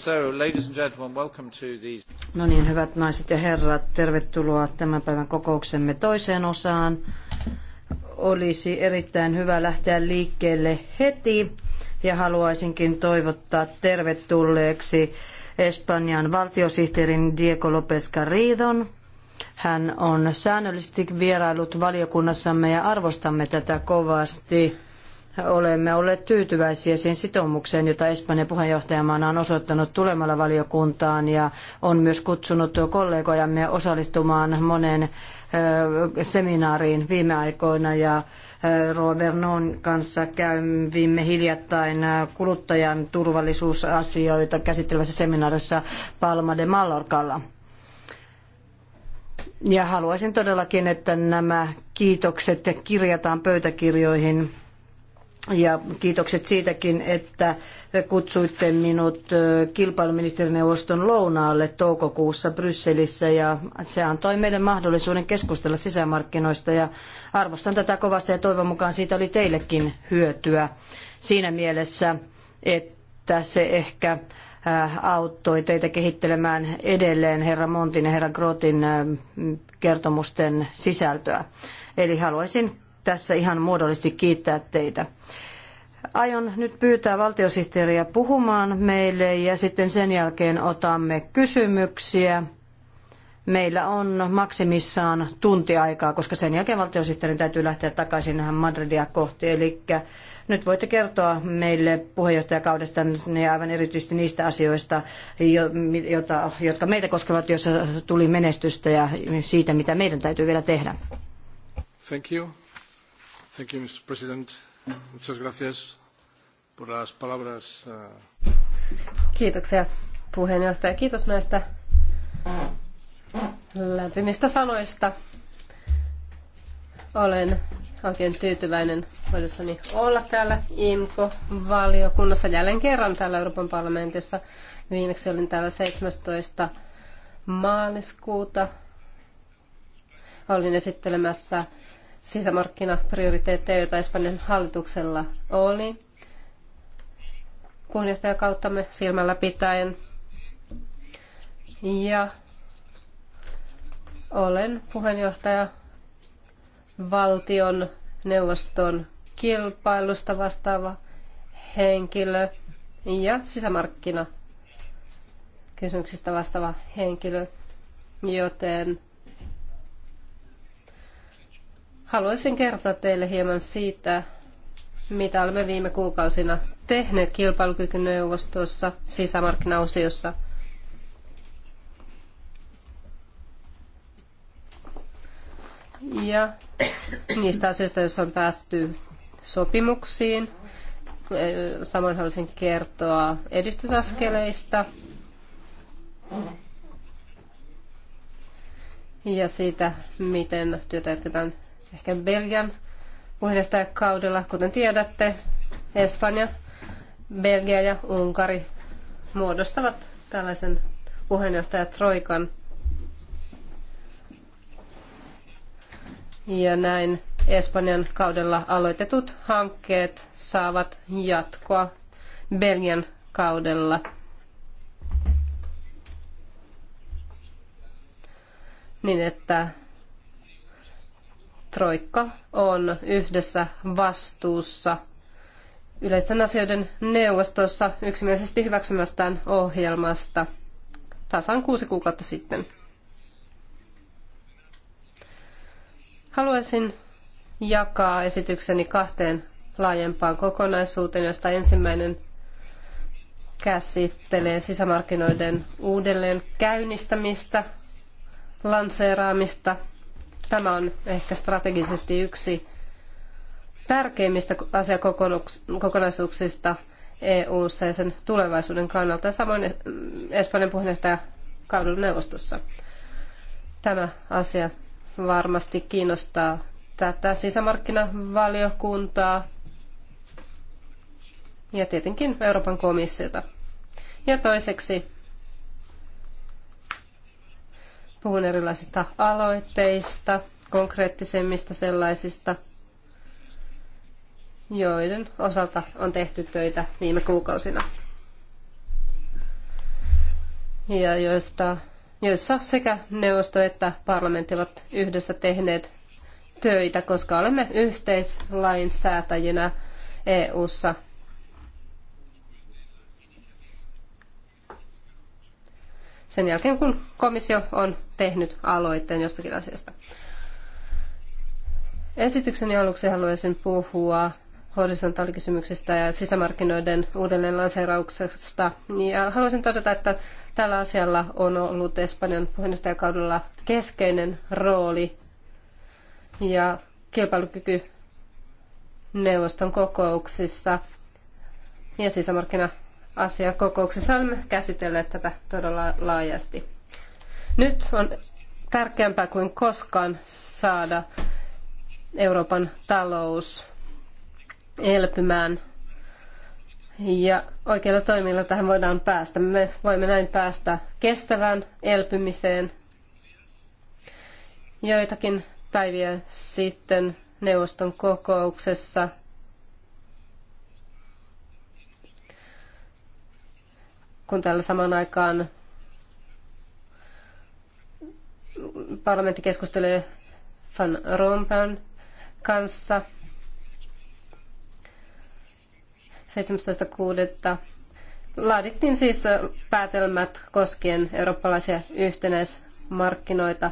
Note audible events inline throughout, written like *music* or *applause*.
So, ladies and gentlemen, welcome to these... No niin, hyvät naiset ja herrat, tervetuloa tämän päivän kokouksemme toiseen osaan. Olisi erittäin hyvä lähteä liikkeelle heti ja haluaisinkin toivottaa tervetulleeksi Espanjan valtiosihteerin Diego López Garridon. Hän on säännöllisesti vierailut valiokunnassamme ja arvostamme tätä kovasti olemme olleet tyytyväisiä siihen sitoumukseen, jota Espanjan puheenjohtajamaana on osoittanut tulemalla valiokuntaan ja on myös kutsunut kollegojamme osallistumaan moneen seminaariin viime aikoina ja Roa Vernon kanssa kävimme hiljattain kuluttajan turvallisuusasioita käsittelevässä seminaarissa Palma de Mallorcalla. Ja haluaisin todellakin, että nämä kiitokset kirjataan pöytäkirjoihin ja kiitokset siitäkin, että kutsuitte minut kilpailuministerineuvoston lounaalle toukokuussa Brysselissä ja se antoi meille mahdollisuuden keskustella sisämarkkinoista ja arvostan tätä kovasti ja toivon mukaan siitä oli teillekin hyötyä siinä mielessä, että se ehkä auttoi teitä kehittelemään edelleen herra Montin ja herra Grotin kertomusten sisältöä. Eli haluaisin tässä ihan muodollisesti kiittää teitä. Aion nyt pyytää valtiosihteeriä puhumaan meille ja sitten sen jälkeen otamme kysymyksiä. Meillä on maksimissaan tunti aikaa, koska sen jälkeen valtiosihteerin täytyy lähteä takaisin Madridia kohti. Eli nyt voitte kertoa meille puheenjohtajakaudesta ja aivan erityisesti niistä asioista, jota, jotka meitä koskevat, joissa tuli menestystä ja siitä, mitä meidän täytyy vielä tehdä. Thank you. Thank you, Mr. President. Muchas gracias por las palabras. Uh, Kiitoksia puheenjohtaja. Kiitos näistä lämpimistä sanoista. Olen oikein tyytyväinen voidessani olla täällä imco valiokunnassa jälleen kerran täällä Euroopan parlamentissa. Viimeksi olin täällä 17. maaliskuuta. Olin esittelemässä sisämarkkinaprioriteetteja, joita Espanjan hallituksella oli. Puheenjohtajakauttamme silmällä pitäen. Ja olen puheenjohtaja valtion neuvoston kilpailusta vastaava henkilö ja sisämarkkina kysymyksistä vastaava henkilö, joten Haluaisin kertoa teille hieman siitä, mitä olemme viime kuukausina tehneet kilpailukykyneuvostossa sisämarkkinaosiossa. Ja niistä asioista, joissa on päästy sopimuksiin. Samoin haluaisin kertoa edistysaskeleista ja siitä, miten työtä jatketaan ehkä Belgian puheenjohtajakaudella, kuten tiedätte, Espanja, Belgia ja Unkari muodostavat tällaisen puheenjohtajatroikan. Ja näin Espanjan kaudella aloitetut hankkeet saavat jatkoa Belgian kaudella. Niin että Troikka on yhdessä vastuussa yleisten asioiden neuvostossa yksimielisesti hyväksymästään ohjelmasta tasan kuusi kuukautta sitten. Haluaisin jakaa esitykseni kahteen laajempaan kokonaisuuteen, josta ensimmäinen käsittelee sisämarkkinoiden uudelleen käynnistämistä, lanseeraamista – Tämä on ehkä strategisesti yksi tärkeimmistä asiakokonaisuuksista EU-ssa ja sen tulevaisuuden kannalta, samoin Espanjan puheenjohtaja neuvostossa. Tämä asia varmasti kiinnostaa tätä sisämarkkinavaliokuntaa ja tietenkin Euroopan komissiota. Ja toiseksi Puhun erilaisista aloitteista, konkreettisemmista sellaisista, joiden osalta on tehty töitä viime kuukausina. Ja joista, joissa sekä neuvosto että parlamentti ovat yhdessä tehneet töitä, koska olemme yhteislainsäätäjinä EU-ssa sen jälkeen, kun komissio on tehnyt aloitteen jostakin asiasta. Esitykseni aluksi haluaisin puhua horisontaalikysymyksistä ja sisämarkkinoiden uudelleen Ja haluaisin todeta, että tällä asialla on ollut Espanjan puheenjohtajakaudella keskeinen rooli ja kilpailukyky neuvoston kokouksissa ja sisämarkkina asiakokouksessa olemme käsitelleet tätä todella laajasti. Nyt on tärkeämpää kuin koskaan saada Euroopan talous elpymään ja oikeilla toimilla tähän voidaan päästä. Me voimme näin päästä kestävään elpymiseen. Joitakin päiviä sitten neuvoston kokouksessa – kun täällä samaan aikaan parlamentti keskustelee Van Rompuyn kanssa 17.6. Laadittiin siis päätelmät koskien eurooppalaisia yhtenäismarkkinoita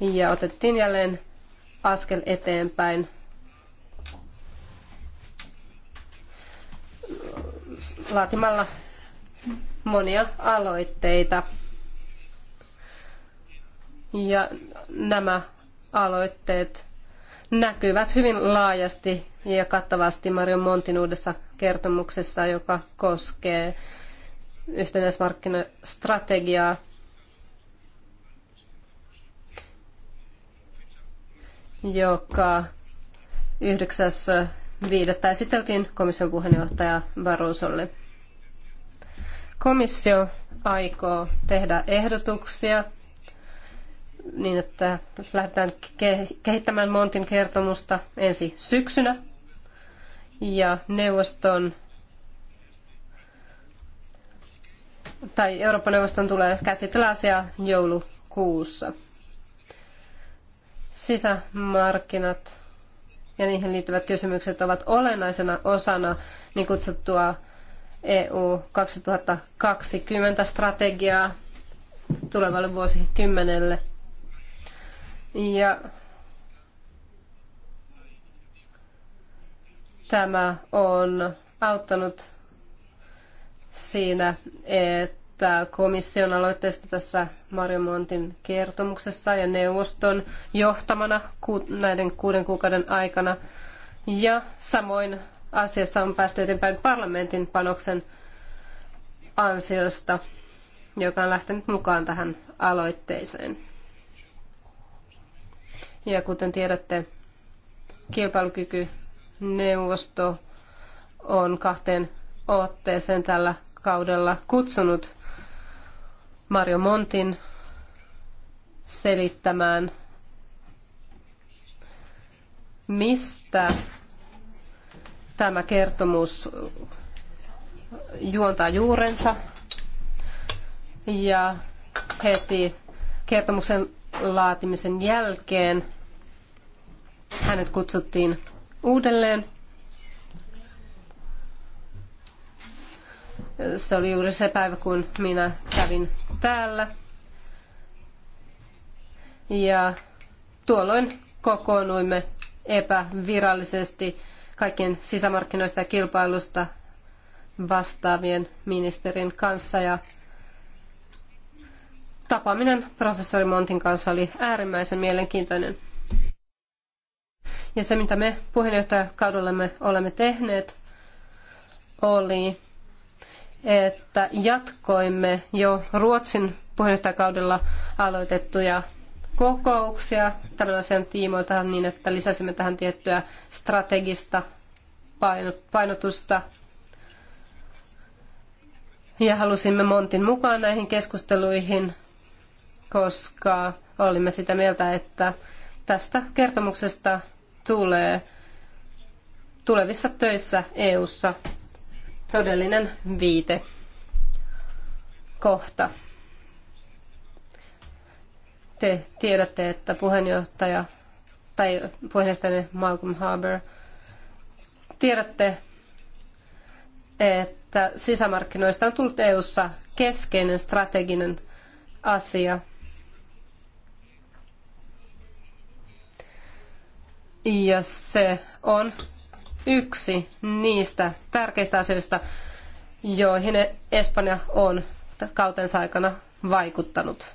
ja otettiin jälleen askel eteenpäin. Laatimalla monia aloitteita. Ja nämä aloitteet näkyvät hyvin laajasti ja kattavasti Mario Montin uudessa kertomuksessa, joka koskee yhtenäismarkkinastrategiaa. joka 9.5. esiteltiin komission puheenjohtaja Barrosolle. Komissio aikoo tehdä ehdotuksia niin, että lähdetään kehittämään Montin kertomusta ensi syksynä. Ja neuvoston tai Euroopan neuvoston tulee käsitellä asiaa joulukuussa. Sisämarkkinat ja niihin liittyvät kysymykset ovat olennaisena osana niin kutsuttua EU 2020 strategiaa tulevalle vuosikymmenelle. Ja tämä on auttanut siinä, että komission aloitteesta tässä Mario Montin kertomuksessa ja neuvoston johtamana näiden kuuden kuukauden aikana ja samoin asiassa on päästy eteenpäin parlamentin panoksen ansiosta, joka on lähtenyt mukaan tähän aloitteeseen. Ja kuten tiedätte, kilpailukykyneuvosto on kahteen otteeseen tällä kaudella kutsunut Mario Montin selittämään, mistä Tämä kertomus juontaa juurensa ja heti kertomuksen laatimisen jälkeen hänet kutsuttiin uudelleen. Se oli juuri se päivä, kun minä kävin täällä. Ja tuolloin kokoonnuimme epävirallisesti kaikkien sisämarkkinoista ja kilpailusta vastaavien ministerin kanssa ja tapaaminen professori Montin kanssa oli äärimmäisen mielenkiintoinen. Ja se, mitä me puheenjohtajakaudellamme olemme tehneet, oli, että jatkoimme jo Ruotsin puheenjohtajakaudella aloitettuja kokouksia tällaisen tiimoilta niin, että lisäsimme tähän tiettyä strategista painotusta. Ja halusimme Montin mukaan näihin keskusteluihin, koska olimme sitä mieltä, että tästä kertomuksesta tulee tulevissa töissä EU:ssa todellinen viite kohta. Te tiedätte, että puheenjohtaja tai puheenjohtajanne Malcolm Harbour, tiedätte, että sisämarkkinoista on tullut EU:ssa keskeinen strateginen asia. Ja se on yksi niistä tärkeistä asioista, joihin Espanja on kautensa aikana vaikuttanut.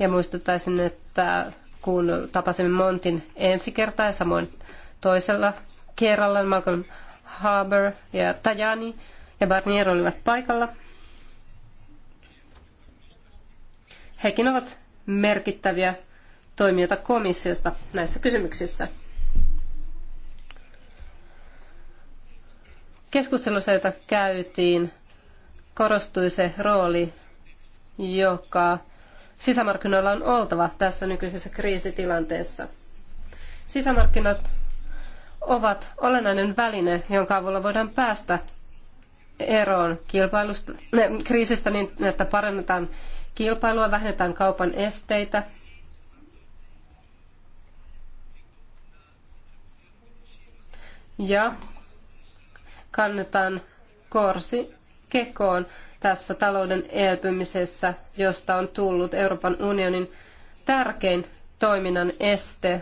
Ja muistuttaisin, että kun tapasimme Montin ensi kertaa ja samoin toisella kerralla Malcolm Harbour ja Tajani ja Barnier olivat paikalla. Hekin ovat merkittäviä toimijoita komissiosta näissä kysymyksissä. Keskustelussa, jota käytiin, korostui se rooli, joka sisämarkkinoilla on oltava tässä nykyisessä kriisitilanteessa. Sisämarkkinat ovat olennainen väline, jonka avulla voidaan päästä eroon kilpailusta, ne, kriisistä niin, että parannetaan kilpailua, vähennetään kaupan esteitä. Ja kannetaan korsi kekoon tässä talouden elpymisessä, josta on tullut Euroopan unionin tärkein toiminnan este.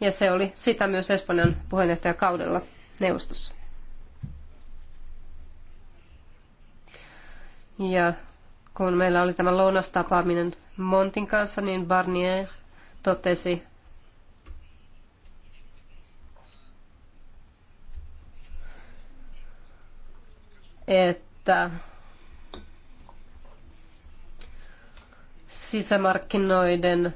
Ja se oli sitä myös Espanjan puheenjohtajakaudella neuvostossa. Ja kun meillä oli tämä lounastapaaminen Montin kanssa, niin Barnier totesi, että että sisämarkkinoiden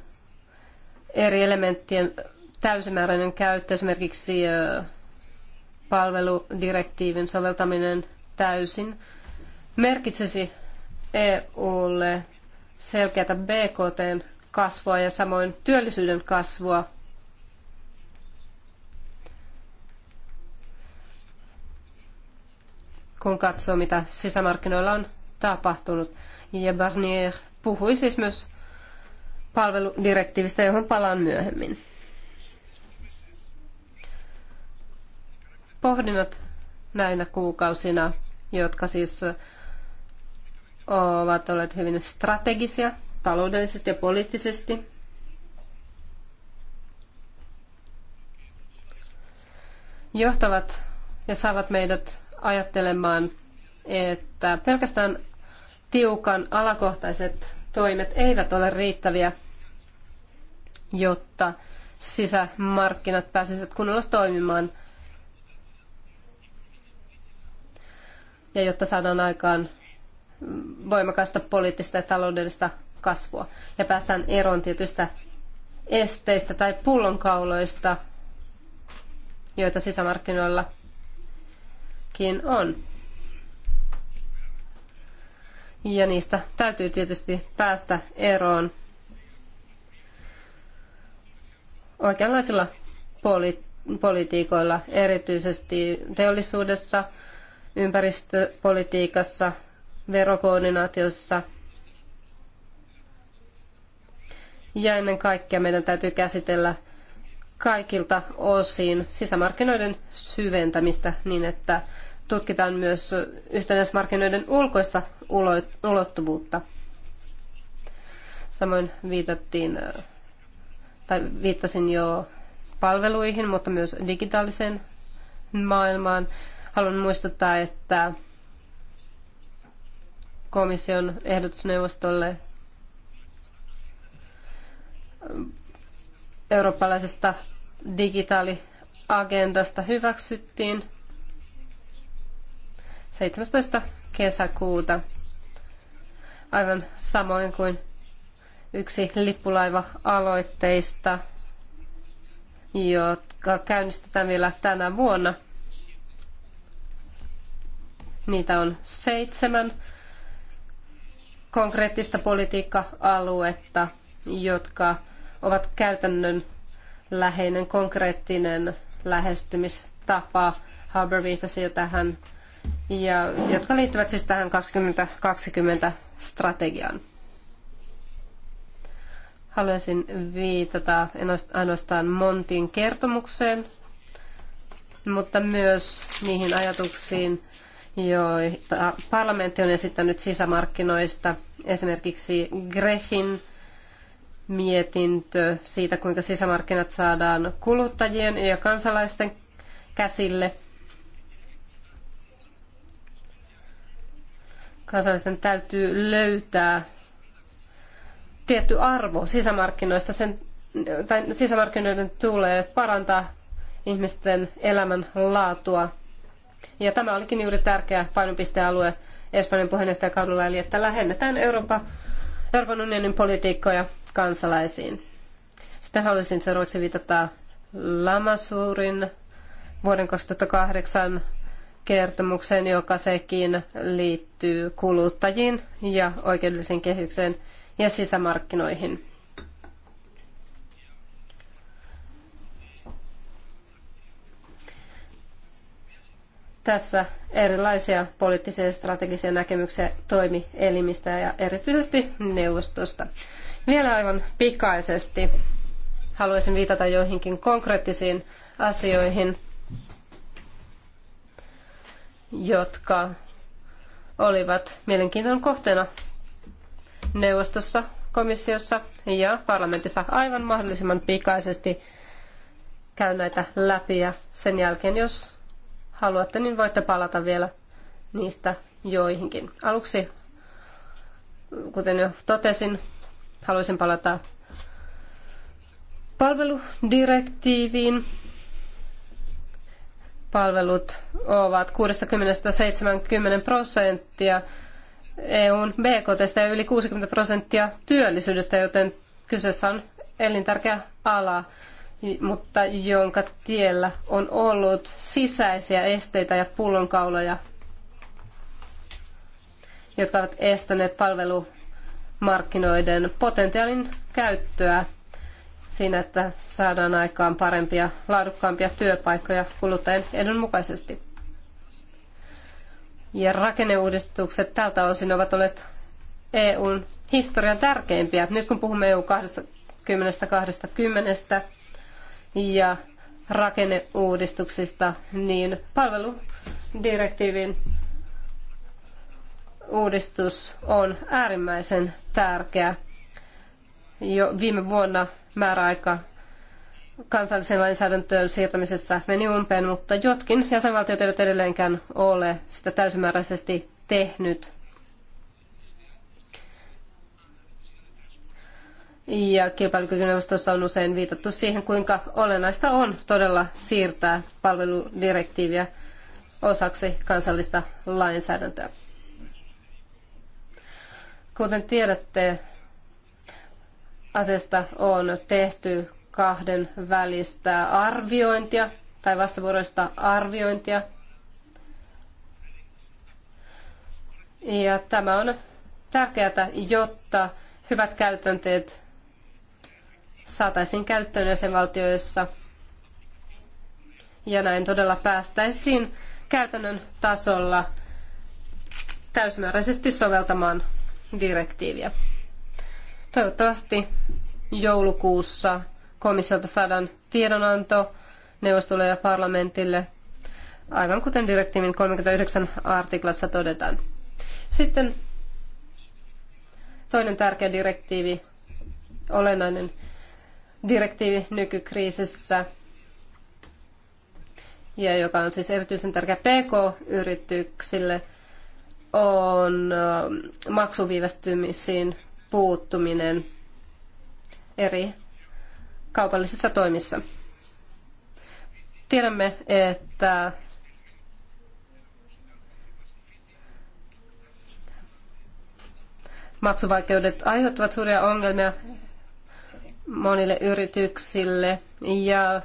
eri elementtien täysimääräinen käyttö, esimerkiksi palveludirektiivin soveltaminen täysin, merkitsisi EUlle selkeätä BKTn kasvua ja samoin työllisyyden kasvua kun katsoo, mitä sisämarkkinoilla on tapahtunut. Ja Barnier puhui siis myös palveludirektiivistä, johon palaan myöhemmin. Pohdinnat näinä kuukausina, jotka siis ovat olleet hyvin strategisia taloudellisesti ja poliittisesti. Johtavat ja saavat meidät ajattelemaan, että pelkästään tiukan alakohtaiset toimet eivät ole riittäviä, jotta sisämarkkinat pääsisivät kunnolla toimimaan ja jotta saadaan aikaan voimakasta poliittista ja taloudellista kasvua ja päästään eroon tietystä esteistä tai pullonkauloista, joita sisämarkkinoilla todellakin on. Ja niistä täytyy tietysti päästä eroon oikeanlaisilla poli- politiikoilla, erityisesti teollisuudessa, ympäristöpolitiikassa, verokoordinaatiossa. Ja ennen kaikkea meidän täytyy käsitellä kaikilta osin sisämarkkinoiden syventämistä niin, että tutkitaan myös yhtenäismarkkinoiden ulkoista ulottuvuutta. Samoin viitattiin, äh, tai viittasin jo palveluihin, mutta myös digitaaliseen maailmaan. Haluan muistuttaa, että komission ehdotusneuvostolle äh, eurooppalaisesta digitaaliagendasta hyväksyttiin 17. kesäkuuta. Aivan samoin kuin yksi lippulaiva-aloitteista, jotka käynnistetään vielä tänä vuonna. Niitä on seitsemän konkreettista politiikka-aluetta, jotka ovat käytännön läheinen, konkreettinen lähestymistapa. Haber viittasi jo tähän ja, jotka liittyvät siis tähän 2020 strategiaan. Haluaisin viitata ainoastaan Montin kertomukseen, mutta myös niihin ajatuksiin, joita parlamentti on esittänyt sisämarkkinoista. Esimerkiksi Grechin mietintö siitä, kuinka sisämarkkinat saadaan kuluttajien ja kansalaisten käsille – kansalaisten täytyy löytää tietty arvo sisämarkkinoista, sen, tai sisämarkkinoiden tulee parantaa ihmisten elämän laatua. Ja tämä olikin juuri tärkeä painopistealue Espanjan puheenjohtajakaudella, eli että lähennetään Eurooppa, Euroopan unionin politiikkoja kansalaisiin. Sitten haluaisin seuraavaksi viitata Lamasuurin vuoden 2008 kertomuksen, joka sekin liittyy kuluttajiin ja oikeudellisen kehykseen ja sisämarkkinoihin. Tässä erilaisia poliittisia ja strategisia näkemyksiä toimielimistä ja erityisesti neuvostosta. Vielä aivan pikaisesti haluaisin viitata joihinkin konkreettisiin asioihin – jotka olivat mielenkiinnon kohteena neuvostossa, komissiossa ja parlamentissa aivan mahdollisimman pikaisesti käy näitä läpi ja sen jälkeen, jos haluatte, niin voitte palata vielä niistä joihinkin. Aluksi, kuten jo totesin, haluaisin palata palveludirektiiviin palvelut ovat 60-70 prosenttia EUn BKT ja yli 60 prosenttia työllisyydestä, joten kyseessä on elintärkeä ala, mutta jonka tiellä on ollut sisäisiä esteitä ja pullonkauloja, jotka ovat estäneet palvelumarkkinoiden potentiaalin käyttöä siinä, että saadaan aikaan parempia, laadukkaampia työpaikkoja kuluttajien edun mukaisesti. Ja rakenneuudistukset tältä osin ovat olleet EUn historian tärkeimpiä. Nyt kun puhumme EU 2020 ja rakenneuudistuksista, niin palveludirektiivin uudistus on äärimmäisen tärkeä. Jo viime vuonna määräaika kansalliseen lainsäädäntöön siirtämisessä meni umpeen, mutta jotkin jäsenvaltiot eivät edelleenkään ole sitä täysimääräisesti tehnyt. Ja kilpailukykyneuvostossa on usein viitattu siihen, kuinka olennaista on todella siirtää palveludirektiiviä osaksi kansallista lainsäädäntöä. Kuten tiedätte, Asesta on tehty kahden välistä arviointia tai vastavuoroista arviointia. Ja tämä on tärkeää, jotta hyvät käytänteet saataisiin käyttöön jäsenvaltioissa. Ja näin todella päästäisiin käytännön tasolla täysimääräisesti soveltamaan direktiiviä. Toivottavasti joulukuussa komissiolta saadaan tiedonanto neuvostolle ja parlamentille, aivan kuten direktiivin 39 artiklassa todetaan. Sitten toinen tärkeä direktiivi, olennainen direktiivi nykykriisissä, ja joka on siis erityisen tärkeä PK-yrityksille, on maksuviivästymisiin puuttuminen eri kaupallisissa toimissa. Tiedämme, että maksuvaikeudet aiheuttavat suuria ongelmia monille yrityksille ja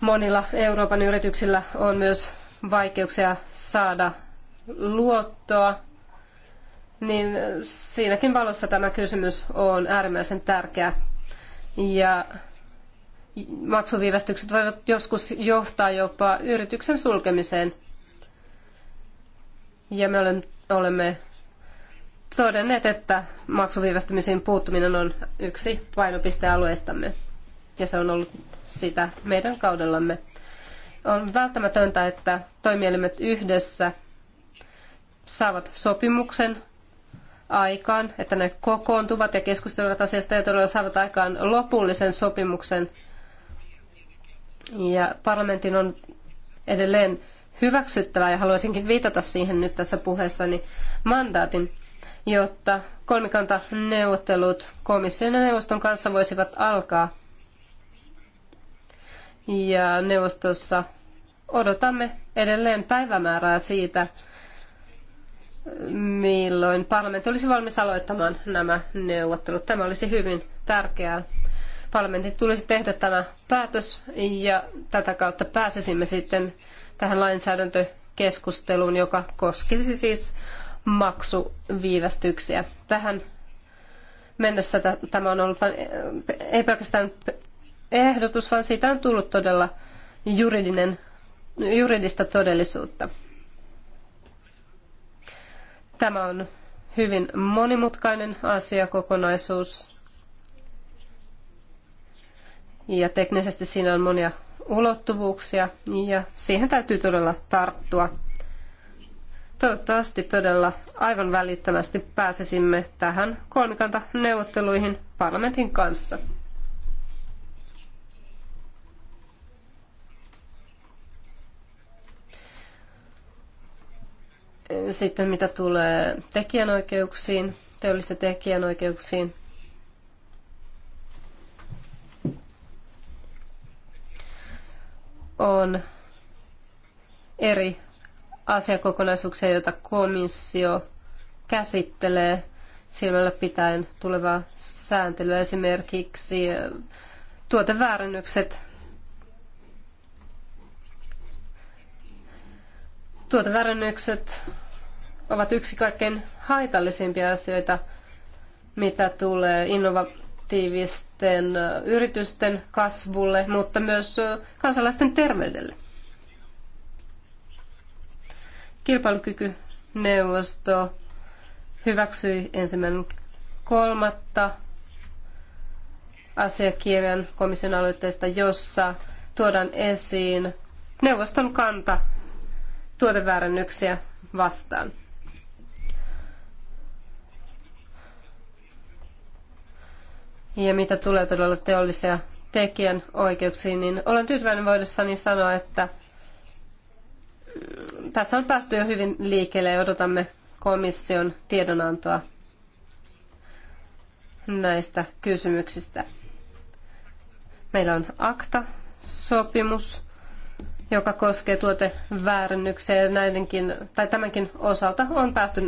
monilla Euroopan yrityksillä on myös vaikeuksia saada luottoa niin siinäkin valossa tämä kysymys on äärimmäisen tärkeä. Ja maksuviivästykset voivat joskus johtaa jopa yrityksen sulkemiseen. Ja me olemme todenneet, että maksuviivästymisiin puuttuminen on yksi painopistealueistamme. Ja se on ollut sitä meidän kaudellamme. On välttämätöntä, että toimielimet yhdessä saavat sopimuksen aikaan, että ne kokoontuvat ja keskustelevat asiasta ja todella saavat aikaan lopullisen sopimuksen. Ja parlamentin on edelleen hyväksyttävä, ja haluaisinkin viitata siihen nyt tässä puheessani, mandaatin, jotta kolmikantaneuvottelut komission ja neuvoston kanssa voisivat alkaa. Ja neuvostossa odotamme edelleen päivämäärää siitä, milloin parlamentti olisi valmis aloittamaan nämä neuvottelut. Tämä olisi hyvin tärkeää. Parlamentin tulisi tehdä tämä päätös ja tätä kautta pääsisimme sitten tähän lainsäädäntökeskusteluun, joka koskisi siis maksuviivästyksiä. Tähän mennessä tämä on ollut vain, eh, ei pelkästään ehdotus, vaan siitä on tullut todella juridinen, juridista todellisuutta. Tämä on hyvin monimutkainen asiakokonaisuus ja teknisesti siinä on monia ulottuvuuksia ja siihen täytyy todella tarttua. Toivottavasti todella aivan välittömästi pääsisimme tähän kolmikanta neuvotteluihin parlamentin kanssa. Sitten mitä tulee tekijänoikeuksiin, teollisiin tekijänoikeuksiin, on eri asiakokonaisuuksia, joita komissio käsittelee silmällä pitäen tulevaa sääntelyä, esimerkiksi tuoteväärännykset Tuoteväärennykset ovat yksi kaikkein haitallisimpia asioita, mitä tulee innovatiivisten yritysten kasvulle, mutta myös kansalaisten terveydelle. Kilpailukykyneuvosto hyväksyi ensimmäinen kolmatta asiakirjan komission aloitteesta, jossa tuodaan esiin neuvoston kanta tuoteväärännöksiä vastaan. Ja mitä tulee todella teollisia tekijän oikeuksiin, niin olen tyytyväinen voidessani sanoa, että mm, tässä on päästy jo hyvin liikkeelle ja odotamme komission tiedonantoa näistä kysymyksistä. Meillä on akta, sopimus, joka koskee tuoteväärännyksiä ja näidenkin, tai tämänkin osalta on päästy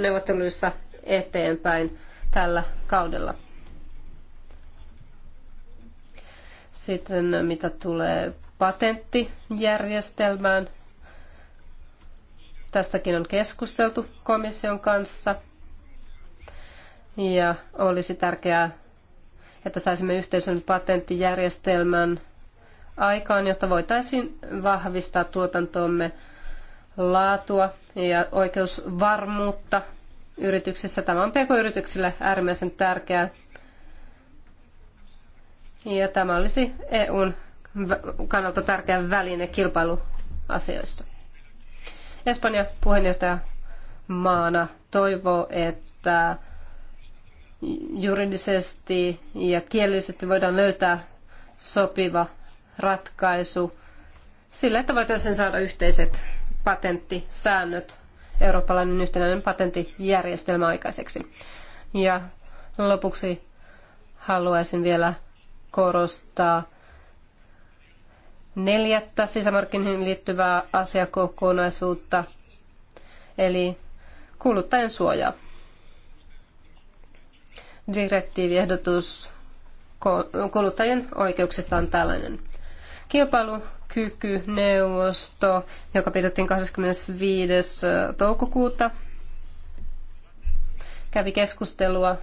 neuvotteluissa eteenpäin tällä kaudella. Sitten mitä tulee patenttijärjestelmään, tästäkin on keskusteltu komission kanssa. Ja olisi tärkeää, että saisimme yhteisön patenttijärjestelmän aikaan, jotta voitaisiin vahvistaa tuotantomme laatua ja oikeusvarmuutta yrityksessä Tämä on pk-yrityksille äärimmäisen tärkeää. Ja tämä olisi EUn kannalta tärkeä väline kilpailuasioissa. Espanja puheenjohtaja maana toivoo, että juridisesti ja kielellisesti voidaan löytää sopiva ratkaisu sillä, että voitaisiin saada yhteiset patenttisäännöt, eurooppalainen yhtenäinen patenttijärjestelmä aikaiseksi. Ja lopuksi haluaisin vielä korostaa neljättä sisämarkkinoihin liittyvää asiakokonaisuutta, eli kuluttajan suojaa. Direktiiviehdotus kuluttajien oikeuksista on tällainen. Kilpailukykyneuvosto, joka pidettiin 25. toukokuuta, kävi keskustelua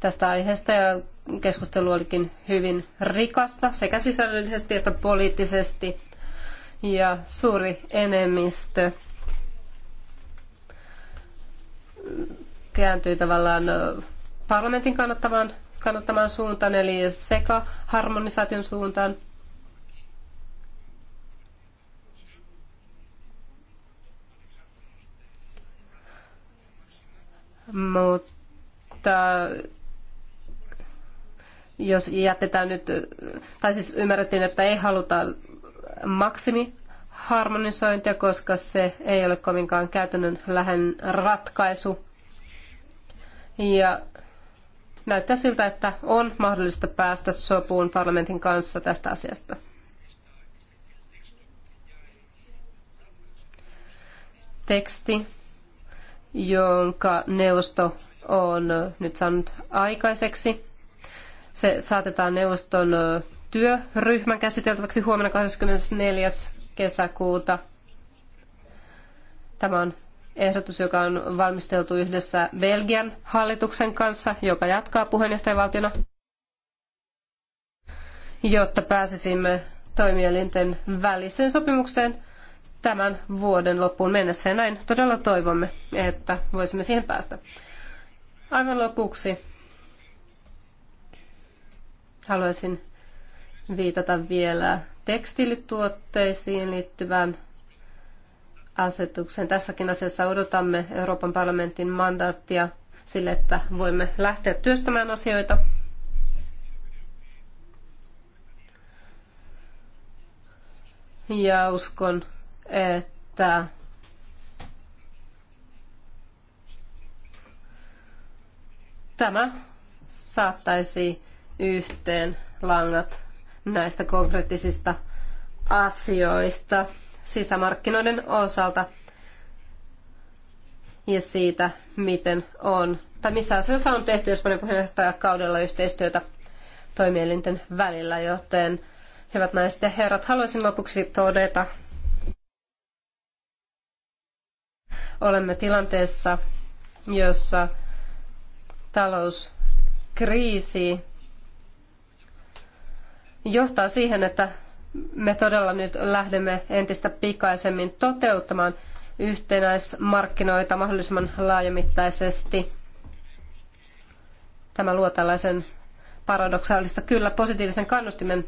tästä aiheesta ja keskustelu olikin hyvin rikasta sekä sisällöllisesti että poliittisesti ja suuri enemmistö kääntyi tavallaan parlamentin kannattavan kannattamaan suuntaan, eli sekä harmonisaation suuntaan. Mutta jos jätetään nyt, tai siis ymmärrettiin, että ei haluta maksimi harmonisointia, koska se ei ole kovinkaan käytännön lähen ratkaisu. Ja näyttää siltä, että on mahdollista päästä sopuun parlamentin kanssa tästä asiasta. Teksti, jonka neuvosto on nyt saanut aikaiseksi. Se saatetaan neuvoston työryhmän käsiteltäväksi huomenna 24. kesäkuuta. Tämä on ehdotus, joka on valmisteltu yhdessä Belgian hallituksen kanssa, joka jatkaa puheenjohtajavaltiona, jotta pääsisimme toimielinten väliseen sopimukseen tämän vuoden loppuun mennessä. Ja näin todella toivomme, että voisimme siihen päästä. Aivan lopuksi haluaisin viitata vielä tekstiilituotteisiin liittyvään asetuksen. Tässäkin asiassa odotamme Euroopan parlamentin mandaattia sille, että voimme lähteä työstämään asioita. Ja uskon, että tämä saattaisi yhteen langat näistä konkreettisista asioista sisämarkkinoiden osalta ja siitä, miten on, tai missä asioissa on tehty Espanjan puheenjohtajakaudella yhteistyötä toimielinten välillä, joten hyvät naiset ja herrat, haluaisin lopuksi todeta, olemme tilanteessa, jossa talouskriisi johtaa siihen, että me todella nyt lähdemme entistä pikaisemmin toteuttamaan yhtenäismarkkinoita mahdollisimman laajamittaisesti. Tämä luo tällaisen paradoksaalista kyllä positiivisen kannustimen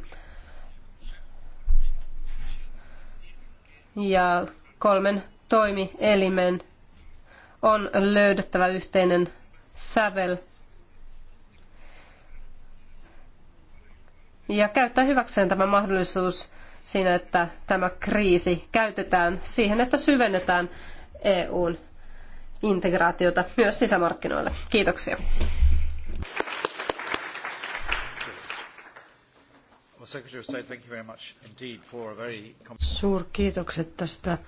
ja kolmen toimielimen on löydettävä yhteinen sävel ja käyttää hyväkseen tämä mahdollisuus siinä, että tämä kriisi käytetään siihen, että syvennetään EUn integraatiota myös sisämarkkinoille. Kiitoksia. Suurkiitokset tästä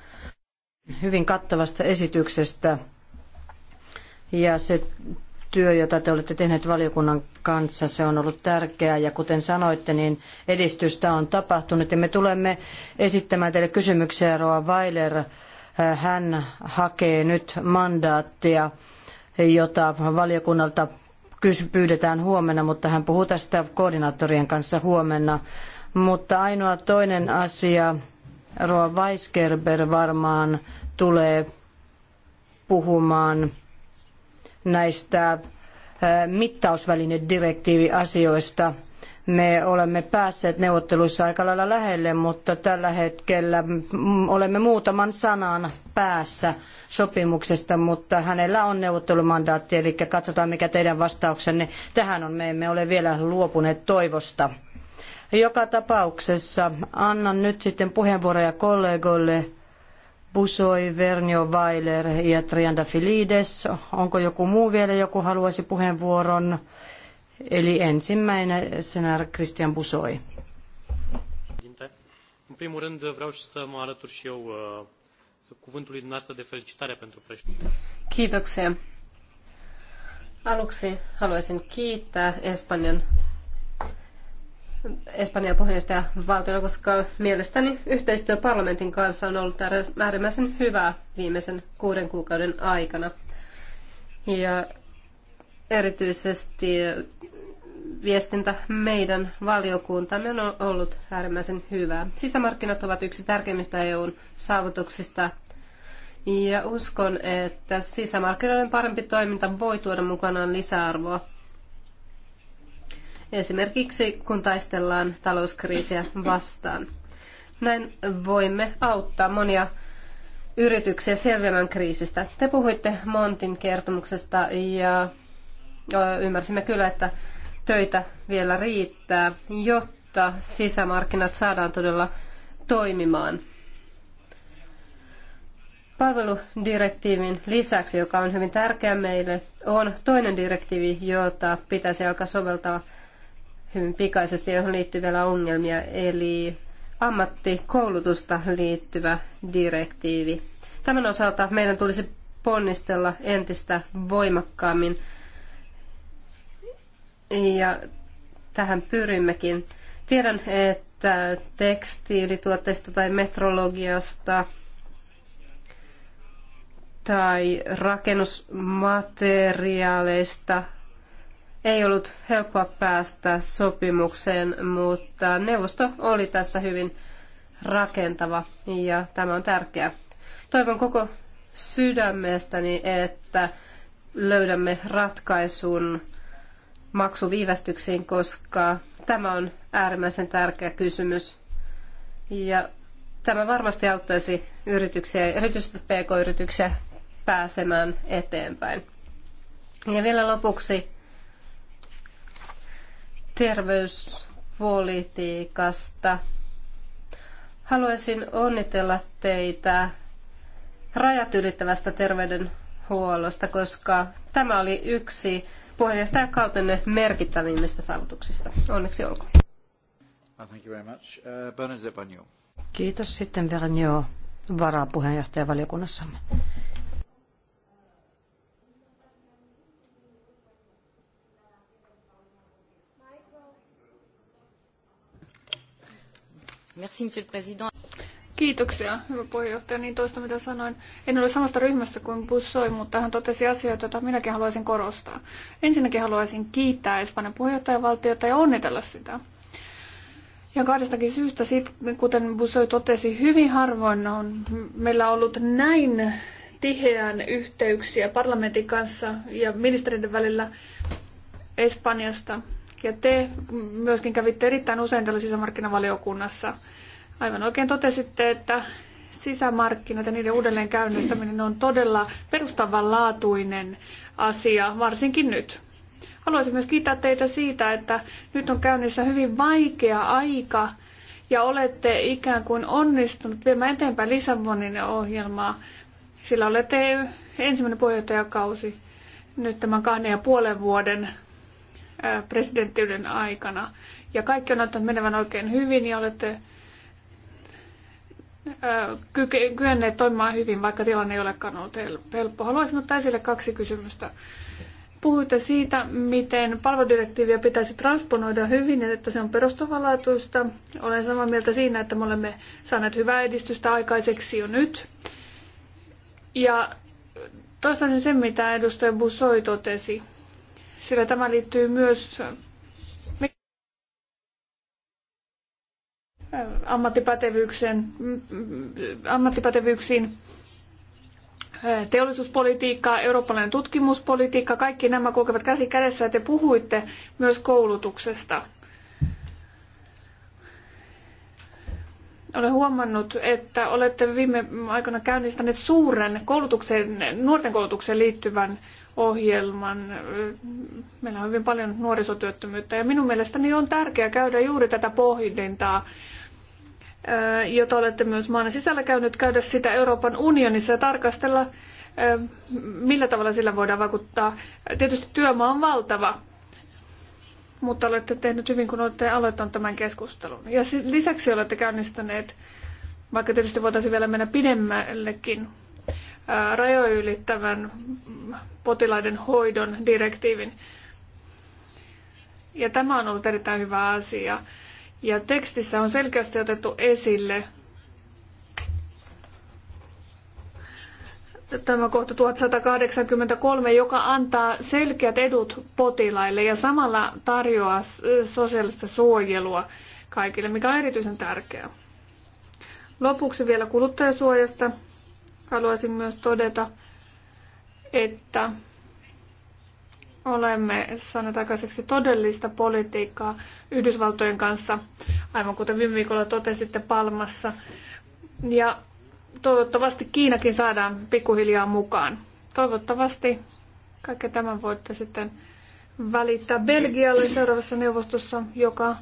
hyvin kattavasta esityksestä. Ja se työ, jota te olette tehneet valiokunnan kanssa, se on ollut tärkeää ja kuten sanoitte, niin edistystä on tapahtunut ja me tulemme esittämään teille kysymyksiä Roa Weiler. Äh, hän hakee nyt mandaattia, jota valiokunnalta pyydetään huomenna, mutta hän puhuu tästä koordinaattorien kanssa huomenna. Mutta ainoa toinen asia, Roa Weisgerber varmaan tulee puhumaan näistä äh, mittausvälinedirektiiviasioista. Me olemme päässeet neuvotteluissa aika lailla lähelle, mutta tällä hetkellä olemme muutaman sanan päässä sopimuksesta, mutta hänellä on neuvottelumandaatti, eli katsotaan mikä teidän vastauksenne tähän on. Me emme ole vielä luopuneet toivosta. Joka tapauksessa annan nyt sitten puheenvuoroja kollegoille Busoi, Vernio, Weiler ja Filides Onko joku muu vielä, joku haluaisi puheenvuoron? Eli ensimmäinen senar Christian Busoi. În primul rând vreau să mă alătur și eu uh, cuvântului dumneavoastră de felicitare pentru Kiitoksia. Aluksi haluaisin kiittää Espanjan Espanjan puheenjohtaja koska mielestäni yhteistyö parlamentin kanssa on ollut äärimmäisen hyvää viimeisen kuuden kuukauden aikana. Ja erityisesti viestintä meidän valiokuntamme on ollut äärimmäisen hyvää. Sisämarkkinat ovat yksi tärkeimmistä EUn saavutuksista ja uskon, että sisämarkkinoiden parempi toiminta voi tuoda mukanaan lisäarvoa esimerkiksi kun taistellaan talouskriisiä vastaan. Näin voimme auttaa monia yrityksiä selviämään kriisistä. Te puhuitte Montin kertomuksesta ja ymmärsimme kyllä, että töitä vielä riittää, jotta sisämarkkinat saadaan todella toimimaan. Palveludirektiivin lisäksi, joka on hyvin tärkeä meille, on toinen direktiivi, jota pitäisi alkaa soveltaa hyvin pikaisesti, johon liittyy vielä ongelmia, eli ammattikoulutusta liittyvä direktiivi. Tämän osalta meidän tulisi ponnistella entistä voimakkaammin ja tähän pyrimmekin. Tiedän, että tekstiilituotteista tai metrologiasta tai rakennusmateriaaleista ei ollut helppoa päästä sopimukseen, mutta neuvosto oli tässä hyvin rakentava ja tämä on tärkeää. Toivon koko sydämestäni, että löydämme ratkaisun maksuviivästyksiin, koska tämä on äärimmäisen tärkeä kysymys. Ja tämä varmasti auttaisi yrityksiä, erityisesti pk-yrityksiä, pääsemään eteenpäin. Ja vielä lopuksi terveyspolitiikasta. Haluaisin onnitella teitä rajat ylittävästä terveydenhuollosta, koska tämä oli yksi puheenjohtajakautenne merkittävimmistä saavutuksista. Onneksi olkoon. Thank you very much. Uh, Bernadette Kiitos sitten Vernio varapuheenjohtaja valiokunnassamme. monsieur le président. Kiitoksia, hyvä puheenjohtaja. Niin toista mitä sanoin. En ole samasta ryhmästä kuin Bussoi, mutta hän totesi asioita, joita minäkin haluaisin korostaa. Ensinnäkin haluaisin kiittää Espanjan puheenjohtajavaltiota ja onnitella sitä. Ja kahdestakin syystä, kuten Bussoi totesi, hyvin harvoin on meillä ollut näin tiheään yhteyksiä parlamentin kanssa ja ministeriöiden välillä Espanjasta ja te myöskin kävitte erittäin usein tällä sisämarkkinavaliokunnassa. Aivan oikein totesitte, että sisämarkkinat ja niiden uudelleen käynnistäminen on todella perustavanlaatuinen asia, varsinkin nyt. Haluaisin myös kiittää teitä siitä, että nyt on käynnissä hyvin vaikea aika ja olette ikään kuin onnistunut viemään eteenpäin Lissabonin ohjelmaa, sillä olette ensimmäinen puheenjohtajakausi nyt tämän kahden ja puolen vuoden presidenttiyden aikana. Ja kaikki on näyttänyt menevän oikein hyvin ja olette kyenneet toimimaan hyvin, vaikka tilanne ei olekaan ollut helppo. Haluaisin ottaa esille kaksi kysymystä. Puhuitte siitä, miten palveludirektiiviä pitäisi transponoida hyvin, että se on perustavanlaatuista. Olen samaa mieltä siinä, että me olemme saaneet hyvää edistystä aikaiseksi jo nyt. Ja toistaisin sen, mitä edustaja Bussoi totesi sillä tämä liittyy myös äh, ammattipätevyyksen, mm, ammattipätevyyksiin, äh, teollisuuspolitiikka, eurooppalainen tutkimuspolitiikka, kaikki nämä kulkevat käsi kädessä ja te puhuitte myös koulutuksesta. Olen huomannut, että olette viime aikoina käynnistäneet suuren koulutukseen, nuorten koulutukseen liittyvän ohjelman. Meillä on hyvin paljon nuorisotyöttömyyttä ja minun mielestäni on tärkeää käydä juuri tätä pohdintaa, eh, jota olette myös maan sisällä käynyt, käydä sitä Euroopan unionissa ja tarkastella, eh, millä tavalla sillä voidaan vaikuttaa. Tietysti työmaa on valtava, mutta olette tehnyt hyvin, kun olette aloittanut tämän keskustelun. Ja lisäksi olette käynnistäneet, vaikka tietysti voitaisiin vielä mennä pidemmällekin, rajoja ylittävän potilaiden hoidon direktiivin. Ja tämä on ollut erittäin hyvä asia. Ja tekstissä on selkeästi otettu esille tämä kohta 1183, joka antaa selkeät edut potilaille ja samalla tarjoaa sosiaalista suojelua kaikille, mikä on erityisen tärkeää. Lopuksi vielä kuluttajasuojasta haluaisin myös todeta, että olemme saaneet aikaiseksi todellista politiikkaa Yhdysvaltojen kanssa, aivan kuten viime viikolla totesitte Palmassa. Ja toivottavasti Kiinakin saadaan pikkuhiljaa mukaan. Toivottavasti kaikki tämän voitte sitten välittää Belgialle seuraavassa neuvostossa, joka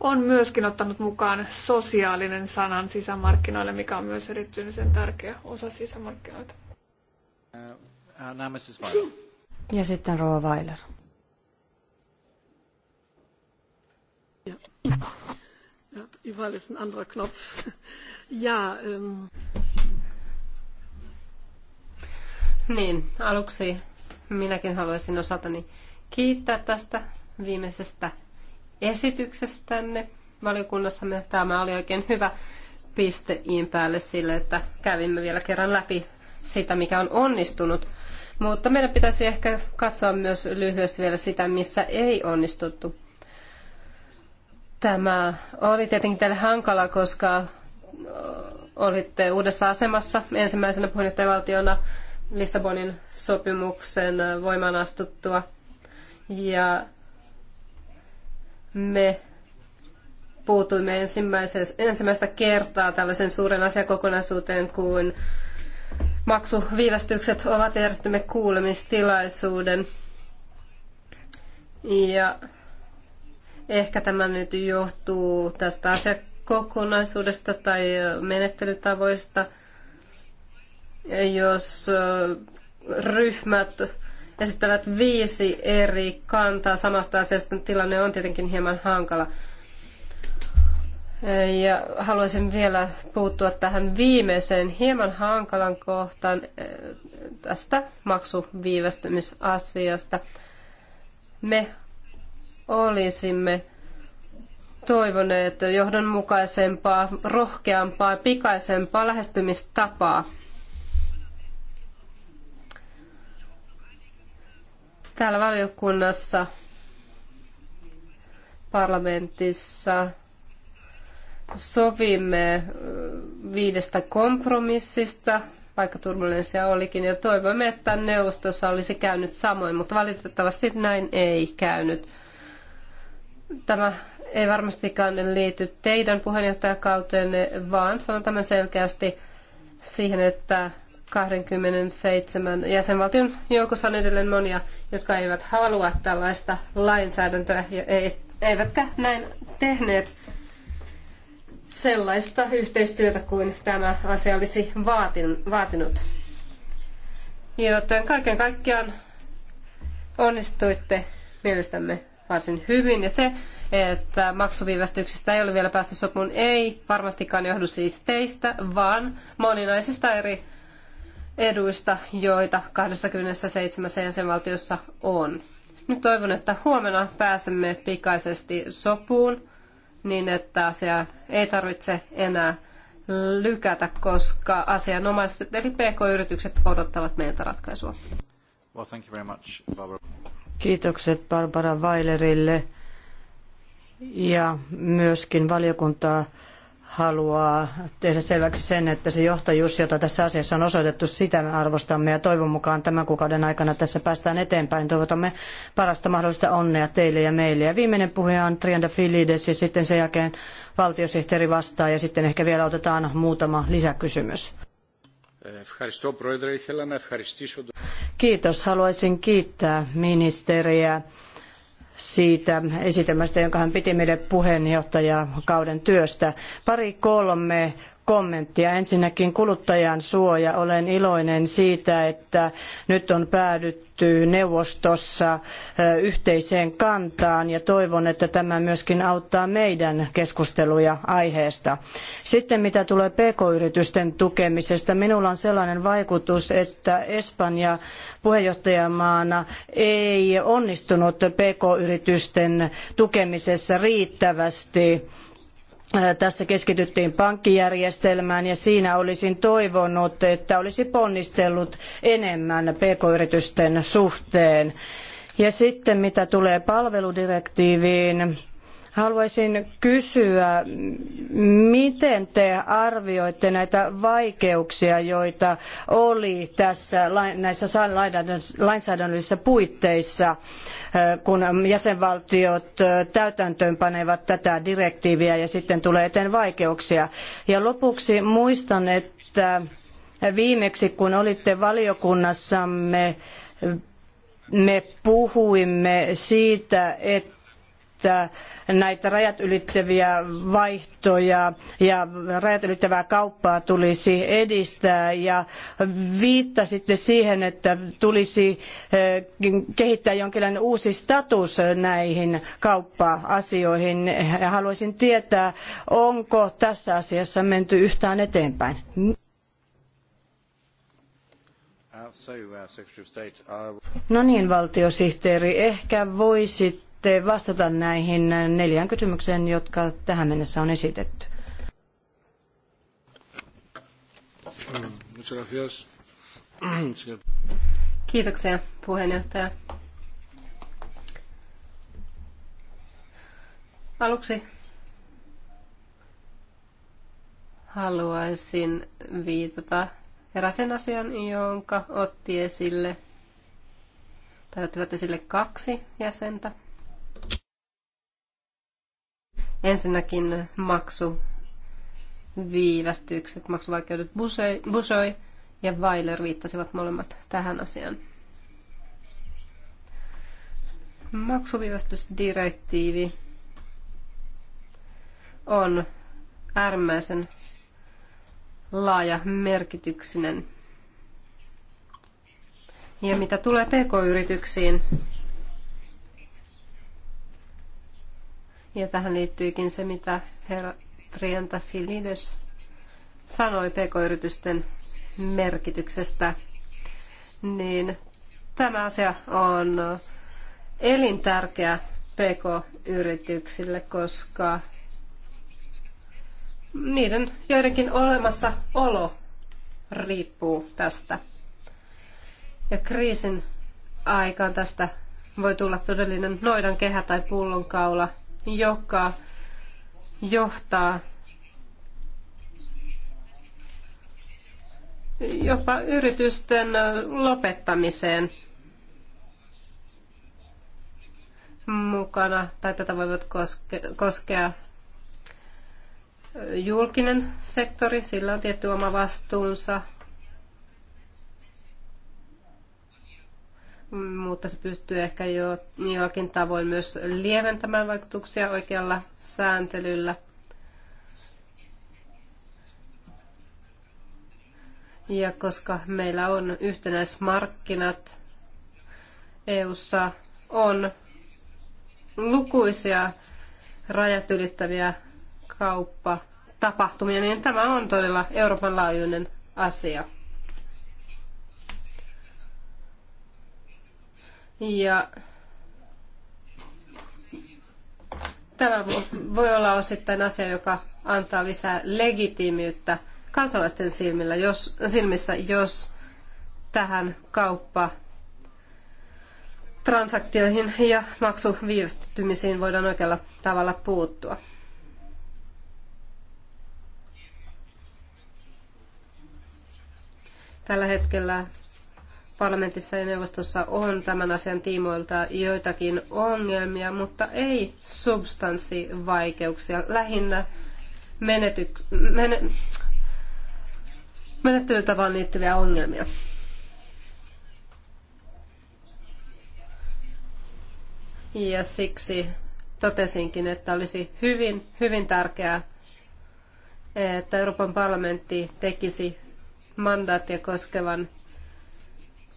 on myöskin ottanut mukaan sosiaalinen sanan sisämarkkinoille, mikä on myös erityisen tärkeä osa sisämarkkinoita. Uh, uh, ja sitten Rova Weiler. Ja, überall ist ein anderer Knopf. *laughs* Ja, ähm. Niin, aluksi minäkin haluaisin osaltani kiittää tästä viimeisestä esityksestänne valiokunnassa. Tämä oli oikein hyvä piste iin päälle sille, että kävimme vielä kerran läpi sitä, mikä on onnistunut. Mutta meidän pitäisi ehkä katsoa myös lyhyesti vielä sitä, missä ei onnistuttu. Tämä oli tietenkin teille hankala, koska olitte uudessa asemassa ensimmäisenä puheenjohtajavaltiona Lissabonin sopimuksen voimaan astuttua. Ja me puutuimme ensimmäistä kertaa tällaisen suuren asiakokonaisuuteen kuin maksuviivästykset ovat järjestämme kuulemistilaisuuden. Ja ehkä tämä nyt johtuu tästä asiakokonaisuudesta tai menettelytavoista. Jos ryhmät esittävät viisi eri kantaa samasta asiasta. Tilanne on tietenkin hieman hankala. Ja haluaisin vielä puuttua tähän viimeiseen hieman hankalan kohtaan eh, tästä maksuviivästymisasiasta. Me olisimme toivoneet johdonmukaisempaa, rohkeampaa, pikaisempaa lähestymistapaa täällä valiokunnassa, parlamentissa sovimme viidestä kompromissista, vaikka turbulenssia olikin, ja toivomme, että neuvostossa olisi käynyt samoin, mutta valitettavasti näin ei käynyt. Tämä ei varmastikaan liity teidän puheenjohtajakauteenne, vaan sanon tämän selkeästi siihen, että 27 jäsenvaltion joukossa on edelleen monia, jotka eivät halua tällaista lainsäädäntöä ja e- eivätkä näin tehneet sellaista yhteistyötä kuin tämä asia olisi vaatinut. Joten kaiken kaikkiaan onnistuitte mielestämme varsin hyvin. Ja se, että maksuviivästyksistä ei ole vielä päästy sopuun, ei varmastikaan johdu siis teistä, vaan moninaisista eri eduista, joita 27 jäsenvaltiossa on. Nyt toivon, että huomenna pääsemme pikaisesti sopuun niin, että asiaa ei tarvitse enää lykätä, koska asianomaiset eli PK-yritykset odottavat meiltä ratkaisua. Well, thank you very much, Barbara. Kiitokset Barbara Weilerille ja myöskin valiokuntaa haluaa tehdä selväksi sen, että se johtajuus, jota tässä asiassa on osoitettu, sitä me arvostamme ja toivon mukaan tämän kuukauden aikana tässä päästään eteenpäin. Toivotamme parasta mahdollista onnea teille ja meille. Ja viimeinen puhuja on Trianda Filides ja sitten sen jälkeen valtiosihteeri vastaa ja sitten ehkä vielä otetaan muutama lisäkysymys. Kiitos. Haluaisin kiittää ministeriä siitä esitelmästä, jonka hän piti meille puheenjohtajakauden työstä. Pari kolme kommenttia. Ensinnäkin kuluttajan suoja. Olen iloinen siitä, että nyt on päädytty neuvostossa yhteiseen kantaan ja toivon, että tämä myöskin auttaa meidän keskusteluja aiheesta. Sitten mitä tulee pk-yritysten tukemisesta, minulla on sellainen vaikutus, että Espanja puheenjohtajamaana ei onnistunut pk-yritysten tukemisessa riittävästi tässä keskityttiin pankkijärjestelmään ja siinä olisin toivonut, että olisi ponnistellut enemmän pk-yritysten suhteen. Ja sitten mitä tulee palveludirektiiviin, Haluaisin kysyä, miten te arvioitte näitä vaikeuksia, joita oli tässä näissä lainsäädännöllisissä puitteissa, äh, kun jäsenvaltiot äh, täytäntöönpanevat tätä direktiiviä ja sitten tulee eteen vaikeuksia. Ja lopuksi muistan, että viimeksi kun olitte valiokunnassamme, me puhuimme siitä, että kehittää näitä rajat ylittäviä vaihtoja ja rajat ylittävää kauppaa tulisi edistää ja viittasitte siihen, että tulisi kehittää jonkinlainen uusi status näihin kauppa-asioihin. Haluaisin tietää, onko tässä asiassa menty yhtään eteenpäin? Uh, uh, no niin, valtiosihteeri, ehkä voisit voitte vastata näihin neljään kysymykseen, jotka tähän mennessä on esitetty. Kiitoksia puheenjohtaja. Aluksi haluaisin viitata eräsen asian, jonka otti esille, tai ottivat esille kaksi jäsentä. Ensinnäkin maksu viivästykset, maksuvaikeudet Busoi Bushoi ja Weiler viittasivat molemmat tähän asiaan. Maksuviivästysdirektiivi on äärimmäisen laaja merkityksinen. Ja mitä tulee pk-yrityksiin, Ja tähän liittyykin se, mitä herra Trianta Filides sanoi pk-yritysten merkityksestä, niin tämä asia on elintärkeä pk-yrityksille, koska niiden joidenkin olemassaolo riippuu tästä. Ja kriisin aikaan tästä voi tulla todellinen noidan kehä tai pullonkaula – joka johtaa jopa yritysten lopettamiseen mukana, tai tätä voivat koske, koskea julkinen sektori, sillä on tietty oma vastuunsa, mutta se pystyy ehkä jo jollakin tavoin myös lieventämään vaikutuksia oikealla sääntelyllä. Ja koska meillä on yhtenäismarkkinat EU:ssa on lukuisia rajat ylittäviä kauppatapahtumia, niin tämä on todella Euroopan laajuinen asia. Ja tämä voi olla osittain asia, joka antaa lisää legitiimiyttä kansalaisten silmillä, jos, silmissä, jos tähän kauppa transaktioihin ja maksuviivästytymisiin voidaan oikealla tavalla puuttua. Tällä hetkellä parlamentissa ja neuvostossa on tämän asian tiimoilta joitakin ongelmia, mutta ei substanssivaikeuksia. Lähinnä menetyks, mene, menettelytapaan liittyviä ongelmia. Ja siksi totesinkin, että olisi hyvin, hyvin tärkeää, että Euroopan parlamentti tekisi mandaattia koskevan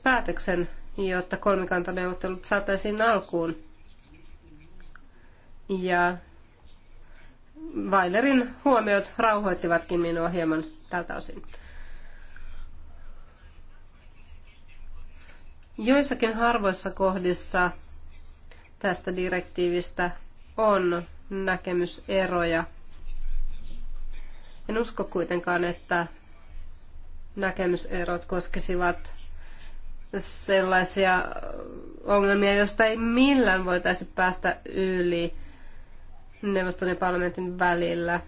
päätöksen, jotta kolmikantaneuvottelut saataisiin alkuun. Ja Weilerin huomiot rauhoittivatkin minua hieman tältä osin. Joissakin harvoissa kohdissa tästä direktiivistä on näkemyseroja. En usko kuitenkaan, että näkemyserot koskisivat sellaisia ongelmia, joista ei millään voitaisi päästä yli neuvoston ja parlamentin välillä.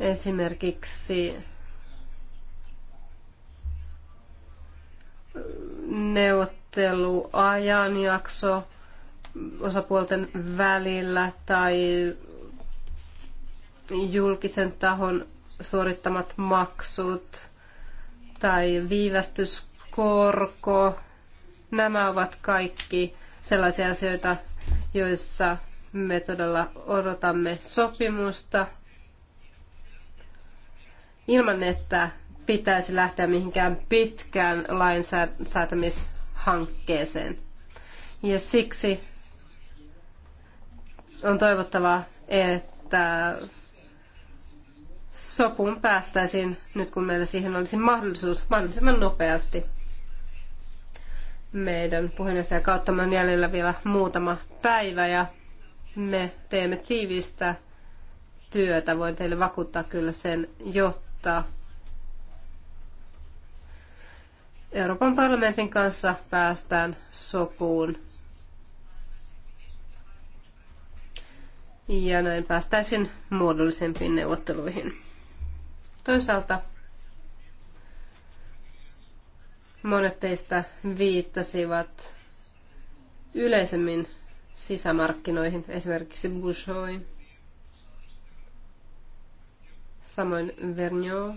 Esimerkiksi neuvotteluajanjakso osapuolten välillä tai julkisen tahon suorittamat maksut – tai viivästyskorko, nämä ovat kaikki sellaisia asioita, joissa me todella odotamme sopimusta ilman, että pitäisi lähteä mihinkään pitkään lainsäätämishankkeeseen. Ja siksi on toivottavaa, että sopuun päästäisiin nyt, kun meillä siihen olisi mahdollisuus mahdollisimman nopeasti. Meidän kautta on jäljellä vielä muutama päivä ja me teemme tiivistä työtä. Voin teille vakuuttaa kyllä sen, jotta Euroopan parlamentin kanssa päästään sopuun ja näin päästäisiin muodollisempiin neuvotteluihin. Toisaalta monet teistä viittasivat yleisemmin sisämarkkinoihin, esimerkiksi Bushoi, samoin Vernio,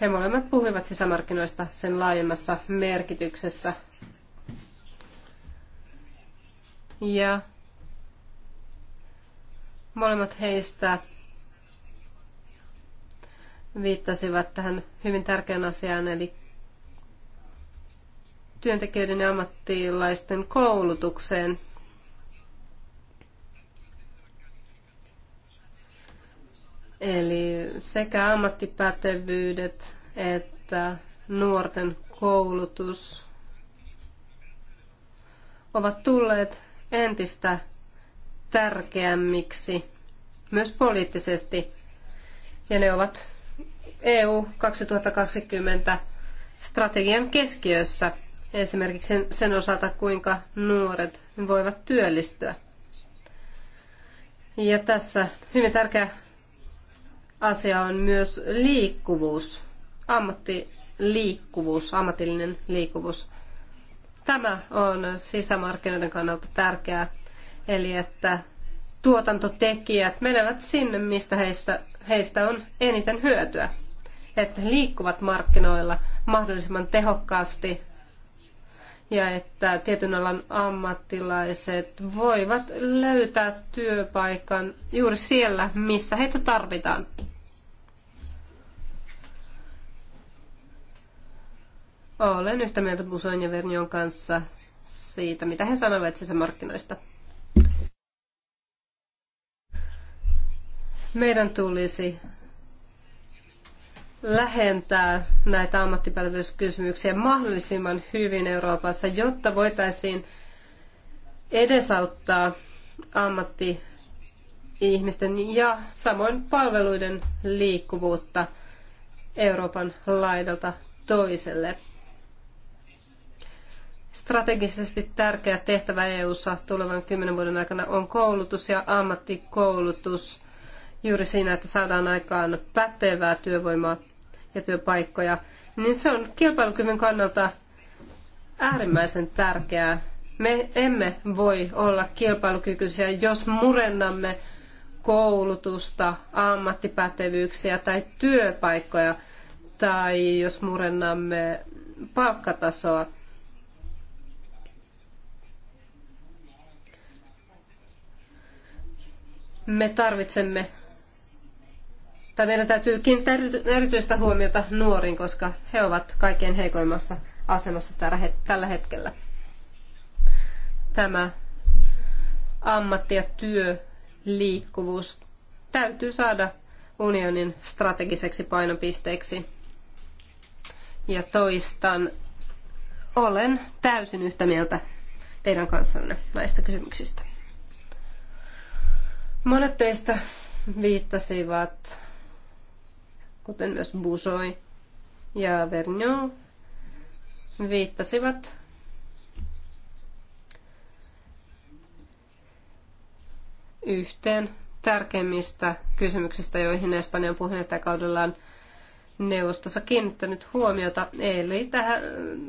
He molemmat puhuivat sisämarkkinoista sen laajemmassa merkityksessä. Ja Molemmat heistä viittasivat tähän hyvin tärkeän asiaan, eli työntekijöiden ja ammattilaisten koulutukseen. Eli sekä ammattipätevyydet että nuorten koulutus ovat tulleet entistä tärkeämmiksi myös poliittisesti. Ja ne ovat EU 2020 strategian keskiössä esimerkiksi sen osalta, kuinka nuoret voivat työllistyä. Ja tässä hyvin tärkeä asia on myös liikkuvuus, ammattiliikkuvuus, ammatillinen liikkuvuus. Tämä on sisämarkkinoiden kannalta tärkeää eli että tuotantotekijät menevät sinne, mistä heistä, heistä on eniten hyötyä. Että he liikkuvat markkinoilla mahdollisimman tehokkaasti ja että tietyn alan ammattilaiset voivat löytää työpaikan juuri siellä, missä heitä tarvitaan. Olen yhtä mieltä Buson ja Vernion kanssa siitä, mitä he sanoivat sisämarkkinoista. markkinoista. Meidän tulisi lähentää näitä ammattipätevyyskysymyksiä mahdollisimman hyvin Euroopassa, jotta voitaisiin edesauttaa ammatti-ihmisten ja samoin palveluiden liikkuvuutta Euroopan laidalta toiselle. Strategisesti tärkeä tehtävä EU:ssa tulevan kymmenen vuoden aikana on koulutus ja ammattikoulutus – juuri siinä, että saadaan aikaan pätevää työvoimaa ja työpaikkoja, niin se on kilpailukyvyn kannalta äärimmäisen tärkeää. Me emme voi olla kilpailukykyisiä, jos murennamme koulutusta, ammattipätevyyksiä tai työpaikkoja, tai jos murennamme palkkatasoa. Me tarvitsemme tai meidän täytyy kiinnittää erityistä huomiota nuoriin, koska he ovat kaikkein heikoimmassa asemassa tällä hetkellä. Tämä ammatti- ja työliikkuvuus täytyy saada unionin strategiseksi painopisteeksi. Ja toistan, olen täysin yhtä mieltä teidän kanssanne näistä kysymyksistä. Monet teistä viittasivat kuten myös Busoi ja Vernon, viittasivat yhteen tärkeimmistä kysymyksistä, joihin Espanjan puheenjohtajakaudellaan neuvostossa kiinnittänyt huomiota, eli tähän,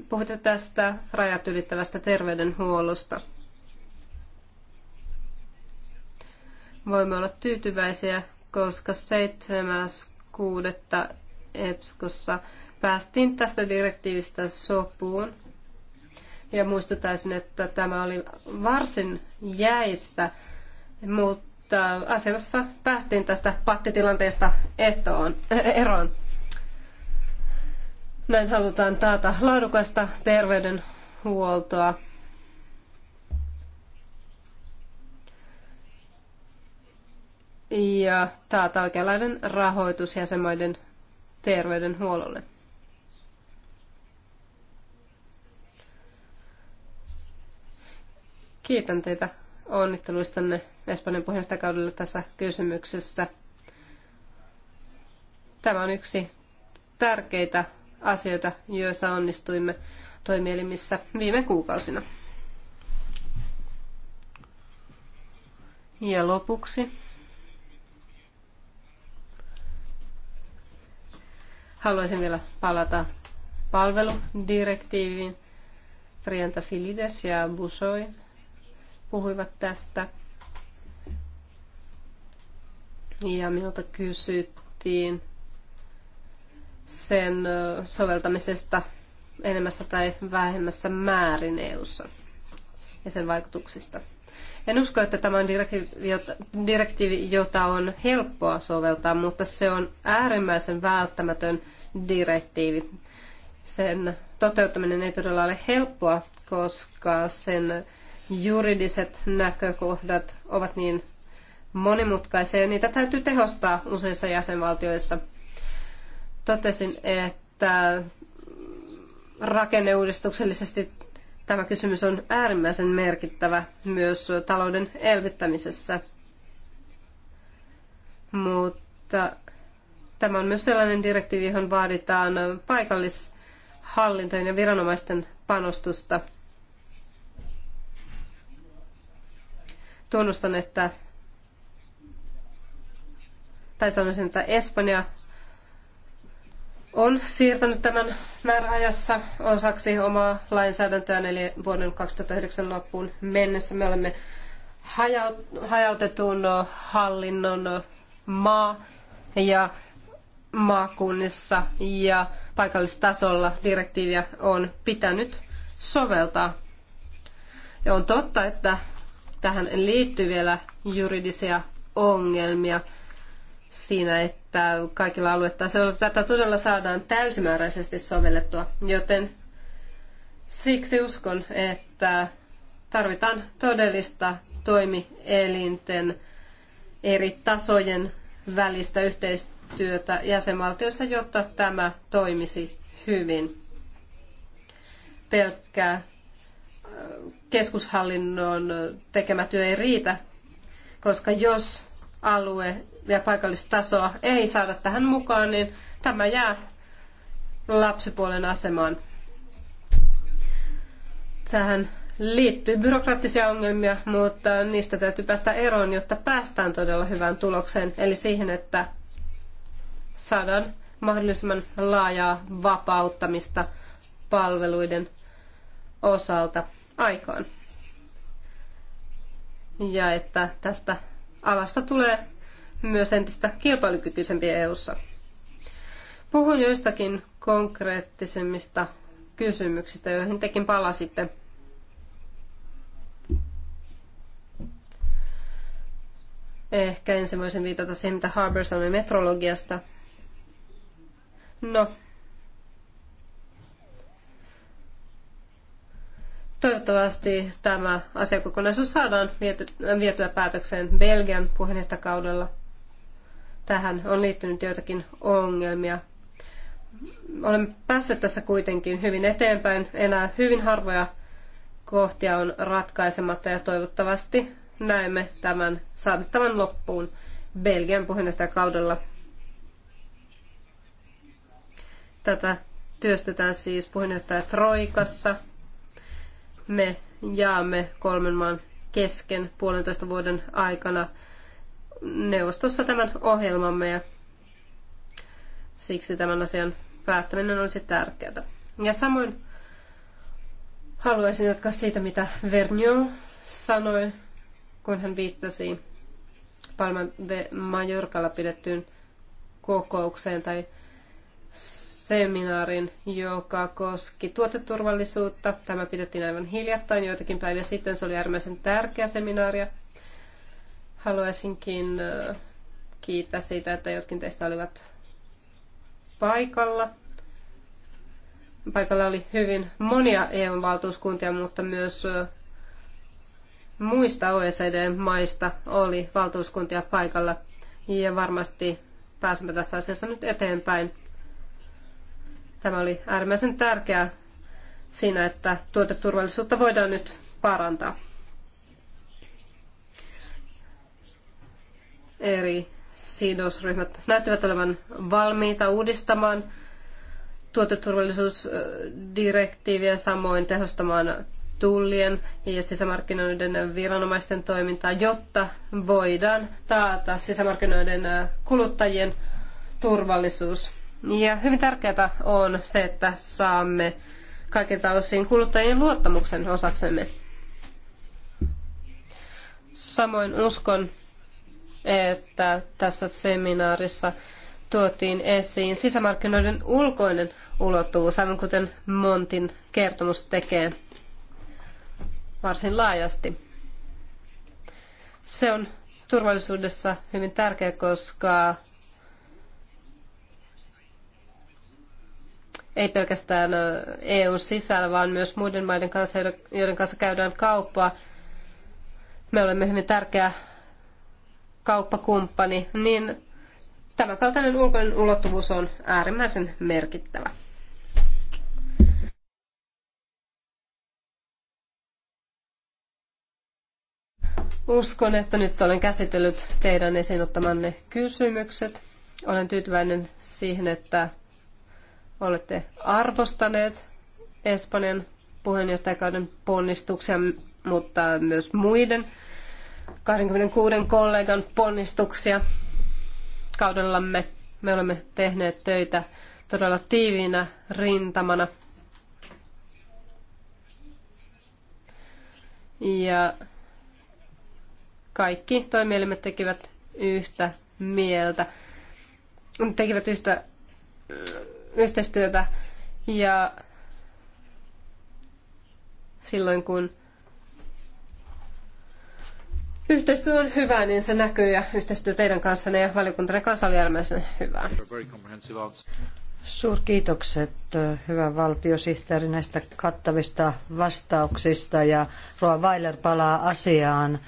puhutte tästä rajat ylittävästä terveydenhuollosta. Voimme olla tyytyväisiä, koska 7 kuudetta EPSKossa päästiin tästä direktiivistä sopuun. Ja muistutaisin, että tämä oli varsin jäissä, mutta asiassa päästiin tästä pattitilanteesta etoon, eh, eroon. Näin halutaan taata laadukasta terveydenhuoltoa ja taata oikeanlainen rahoitus jäsenmaiden terveydenhuollolle. Kiitän teitä onnitteluistanne Espanjan puheenjohtajakaudelle tässä kysymyksessä. Tämä on yksi tärkeitä asioita, joissa onnistuimme toimielimissä viime kuukausina. Ja lopuksi Haluaisin vielä palata palveludirektiiviin. Trienta Filides ja Busoi puhuivat tästä. Ja minulta kysyttiin sen soveltamisesta enemmässä tai vähemmässä määrin EU:ssa ja sen vaikutuksista. En usko, että tämä on direktiivi, jota on helppoa soveltaa, mutta se on äärimmäisen välttämätön direktiivi. Sen toteuttaminen ei todella ole helppoa, koska sen juridiset näkökohdat ovat niin monimutkaisia ja niitä täytyy tehostaa useissa jäsenvaltioissa. Totesin, että rakenneuudistuksellisesti Tämä kysymys on äärimmäisen merkittävä myös talouden elvyttämisessä. Mutta tämä on myös sellainen direktiivi, johon vaaditaan paikallishallintojen ja viranomaisten panostusta. Tunnustan, että tai sanoisin, että Espanja on siirtänyt tämän määräajassa osaksi omaa lainsäädäntöään, eli vuoden 2009 loppuun mennessä me olemme hajautetun no, hallinnon no, maa ja maakunnissa ja paikallistasolla direktiiviä on pitänyt soveltaa. Ja on totta, että tähän liittyy vielä juridisia ongelmia – siinä, että kaikilla aluetasoilla tätä todella saadaan täysimääräisesti sovellettua, joten siksi uskon, että tarvitaan todellista toimielinten eri tasojen välistä yhteistyötä jäsenvaltioissa, jotta tämä toimisi hyvin. Pelkkää keskushallinnon tekemä työ ei riitä, koska jos alue ja paikallista tasoa ei saada tähän mukaan, niin tämä jää lapsipuolen asemaan. Tähän liittyy byrokraattisia ongelmia, mutta niistä täytyy päästä eroon, jotta päästään todella hyvään tulokseen. Eli siihen, että saadaan mahdollisimman laajaa vapauttamista palveluiden osalta aikaan. Ja että tästä alasta tulee myös entistä kilpailukykyisempiä EU:ssa. Puhun joistakin konkreettisemmista kysymyksistä, joihin tekin palasitte. Ehkä ensin voisin viitata siihen, mitä Harbour sanoi metrologiasta. No. Toivottavasti tämä asiakokonaisuus saadaan vietyä päätökseen Belgian puheenjohtajakaudella – tähän on liittynyt joitakin ongelmia. Olemme päässeet tässä kuitenkin hyvin eteenpäin. Enää hyvin harvoja kohtia on ratkaisematta ja toivottavasti näemme tämän saatettavan loppuun Belgian puheenjohtajakaudella. Tätä työstetään siis puheenjohtaja Troikassa. Me jaamme kolmen maan kesken puolentoista vuoden aikana neuvostossa tämän ohjelmamme ja siksi tämän asian päättäminen olisi tärkeää. Ja samoin haluaisin jatkaa siitä, mitä Vernio sanoi, kun hän viittasi Palman de Majorkalla pidettyyn kokoukseen tai seminaarin, joka koski tuoteturvallisuutta. Tämä pidettiin aivan hiljattain joitakin päiviä sitten. Se oli äärimmäisen tärkeä seminaaria, Haluaisinkin kiittää siitä, että jotkin teistä olivat paikalla. Paikalla oli hyvin monia EU-valtuuskuntia, mutta myös muista OECD-maista oli valtuuskuntia paikalla. Ja varmasti pääsemme tässä asiassa nyt eteenpäin. Tämä oli äärimmäisen tärkeää siinä, että tuoteturvallisuutta voidaan nyt parantaa. eri sidosryhmät näyttävät olevan valmiita uudistamaan tuoteturvallisuusdirektiiviä, samoin tehostamaan tullien ja sisämarkkinoiden viranomaisten toimintaa, jotta voidaan taata sisämarkkinoiden kuluttajien turvallisuus. Ja hyvin tärkeää on se, että saamme kaikilta osin kuluttajien luottamuksen osaksemme. Samoin uskon, että tässä seminaarissa tuotiin esiin sisämarkkinoiden ulkoinen ulottuvuus, aivan kuten Montin kertomus tekee varsin laajasti. Se on turvallisuudessa hyvin tärkeä, koska ei pelkästään EUn sisällä, vaan myös muiden maiden kanssa, joiden kanssa käydään kauppaa. Me olemme hyvin tärkeä kauppakumppani, niin tämä kaltainen ulkoinen ulottuvuus on äärimmäisen merkittävä. Uskon, että nyt olen käsitellyt teidän esiin ottamanne kysymykset. Olen tyytyväinen siihen, että olette arvostaneet Espanjan puheenjohtajakauden ponnistuksia, mutta myös muiden 26 kollegan ponnistuksia kaudellamme. Me olemme tehneet töitä todella tiiviinä rintamana. Ja kaikki toimielimet tekivät yhtä mieltä, tekivät yhtä yhteistyötä ja silloin kun yhteistyö on hyvää, niin se näkyy ja yhteistyö teidän kanssanne ja valiokuntanne kanssa oli äärimmäisen hyvää. Suurkiitokset, hyvä valtiosihteeri, näistä kattavista vastauksista ja Roa Weiler palaa asiaan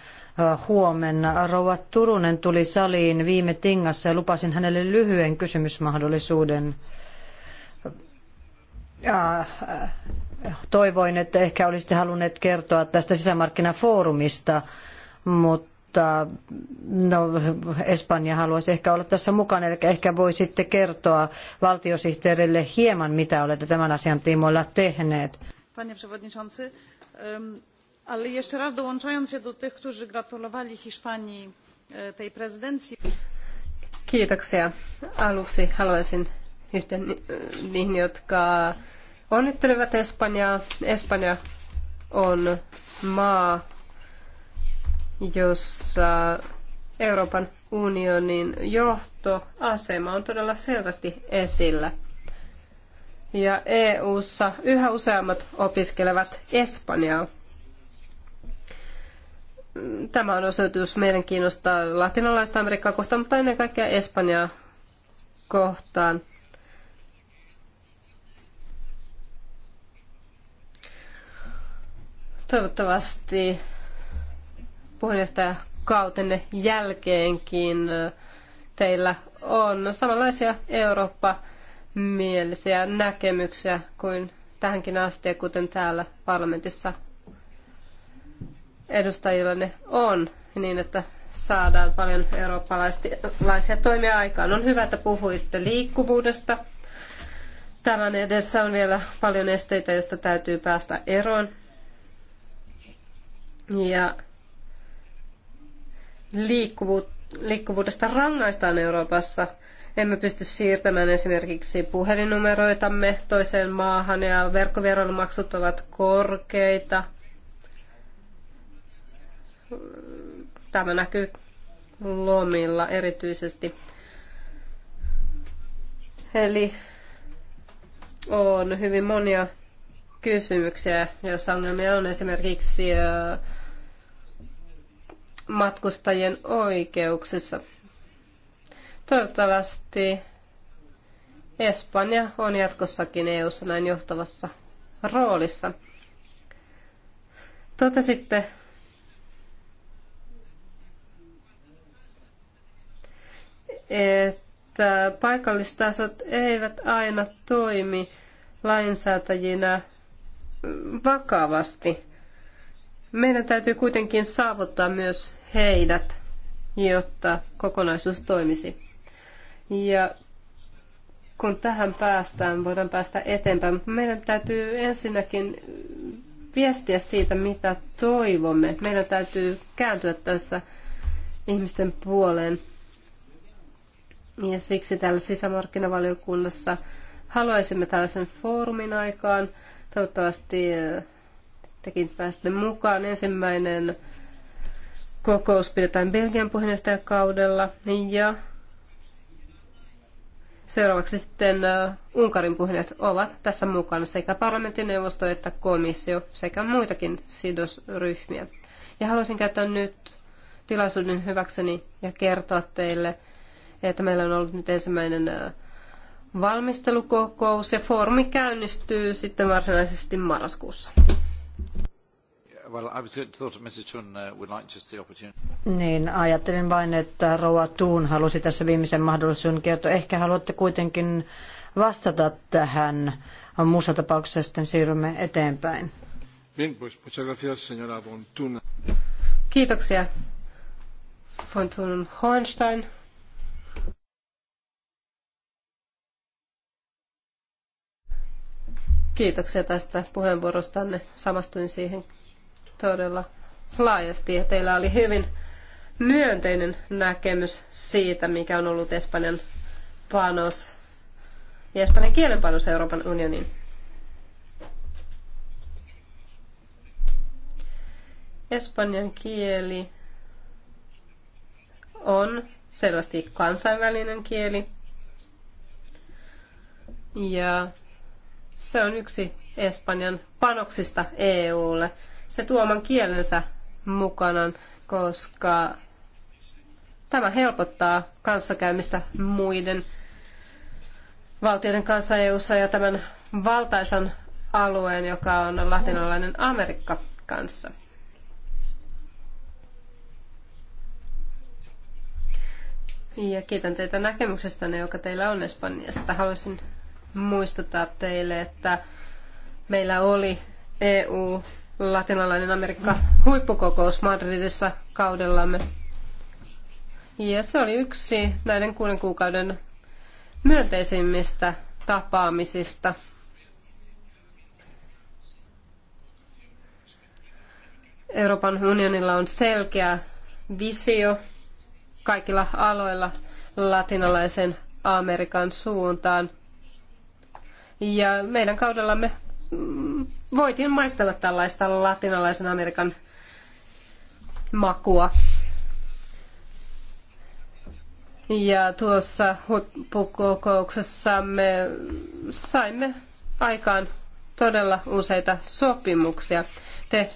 huomenna. Rouva Turunen tuli saliin viime tingassa ja lupasin hänelle lyhyen kysymysmahdollisuuden. Ja, äh, toivoin, että ehkä olisitte halunneet kertoa tästä sisämarkkinafoorumista mutta no, Espanja haluaisi ehkä olla tässä mukana, eli ehkä voisitte kertoa valtiosihteerille hieman, mitä olette tämän asian tiimoilla tehneet. Panie przewodniczący, ale jeszcze raz dołączając się do tych, którzy gratulowali Hiszpanii e, tej prezydencji. Kiitoksia. Aluksi haluaisin yhden e, niihin, jotka onnittelevat Espanjaa. Espanja on maa, jossa Euroopan unionin johtoasema on todella selvästi esillä. Ja EU:ssa yhä useammat opiskelevat espanjaa. Tämä on osoitus mielenkiinnosta latinalaista Amerikkaa kohtaan, mutta ennen kaikkea Espanjaa kohtaan. Toivottavasti puheenjohtajakautenne jälkeenkin teillä on samanlaisia Eurooppa-mielisiä näkemyksiä kuin tähänkin asti, kuten täällä parlamentissa edustajillanne on, niin että saadaan paljon eurooppalaisia toimia aikaan. On hyvä, että puhuitte liikkuvuudesta. Tämän edessä on vielä paljon esteitä, joista täytyy päästä eroon. Ja liikkuvuudesta rangaistaan Euroopassa. Emme pysty siirtämään esimerkiksi puhelinnumeroitamme toiseen maahan ja verkkoveron ovat korkeita. Tämä näkyy lomilla erityisesti. Eli on hyvin monia kysymyksiä, jos ongelmia on esimerkiksi äh, matkustajien oikeuksissa. Toivottavasti Espanja on jatkossakin EU:ssa näin johtavassa roolissa. Totesitte, että paikallistasot eivät aina toimi lainsäätäjinä vakavasti. Meidän täytyy kuitenkin saavuttaa myös heidät, jotta kokonaisuus toimisi. Ja kun tähän päästään, voidaan päästä eteenpäin, mutta meidän täytyy ensinnäkin viestiä siitä, mitä toivomme. Meidän täytyy kääntyä tässä ihmisten puoleen. Ja siksi täällä sisämarkkinavaliokunnassa haluaisimme tällaisen foorumin aikaan. Toivottavasti äh, tekin pääsette mukaan. Ensimmäinen kokous pidetään Belgian puheenjohtajakaudella ja seuraavaksi sitten Unkarin puheenjohtajat ovat tässä mukana sekä parlamentin neuvosto että komissio sekä muitakin sidosryhmiä. Ja haluaisin käyttää nyt tilaisuuden hyväkseni ja kertoa teille, että meillä on ollut nyt ensimmäinen valmistelukokous ja foorumi käynnistyy sitten varsinaisesti marraskuussa well, I was thought Mrs. Chun uh, would like just the opportunity. Niin, ajattelin vain, että Rouva Tuun halusi tässä viimeisen mahdollisuuden kertoa. Ehkä haluatte kuitenkin vastata tähän. Muussa tapauksessa sitten siirrymme eteenpäin. Bien, pues, muchas gracias, señora Kiitoksia, Hohenstein. Kiitoksia tästä puheenvuorostanne. Samastuin siihen todella laajasti ja teillä oli hyvin myönteinen näkemys siitä, mikä on ollut Espanjan panos ja espanjan kielen panos Euroopan unioniin. Espanjan kieli on selvästi kansainvälinen kieli. Ja se on yksi Espanjan panoksista EUlle se tuo oman kielensä mukanaan, koska tämä helpottaa kanssakäymistä muiden valtioiden kanssa eu ja tämän valtaisan alueen, joka on latinalainen Amerikka kanssa. Ja kiitän teitä näkemyksestänne, joka teillä on Espanjasta. Haluaisin muistuttaa teille, että meillä oli EU latinalainen Amerikka huippukokous Madridissa kaudellamme. Ja se oli yksi näiden kuuden kuukauden myönteisimmistä tapaamisista. Euroopan unionilla on selkeä visio kaikilla aloilla latinalaisen Amerikan suuntaan. Ja meidän kaudellamme mm, voitiin maistella tällaista latinalaisen Amerikan makua. Ja tuossa huippukokouksessa me saimme aikaan todella useita sopimuksia. Te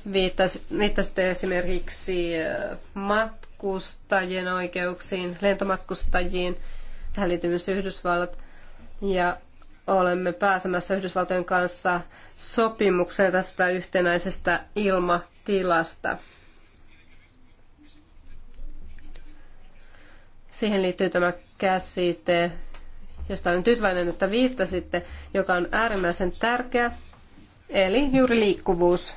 viittasitte esimerkiksi äh, matkustajien oikeuksiin, lentomatkustajiin, tähän liittyy myös Yhdysvallat. Ja olemme pääsemässä Yhdysvaltojen kanssa sopimukseen tästä yhtenäisestä ilmatilasta. Siihen liittyy tämä käsite, josta olen tyytyväinen, että viittasitte, joka on äärimmäisen tärkeä, eli juuri liikkuvuus.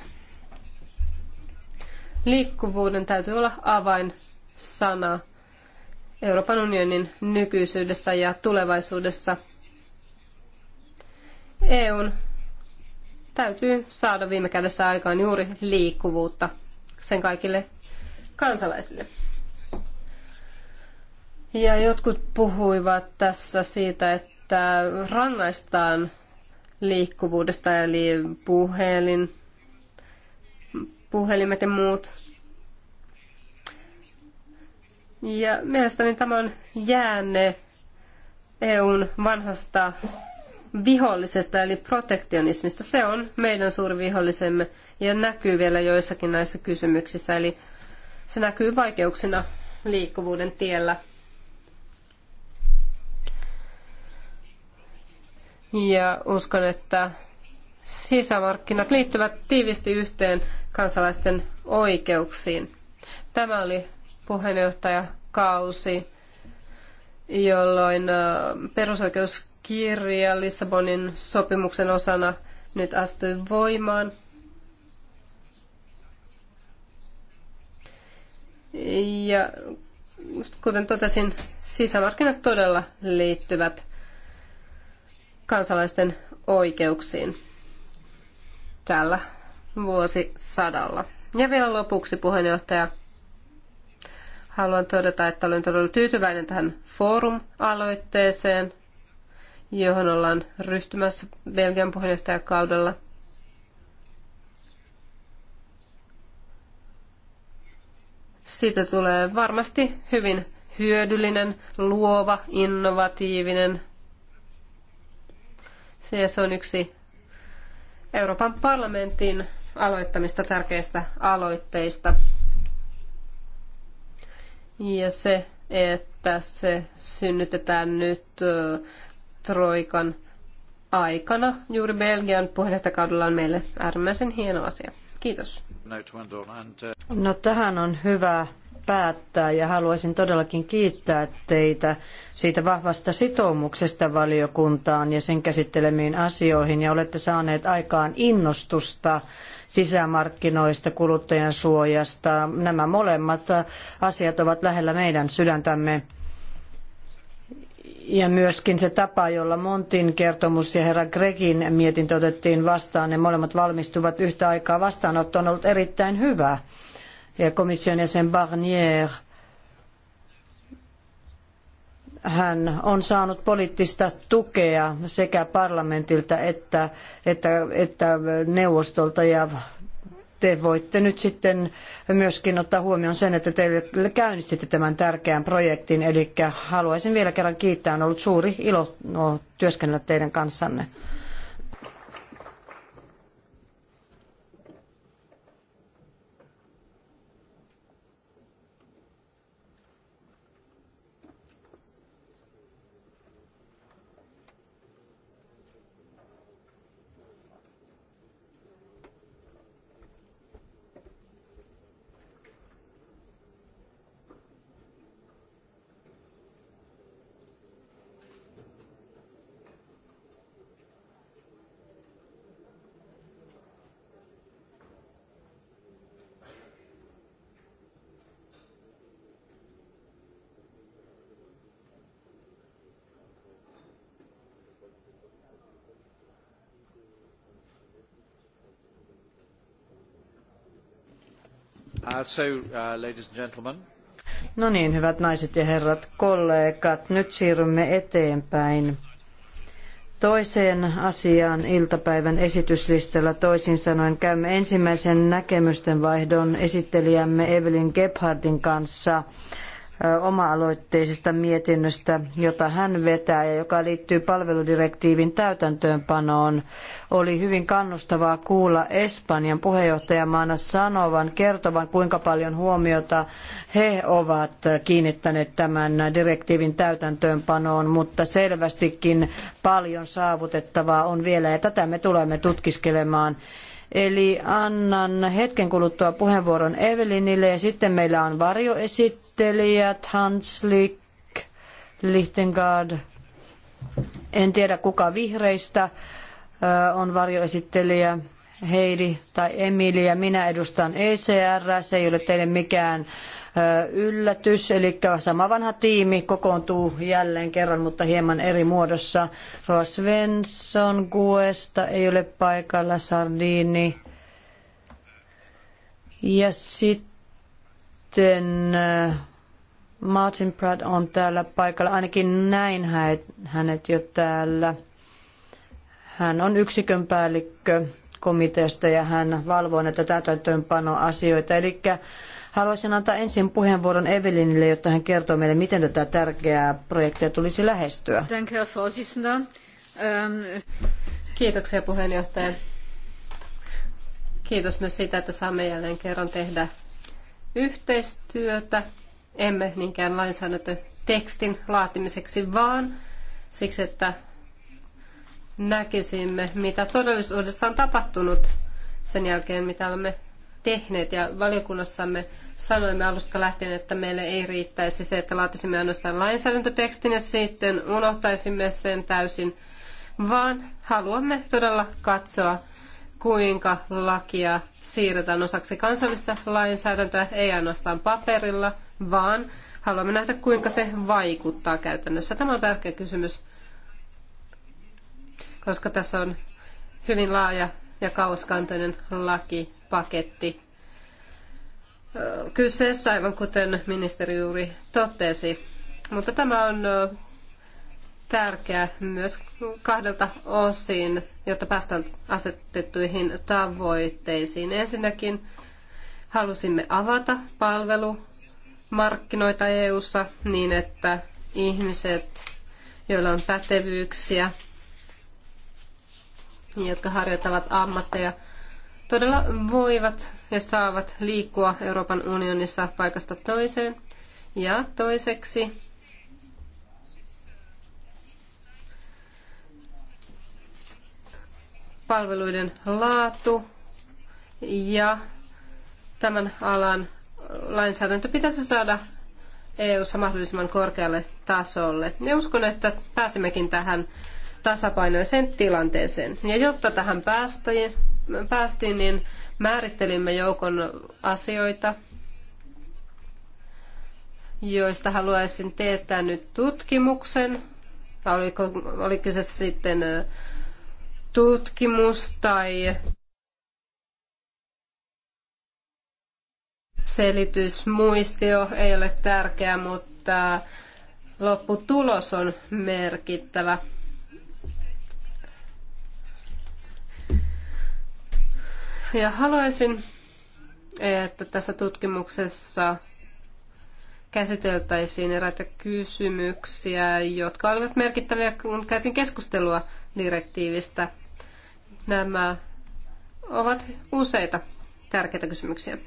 Liikkuvuuden täytyy olla avain sana Euroopan unionin nykyisyydessä ja tulevaisuudessa – EUn täytyy saada viime kädessä aikaan juuri liikkuvuutta sen kaikille kansalaisille. Ja jotkut puhuivat tässä siitä, että rangaistaan liikkuvuudesta, eli puhelin, puhelimet ja muut. Ja mielestäni tämä on jäänne EUn vanhasta vihollisesta eli protektionismista. Se on meidän suuri vihollisemme ja näkyy vielä joissakin näissä kysymyksissä. Eli se näkyy vaikeuksina liikkuvuuden tiellä. Ja uskon, että sisämarkkinat liittyvät tiivisti yhteen kansalaisten oikeuksiin. Tämä oli puheenjohtajakausi, jolloin äh, perusoikeus kirja Lissabonin sopimuksen osana nyt astui voimaan. Ja kuten totesin, sisämarkkinat todella liittyvät kansalaisten oikeuksiin tällä vuosisadalla. Ja vielä lopuksi puheenjohtaja haluan todeta, että olen todella tyytyväinen tähän forum-aloitteeseen, johon ollaan ryhtymässä Belgian puheenjohtajakaudella. Siitä tulee varmasti hyvin hyödyllinen, luova, innovatiivinen. Se on yksi Euroopan parlamentin aloittamista tärkeistä aloitteista. Ja se, että se synnytetään nyt Troikan aikana juuri Belgian puheenjohtajakaudella on meille äärimmäisen hieno asia. Kiitos. No tähän on hyvä päättää ja haluaisin todellakin kiittää teitä siitä vahvasta sitoumuksesta valiokuntaan ja sen käsittelemiin asioihin ja olette saaneet aikaan innostusta sisämarkkinoista, kuluttajan suojasta. Nämä molemmat asiat ovat lähellä meidän sydäntämme ja myöskin se tapa, jolla Montin kertomus ja herra Gregin mietintö otettiin vastaan, ne molemmat valmistuvat yhtä aikaa vastaanotto on ollut erittäin hyvä. Ja komission jäsen Barnier, hän on saanut poliittista tukea sekä parlamentilta että, että, että neuvostolta ja te voitte nyt sitten myöskin ottaa huomioon sen, että te käynnistitte tämän tärkeän projektin. Eli haluaisin vielä kerran kiittää, on ollut suuri ilo no, työskennellä teidän kanssanne. Uh, so, uh, ladies and gentlemen. No niin, hyvät naiset ja herrat kollegat, nyt siirrymme eteenpäin toiseen asiaan iltapäivän esityslistalla. Toisin sanoen käymme ensimmäisen näkemysten vaihdon esittelijämme Evelyn Gebhardin kanssa oma-aloitteisesta mietinnöstä, jota hän vetää ja joka liittyy palveludirektiivin täytäntöönpanoon. Oli hyvin kannustavaa kuulla Espanjan puheenjohtajamaana sanovan, kertovan kuinka paljon huomiota he ovat kiinnittäneet tämän direktiivin täytäntöönpanoon, mutta selvästikin paljon saavutettavaa on vielä ja tätä me tulemme tutkiskelemaan. Eli annan hetken kuluttua puheenvuoron Evelinille ja sitten meillä on varjoesittely Hans Hanslik, Lichtengard, en tiedä kuka vihreistä on varjoesittelijä, Heidi tai Emilia. Minä edustan ECR, se ei ole teille mikään yllätys, eli sama vanha tiimi kokoontuu jälleen kerran, mutta hieman eri muodossa. Roa Svensson Guesta ei ole paikalla, Sardini. Ja sitten sitten äh, Martin Pratt on täällä paikalla, ainakin näin hänet jo täällä. Hän on yksikön päällikkö komiteasta ja hän valvoo näitä täytäntöönpanoasioita. Eli haluaisin antaa ensin puheenvuoron Evelinille, jotta hän kertoo meille, miten tätä tärkeää projektia tulisi lähestyä. Ähm, Kiitoksia puheenjohtaja. Kiitos myös siitä, että saamme jälleen kerran tehdä yhteistyötä, emme niinkään lainsäädäntötekstin laatimiseksi, vaan siksi, että näkisimme, mitä todellisuudessa on tapahtunut sen jälkeen, mitä olemme tehneet. Ja valiokunnassamme sanoimme alusta lähtien, että meille ei riittäisi se, että laatisimme ainoastaan lainsäädäntötekstin ja sitten unohtaisimme sen täysin, vaan haluamme todella katsoa kuinka lakia siirretään osaksi kansallista lainsäädäntöä, ei ainoastaan paperilla, vaan haluamme nähdä, kuinka se vaikuttaa käytännössä. Tämä on tärkeä kysymys, koska tässä on hyvin laaja ja kauaskantoinen lakipaketti kyseessä, aivan kuten ministeri juuri totesi. Mutta tämä on tärkeä myös kahdelta osin, jotta päästään asetettuihin tavoitteisiin. Ensinnäkin halusimme avata palvelumarkkinoita EU-ssa niin, että ihmiset, joilla on pätevyyksiä, jotka harjoittavat ammatteja, todella voivat ja saavat liikkua Euroopan unionissa paikasta toiseen. Ja toiseksi palveluiden laatu ja tämän alan lainsäädäntö pitäisi saada EU-ssa mahdollisimman korkealle tasolle. Ja uskon, että pääsemmekin tähän tasapainoiseen tilanteeseen. Ja jotta tähän päästiin, päästiin niin määrittelimme joukon asioita, joista haluaisin teettää nyt tutkimuksen. Oliko, oli kyseessä sitten tutkimus tai selitysmuistio ei ole tärkeä, mutta lopputulos on merkittävä. Ja haluaisin, että tässä tutkimuksessa käsiteltäisiin eräitä kysymyksiä, jotka olivat merkittäviä, kun käytiin keskustelua direktiivistä – Nämä ovat useita tärkeitä kysymyksiä.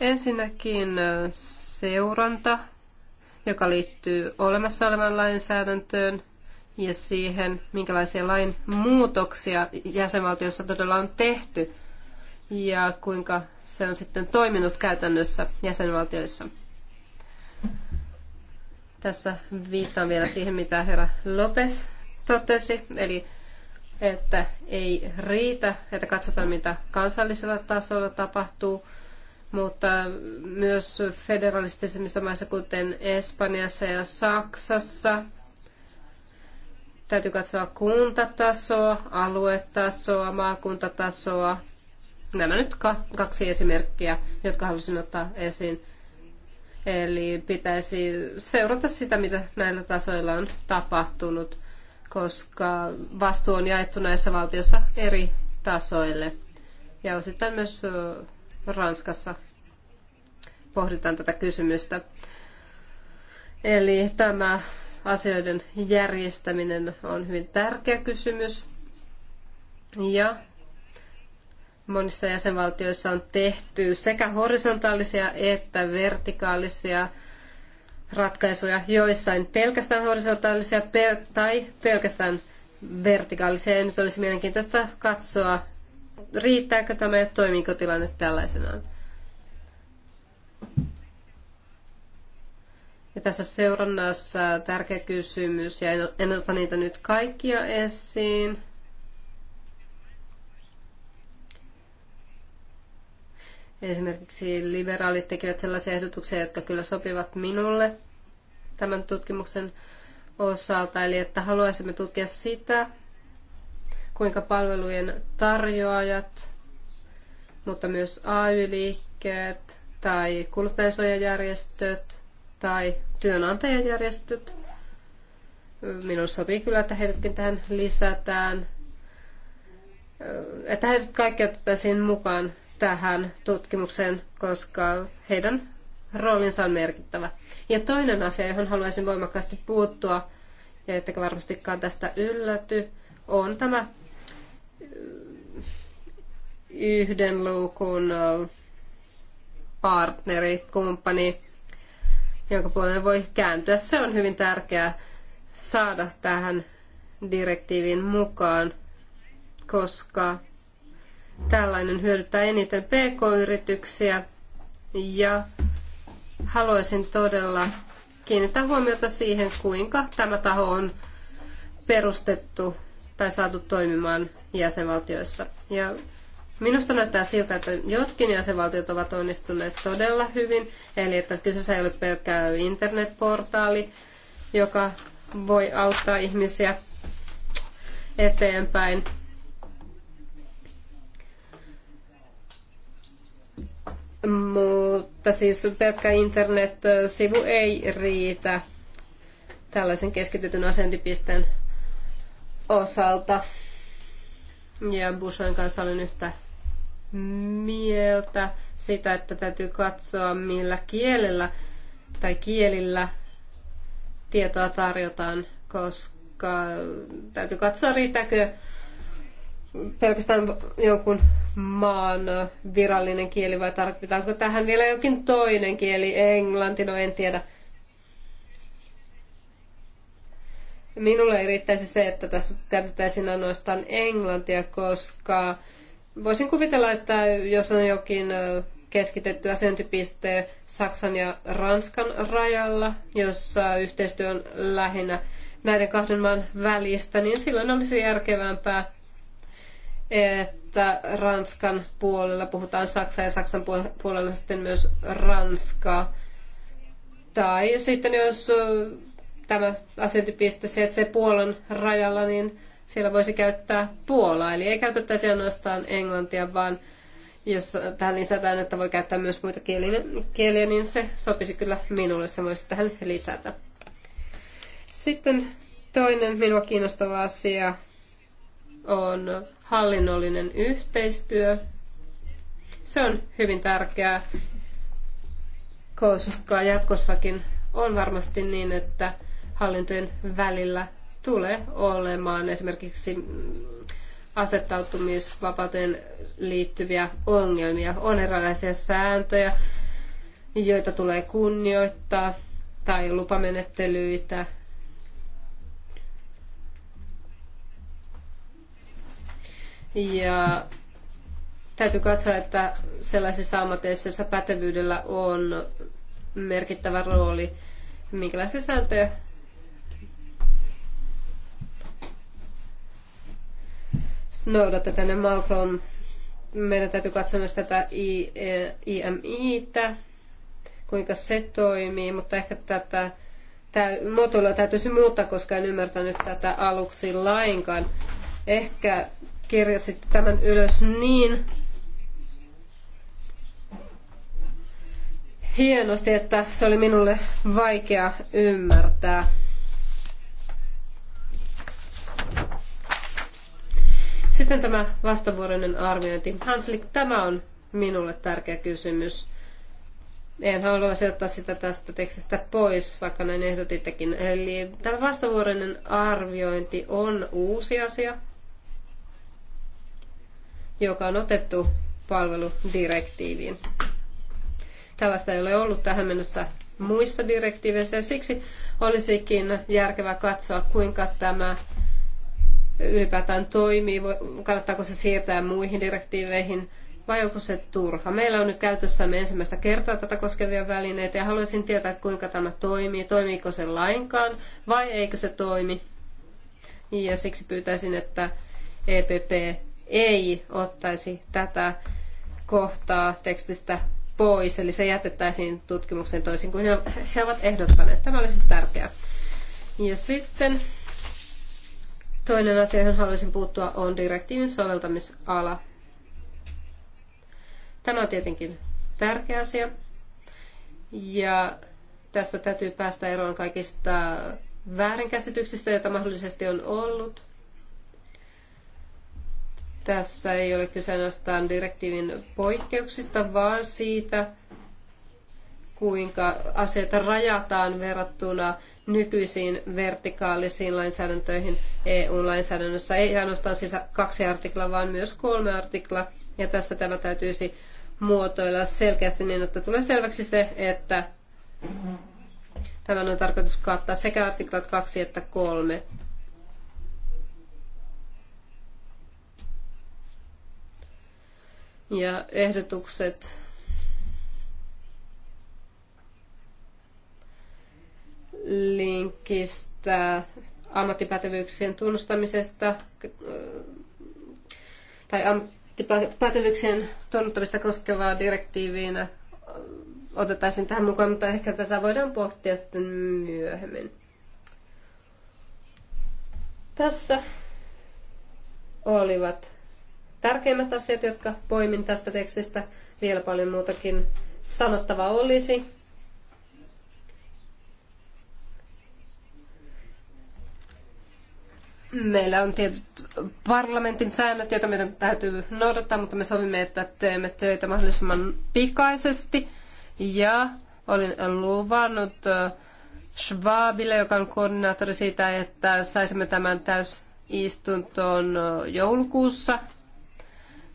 Ensinnäkin seuranta, joka liittyy olemassa olevan lainsäädäntöön ja siihen, minkälaisia lain muutoksia jäsenvaltiossa todella on tehty ja kuinka se on sitten toiminut käytännössä jäsenvaltioissa. Tässä viittaan vielä siihen, mitä herra Lopez totesi, eli että ei riitä, että katsotaan mitä kansallisella tasolla tapahtuu, mutta myös federalistisemmissa maissa, kuten Espanjassa ja Saksassa, täytyy katsoa kuntatasoa, aluetasoa, maakuntatasoa. Nämä nyt kaksi esimerkkiä, jotka halusin ottaa esiin. Eli pitäisi seurata sitä, mitä näillä tasoilla on tapahtunut koska vastuu on jaettu näissä valtioissa eri tasoille. Ja osittain myös Ranskassa pohditaan tätä kysymystä. Eli tämä asioiden järjestäminen on hyvin tärkeä kysymys. Ja monissa jäsenvaltioissa on tehty sekä horisontaalisia että vertikaalisia ratkaisuja, joissain pelkästään horisontaalisia tai pelkästään vertikaalisia. Ja nyt olisi mielenkiintoista katsoa, riittääkö tämä ja toimiiko tilanne tällaisenaan. Ja tässä seurannassa tärkeä kysymys, ja en, en ota niitä nyt kaikkia esiin, Esimerkiksi liberaalit tekevät sellaisia ehdotuksia, jotka kyllä sopivat minulle tämän tutkimuksen osalta. Eli että haluaisimme tutkia sitä, kuinka palvelujen tarjoajat, mutta myös AY-liikkeet tai kuluttajasuojajärjestöt tai työnantajajärjestöt. Minun sopii kyllä, että heidätkin tähän lisätään. Että heidät kaikki otettaisiin mukaan tähän tutkimukseen, koska heidän roolinsa on merkittävä. Ja toinen asia, johon haluaisin voimakkaasti puuttua, ja ettekä varmastikaan tästä ylläty, on tämä yhden luukun partneri, kumppani, jonka puoleen voi kääntyä. Se on hyvin tärkeää saada tähän direktiivin mukaan, koska Tällainen hyödyttää eniten pk-yrityksiä ja haluaisin todella kiinnittää huomiota siihen, kuinka tämä taho on perustettu tai saatu toimimaan jäsenvaltioissa. Ja minusta näyttää siltä, että jotkin jäsenvaltiot ovat onnistuneet todella hyvin, eli että kyseessä ei ole pelkkää internetportaali, joka voi auttaa ihmisiä eteenpäin, mutta siis pelkkä internet-sivu ei riitä tällaisen keskitytyn asentipisteen osalta. Ja Bushan kanssa olen yhtä mieltä sitä, että täytyy katsoa millä kielellä tai kielillä tietoa tarjotaan, koska täytyy katsoa riittääkö pelkästään jonkun maan virallinen kieli vai tarvitaanko tähän vielä jokin toinen kieli, englanti, no en tiedä. Minulle ei riittäisi se, että tässä käytettäisiin ainoastaan englantia, koska voisin kuvitella, että jos on jokin keskitetty asiointipiste Saksan ja Ranskan rajalla, jossa yhteistyö on lähinnä näiden kahden maan välistä, niin silloin olisi järkevämpää että Ranskan puolella puhutaan Saksaa ja Saksan puolella sitten myös Ranskaa. Tai sitten jos tämä asiointipiste sijaitsee Puolan rajalla, niin siellä voisi käyttää Puolaa. Eli ei käytettäisi ainoastaan englantia, vaan jos tähän lisätään, että voi käyttää myös muita kieliä, niin se sopisi kyllä minulle. Se voisi tähän lisätä. Sitten toinen minua kiinnostava asia on hallinnollinen yhteistyö. Se on hyvin tärkeää, koska jatkossakin on varmasti niin, että hallintojen välillä tulee olemaan esimerkiksi asettautumisvapauteen liittyviä ongelmia. On erilaisia sääntöjä, joita tulee kunnioittaa, tai lupamenettelyitä, Ja täytyy katsoa, että sellaisissa ammateissa, joissa pätevyydellä on merkittävä rooli, minkälaisia sääntöjä noudatetaan. Ja Malcolm, meidän täytyy katsoa myös tätä e tä, kuinka se toimii, mutta ehkä tätä moduulia täytyisi muuttaa, koska en ymmärtänyt tätä aluksi lainkaan. Ehkä kirjasitte tämän ylös niin hienosti, että se oli minulle vaikea ymmärtää. Sitten tämä vastavuoroinen arviointi. Hanslik, tämä on minulle tärkeä kysymys. En haluaisi ottaa sitä tästä tekstistä pois, vaikka näin ehdotittekin. Eli tämä vastavuoroinen arviointi on uusi asia joka on otettu palveludirektiiviin. Tällaista ei ole ollut tähän mennessä muissa direktiiveissä ja siksi olisikin järkevää katsoa, kuinka tämä ylipäätään toimii, kannattaako se siirtää muihin direktiiveihin vai onko se turha. Meillä on nyt käytössämme ensimmäistä kertaa tätä koskevia välineitä ja haluaisin tietää, kuinka tämä toimii, toimiiko se lainkaan vai eikö se toimi. Ja siksi pyytäisin, että EPP ei ottaisi tätä kohtaa tekstistä pois, eli se jätettäisiin tutkimukseen toisin kuin he ovat ehdottaneet. Tämä olisi tärkeää. Ja sitten toinen asia, johon haluaisin puuttua, on direktiivin soveltamisala. Tämä on tietenkin tärkeä asia. Ja tässä täytyy päästä eroon kaikista väärinkäsityksistä, joita mahdollisesti on ollut. Tässä ei ole kyse ainoastaan direktiivin poikkeuksista, vaan siitä, kuinka asioita rajataan verrattuna nykyisiin vertikaalisiin lainsäädäntöihin EU-lainsäädännössä. Ei ainoastaan siis kaksi artiklaa, vaan myös kolme artiklaa. Ja tässä tämä täytyisi muotoilla selkeästi niin, että tulee selväksi se, että tämän on tarkoitus kattaa sekä artiklat 2 että 3. ja ehdotukset linkistä ammattipätevyyksien tunnustamisesta äh, tai ammattipätevyyksien tunnustamista koskevaa direktiiviin otettaisiin tähän mukaan, mutta ehkä tätä voidaan pohtia sitten myöhemmin. Tässä olivat tärkeimmät asiat, jotka poimin tästä tekstistä. Vielä paljon muutakin sanottavaa olisi. Meillä on tietyt parlamentin säännöt, joita meidän täytyy noudattaa, mutta me sovimme, että teemme töitä mahdollisimman pikaisesti. Ja olin luvannut Schwabille, joka on koordinaattori siitä, että saisimme tämän täysistuntoon joulukuussa –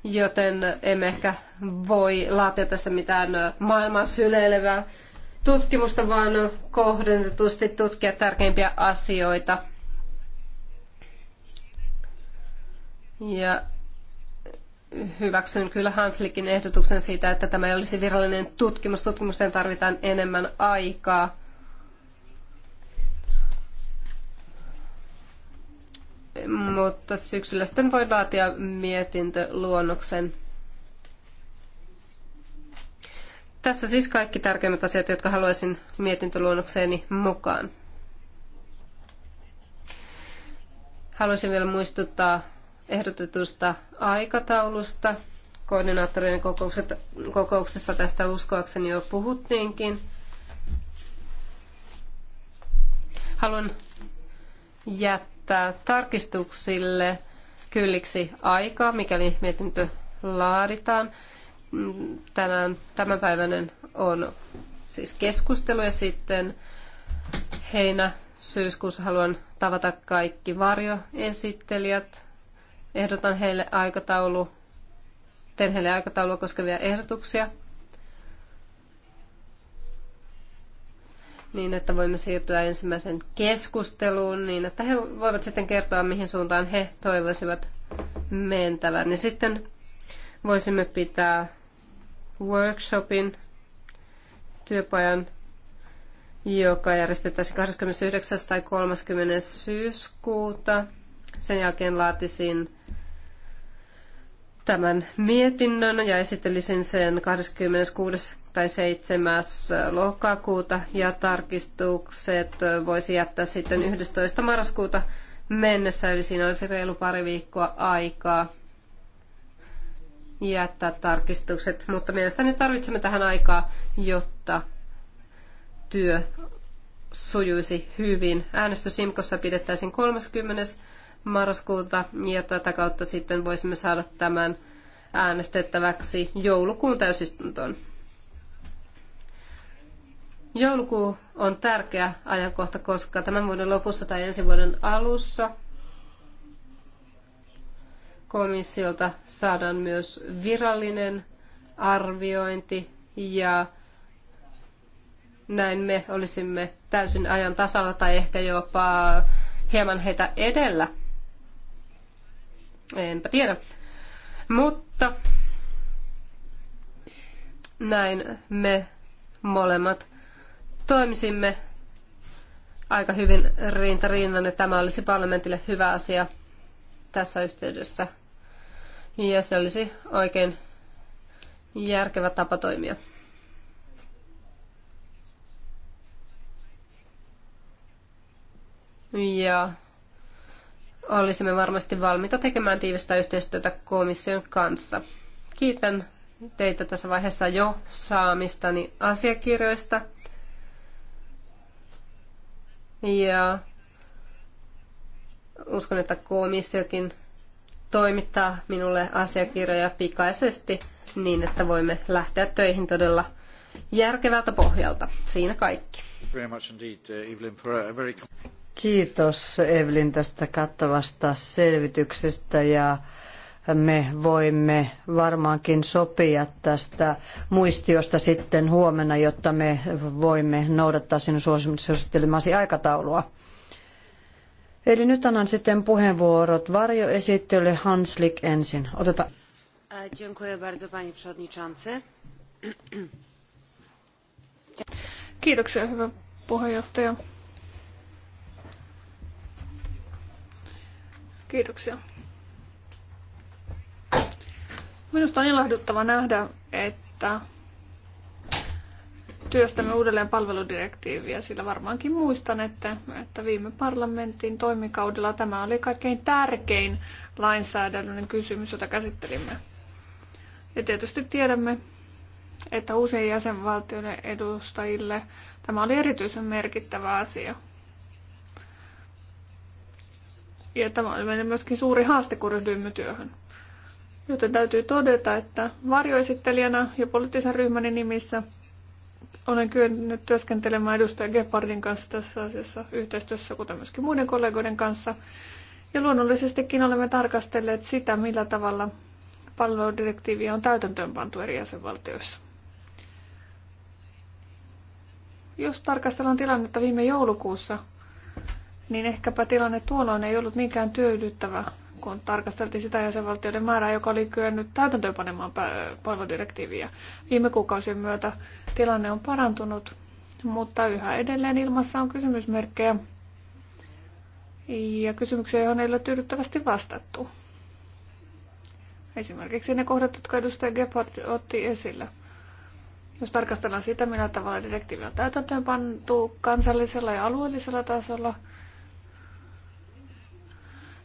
joten emme ehkä voi laatia tästä mitään maailman syleilevää tutkimusta, vaan kohdennetusti tutkia tärkeimpiä asioita. Ja hyväksyn kyllä Hanslikin ehdotuksen siitä, että tämä ei olisi virallinen tutkimus. Tutkimukseen tarvitaan enemmän aikaa. mutta syksyllä sitten voi laatia mietintöluonnoksen. Tässä siis kaikki tärkeimmät asiat, jotka haluaisin mietintöluonnokseeni mukaan. Haluaisin vielä muistuttaa ehdotetusta aikataulusta. Koordinaattorien kokouksessa tästä uskoakseni jo puhuttiinkin. Haluan jättää jättää tarkistuksille kylliksi aikaa, mikäli mietintö laaditaan. Tänään tämänpäiväinen on siis keskustelu ja sitten heinä syyskuussa haluan tavata kaikki varjoesittelijät. Ehdotan heille aikataulu, teen heille aikataulua koskevia ehdotuksia niin että voimme siirtyä ensimmäisen keskusteluun, niin että he voivat sitten kertoa, mihin suuntaan he toivoisivat mentävän. Ja sitten voisimme pitää workshopin työpajan, joka järjestettäisiin 29. tai 30. syyskuuta. Sen jälkeen laatisin tämän mietinnön ja esittelisin sen 26. tai 7. lokakuuta ja tarkistukset voisi jättää sitten 11. marraskuuta mennessä, eli siinä olisi reilu pari viikkoa aikaa jättää tarkistukset, mutta mielestäni tarvitsemme tähän aikaa, jotta työ sujuisi hyvin. Äänestysimkossa pidettäisiin 30 marraskuuta ja tätä kautta sitten voisimme saada tämän äänestettäväksi joulukuun täysistuntoon. Joulukuu on tärkeä ajankohta, koska tämän vuoden lopussa tai ensi vuoden alussa komissiolta saadaan myös virallinen arviointi ja näin me olisimme täysin ajan tasalla tai ehkä jopa hieman heitä edellä Enpä tiedä. Mutta näin me molemmat toimisimme aika hyvin rinta rinnan, ja tämä olisi parlamentille hyvä asia tässä yhteydessä. Ja se olisi oikein järkevä tapa toimia. Ja olisimme varmasti valmiita tekemään tiivistä yhteistyötä komission kanssa. Kiitän teitä tässä vaiheessa jo saamistani asiakirjoista. Ja uskon, että komissiokin toimittaa minulle asiakirjoja pikaisesti niin, että voimme lähteä töihin todella järkevältä pohjalta. Siinä kaikki. Uh, Kiitos Evelin tästä kattavasta selvityksestä ja me voimme varmaankin sopia tästä muistiosta sitten huomenna, jotta me voimme noudattaa sinun suosittelemasi aikataulua. Eli nyt annan sitten puheenvuorot varjoesittelylle Hanslik ensin. Otetaan. Äh, dziękuję bardzo, panie przewodniczący. Kiitoksia, hyvä puheenjohtaja. Kiitoksia. Minusta on ilahduttava nähdä, että työstämme uudelleen palveludirektiiviä, sillä varmaankin muistan, että, että viime parlamentin toimikaudella tämä oli kaikkein tärkein lainsäädännön kysymys, jota käsittelimme. Ja tietysti tiedämme, että usein jäsenvaltioiden edustajille tämä oli erityisen merkittävä asia – ja tämä oli meille myöskin suuri haaste, kun ryhdyimme työhön. Joten täytyy todeta, että varjoesittelijänä ja poliittisen ryhmäni nimissä olen kyennyt työskentelemään edustaja Gepardin kanssa tässä asiassa yhteistyössä, kuten myöskin muiden kollegoiden kanssa. Ja luonnollisestikin olemme tarkastelleet sitä, millä tavalla palveludirektiiviä on täytäntöönpantu eri jäsenvaltioissa. Jos tarkastellaan tilannetta viime joulukuussa, niin ehkäpä tilanne tuolloin ei ollut niinkään tyydyttävä, kun tarkasteltiin sitä jäsenvaltioiden määrää, joka oli kyennyt täytäntöönpanemaan palveludirektiiviä. Viime kuukausien myötä tilanne on parantunut, mutta yhä edelleen ilmassa on kysymysmerkkejä ja kysymyksiä, joihin ei ole tyydyttävästi vastattu. Esimerkiksi ne kohdat, jotka edustaja Gebhardt otti esille. Jos tarkastellaan sitä, millä tavalla direktiivi on täytäntöön pantu kansallisella ja alueellisella tasolla –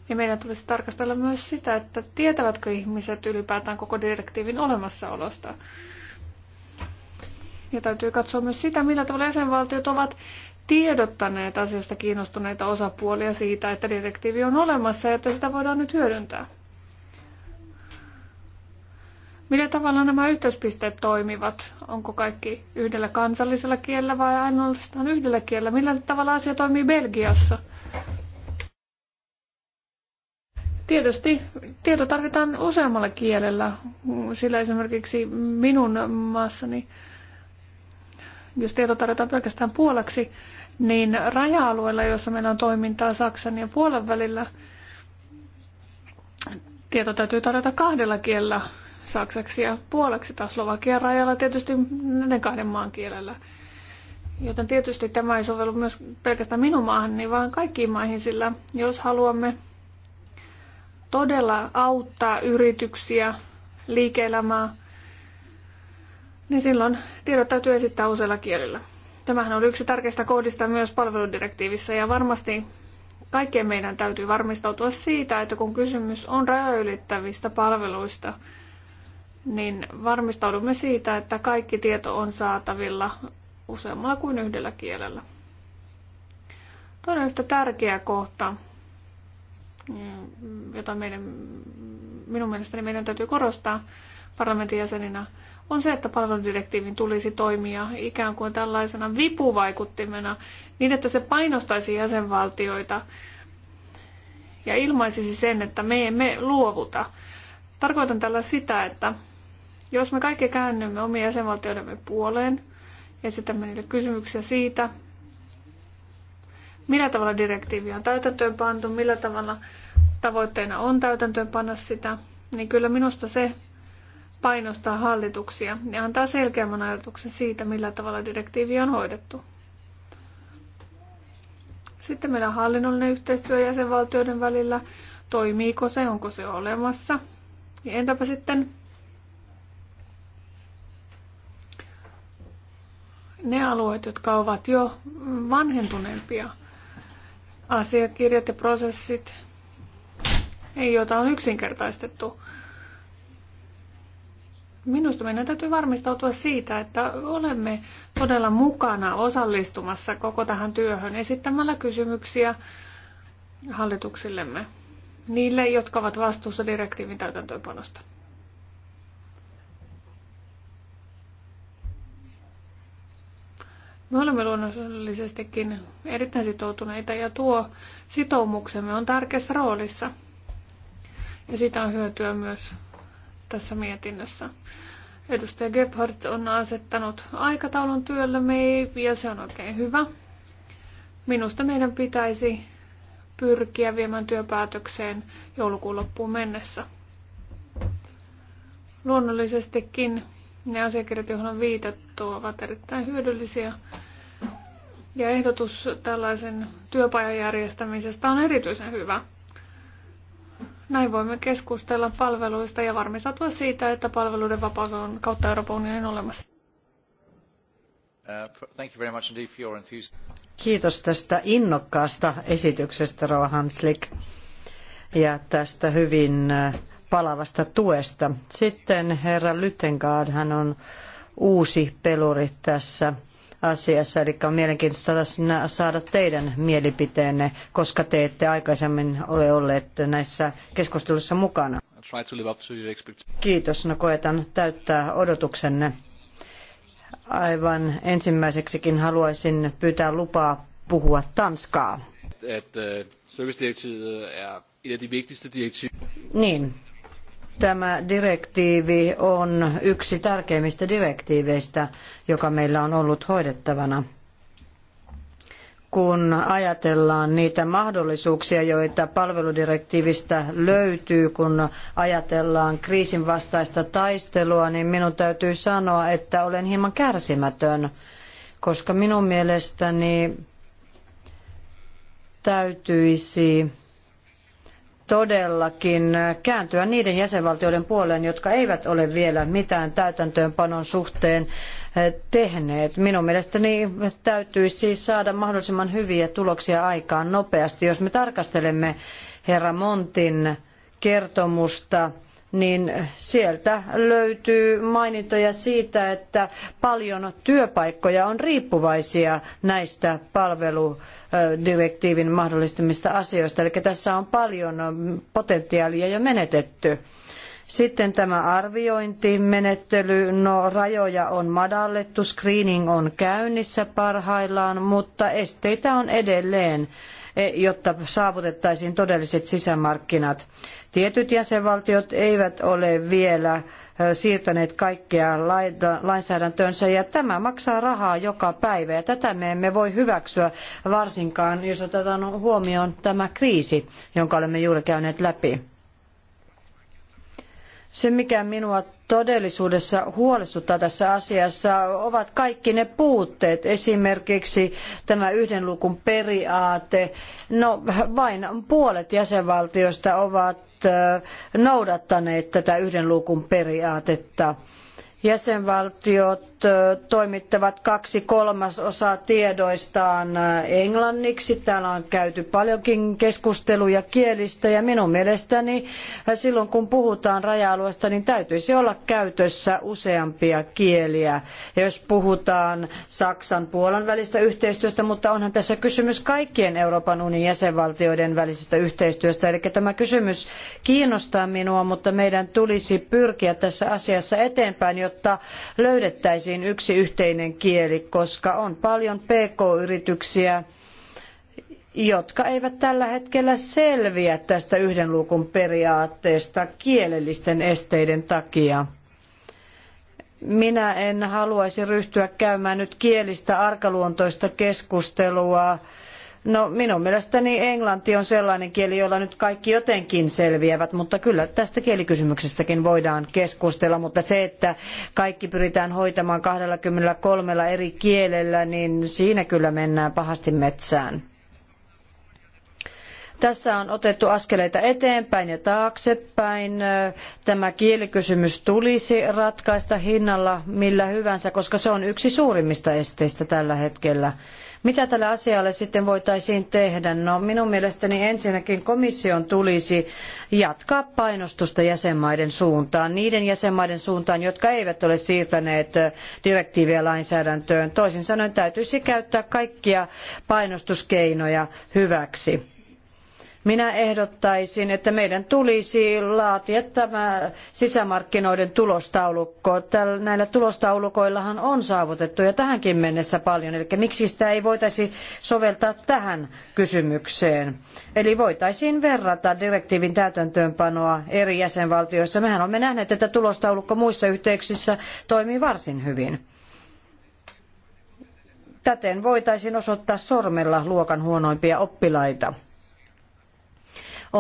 ja meidän tulisi tarkastella myös sitä, että tietävätkö ihmiset ylipäätään koko direktiivin olemassaolosta. Ja täytyy katsoa myös sitä, millä tavalla jäsenvaltiot ovat tiedottaneet asiasta kiinnostuneita osapuolia siitä, että direktiivi on olemassa ja että sitä voidaan nyt hyödyntää. Millä tavalla nämä yhteyspisteet toimivat? Onko kaikki yhdellä kansallisella kielellä vai ainoastaan yhdellä kielellä? Millä tavalla asia toimii Belgiassa? Tietysti tieto tarvitaan useammalla kielellä, sillä esimerkiksi minun maassani, jos tieto tarvitaan pelkästään puolaksi, niin raja-alueella, jossa meillä on toimintaa Saksan ja Puolan välillä, tieto täytyy tarjota kahdella kielellä, saksaksi ja puolaksi taas Slovakian rajalla tietysti näiden kahden maan kielellä. Joten tietysti tämä ei sovellu myös pelkästään minun niin vaan kaikkiin maihin, sillä jos haluamme todella auttaa yrityksiä, liike-elämää, niin silloin tiedot täytyy esittää useilla kielillä. Tämähän on yksi tärkeistä kohdista myös palveludirektiivissä ja varmasti kaikkien meidän täytyy varmistautua siitä, että kun kysymys on rajoylittävistä palveluista, niin varmistaudumme siitä, että kaikki tieto on saatavilla useammalla kuin yhdellä kielellä. Toinen yhtä tärkeä kohta jota meidän, minun mielestäni meidän täytyy korostaa parlamentin jäseninä, on se, että palveludirektiivin tulisi toimia ikään kuin tällaisena vipuvaikuttimena, niin että se painostaisi jäsenvaltioita ja ilmaisisi sen, että me emme luovuta. Tarkoitan tällä sitä, että jos me kaikki käännymme omien jäsenvaltioidemme puoleen, esitämme niille kysymyksiä siitä, millä tavalla direktiivi on täytäntöönpantu, millä tavalla tavoitteena on täytäntöönpanna sitä, niin kyllä minusta se painostaa hallituksia ja antaa selkeämmän ajatuksen siitä, millä tavalla direktiivi on hoidettu. Sitten meillä on hallinnollinen yhteistyö jäsenvaltioiden välillä. Toimiiko se, onko se olemassa? Ja entäpä sitten ne alueet, jotka ovat jo vanhentuneempia – asiakirjat ja prosessit, ei jota on yksinkertaistettu. Minusta meidän täytyy varmistautua siitä, että olemme todella mukana osallistumassa koko tähän työhön esittämällä kysymyksiä hallituksillemme, niille, jotka ovat vastuussa direktiivin täytäntöönpanosta. Me olemme luonnollisestikin erittäin sitoutuneita ja tuo sitoumuksemme on tärkeässä roolissa. Ja siitä on hyötyä myös tässä mietinnössä. Edustaja Gebhardt on asettanut aikataulun työllemme ja se on oikein hyvä. Minusta meidän pitäisi pyrkiä viemään työpäätökseen joulukuun loppuun mennessä. Luonnollisestikin ne asiakirjat, joihin on viitattu, ovat erittäin hyödyllisiä. Ja ehdotus tällaisen työpajan järjestämisestä on erityisen hyvä. Näin voimme keskustella palveluista ja varmistautua siitä, että palveluiden vapaus on kautta Euroopan unionin olemassa. Uh, Kiitos tästä innokkaasta esityksestä, Rohan Hanslik, ja tästä hyvin uh, palavasta tuesta. Sitten herra Lyttengaard, hän on uusi peluri tässä asiassa, eli on mielenkiintoista saada teidän mielipiteenne, koska te ette aikaisemmin ole olleet näissä keskusteluissa mukana. Kiitos, no koetan täyttää odotuksenne. Aivan ensimmäiseksikin haluaisin pyytää lupaa puhua tanskaa. Äh, er niin, Tämä direktiivi on yksi tärkeimmistä direktiiveistä, joka meillä on ollut hoidettavana kun ajatellaan niitä mahdollisuuksia, joita palveludirektiivistä löytyy, kun ajatellaan kriisin vastaista taistelua, niin minun täytyy sanoa, että olen hieman kärsimätön, koska minun mielestäni täytyisi todellakin kääntyä niiden jäsenvaltioiden puoleen, jotka eivät ole vielä mitään täytäntöönpanon suhteen eh, tehneet. Minun mielestäni täytyisi siis saada mahdollisimman hyviä tuloksia aikaan nopeasti. Jos me tarkastelemme herra Montin kertomusta, niin sieltä löytyy mainintoja siitä, että paljon työpaikkoja on riippuvaisia näistä palveludirektiivin mahdollistamista asioista. Eli tässä on paljon potentiaalia jo menetetty. Sitten tämä arviointimenettely, no rajoja on madallettu, screening on käynnissä parhaillaan, mutta esteitä on edelleen e, jotta saavutettaisiin todelliset sisämarkkinat. Tietyt jäsenvaltiot eivät ole vielä e, siirtäneet kaikkea lainsäädäntöönsä ja tämä maksaa rahaa joka päivä ja tätä me emme voi hyväksyä varsinkaan, jos otetaan huomioon tämä kriisi, jonka olemme juuri käyneet läpi. Se, mikä minua todellisuudessa huolestuttaa tässä asiassa, ovat kaikki ne puutteet. Esimerkiksi tämä yhden lukun periaate. No, vain puolet jäsenvaltioista ovat noudattaneet tätä yhden luukun periaatetta. Jäsenvaltiot toimittavat kaksi kolmasosaa tiedoistaan englanniksi. Täällä on käyty paljonkin keskusteluja kielistä ja minun mielestäni silloin kun puhutaan raja-alueesta, niin täytyisi olla käytössä useampia kieliä. Ja jos puhutaan Saksan Puolan välistä yhteistyöstä, mutta onhan tässä kysymys kaikkien Euroopan unionin jäsenvaltioiden välisestä yhteistyöstä. Eli tämä kysymys kiinnostaa minua, mutta meidän tulisi pyrkiä tässä asiassa eteenpäin, jotta löydettäisiin saataisiin yksi yhteinen kieli, koska on paljon pk-yrityksiä, jotka eivät tällä hetkellä selviä tästä yhden luukun periaatteesta kielellisten esteiden takia. Minä en haluaisi ryhtyä käymään nyt kielistä arkaluontoista keskustelua No minun mielestäni englanti on sellainen kieli, jolla nyt kaikki jotenkin selviävät, mutta kyllä tästä kielikysymyksestäkin voidaan keskustella, mutta se, että kaikki pyritään hoitamaan 23 eri kielellä, niin siinä kyllä mennään pahasti metsään. Tässä on otettu askeleita eteenpäin ja taaksepäin. Tämä kielikysymys tulisi ratkaista hinnalla millä hyvänsä, koska se on yksi suurimmista esteistä tällä hetkellä. Mitä tällä asialle sitten voitaisiin tehdä? No minun mielestäni ensinnäkin komission tulisi jatkaa painostusta jäsenmaiden suuntaan, niiden jäsenmaiden suuntaan, jotka eivät ole siirtäneet direktiiviä lainsäädäntöön. Toisin sanoen täytyisi käyttää kaikkia painostuskeinoja hyväksi. Minä ehdottaisin, että meidän tulisi laatia tämä sisämarkkinoiden tulostaulukko. Tällä, näillä tulostaulukoillahan on saavutettu jo tähänkin mennessä paljon, eli miksi sitä ei voitaisi soveltaa tähän kysymykseen. Eli voitaisiin verrata direktiivin täytäntöönpanoa eri jäsenvaltioissa. Mehän olemme nähneet, että tulostaulukko muissa yhteyksissä toimii varsin hyvin. Täten voitaisiin osoittaa sormella luokan huonoimpia oppilaita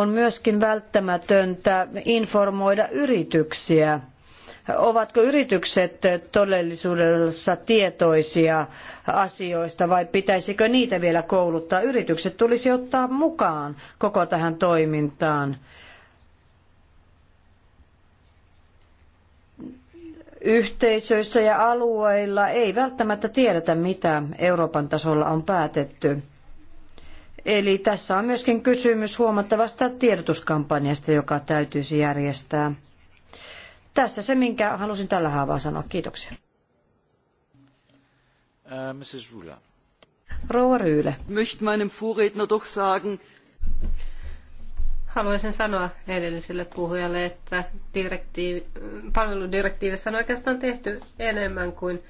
on myöskin välttämätöntä informoida yrityksiä ovatko yritykset todellisuudessa tietoisia asioista vai pitäisikö niitä vielä kouluttaa? Yritykset tulisi ottaa mukaan koko tähän toimintaan. Yhteisöissä ja alueilla ei välttämättä tiedetä, mitä Euroopan tasolla on päätetty. Eli tässä on myöskin kysymys huomattavasta tiedotuskampanjasta, joka täytyisi järjestää. Tässä se, minkä halusin tällä haavaa sanoa. Kiitoksia. Uh, äh, Mrs. Rouva Ryyle. haluaisin sanoa edelliselle puhujalle, että direktiivi, palveludirektiivissä on oikeastaan tehty enemmän kuin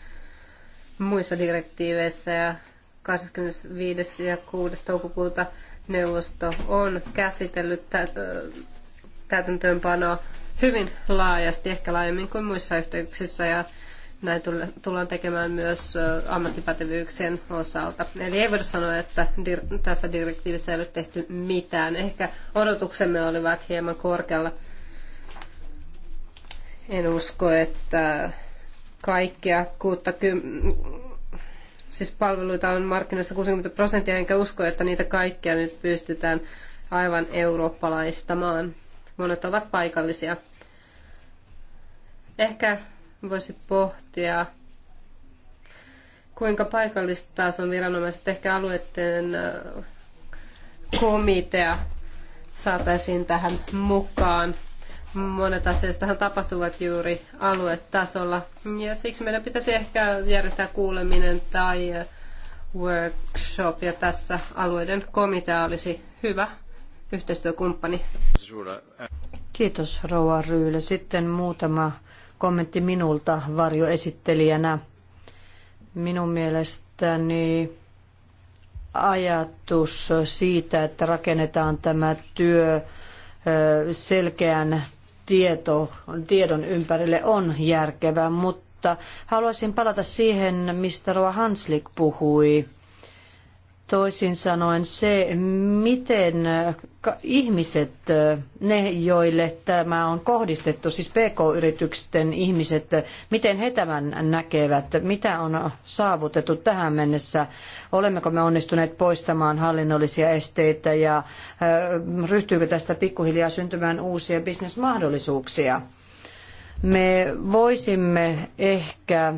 muissa direktiiveissä ja 25. ja 6. toukokuuta neuvosto on käsitellyt täytäntöönpanoa hyvin laajasti, ehkä laajemmin kuin muissa yhteyksissä ja näin tullaan tekemään myös ammattipätevyyksien osalta. Eli ei voida sanoa, että tässä direktiivissä ei ole tehty mitään. Ehkä odotuksemme olivat hieman korkealla. En usko, että kaikkia 60, siis palveluita on markkinoista 60 prosenttia, enkä usko, että niitä kaikkia nyt pystytään aivan eurooppalaistamaan. Monet ovat paikallisia. Ehkä voisi pohtia, kuinka on viranomaiset, ehkä alueiden äh, komitea saataisiin tähän mukaan. Monet asiastahan tapahtuvat juuri aluetasolla ja siksi meidän pitäisi ehkä järjestää kuuleminen tai workshop ja tässä alueiden komitea olisi hyvä yhteistyökumppani. Kiitos Rouva Ryyle. Sitten muutama kommentti minulta varjoesittelijänä. Minun mielestäni ajatus siitä, että rakennetaan tämä työ selkeän tieto, tiedon ympärille on järkevä, mutta haluaisin palata siihen, mistä Roa Hanslik puhui Toisin sanoen se, miten äh, ihmiset, äh, ne joille tämä on kohdistettu, siis pk-yritysten ihmiset, äh, miten he tämän näkevät, mitä on saavutettu tähän mennessä, olemmeko me onnistuneet poistamaan hallinnollisia esteitä ja ryhtyykö tästä pikkuhiljaa syntymään uusia bisnesmahdollisuuksia. Me voisimme ehkä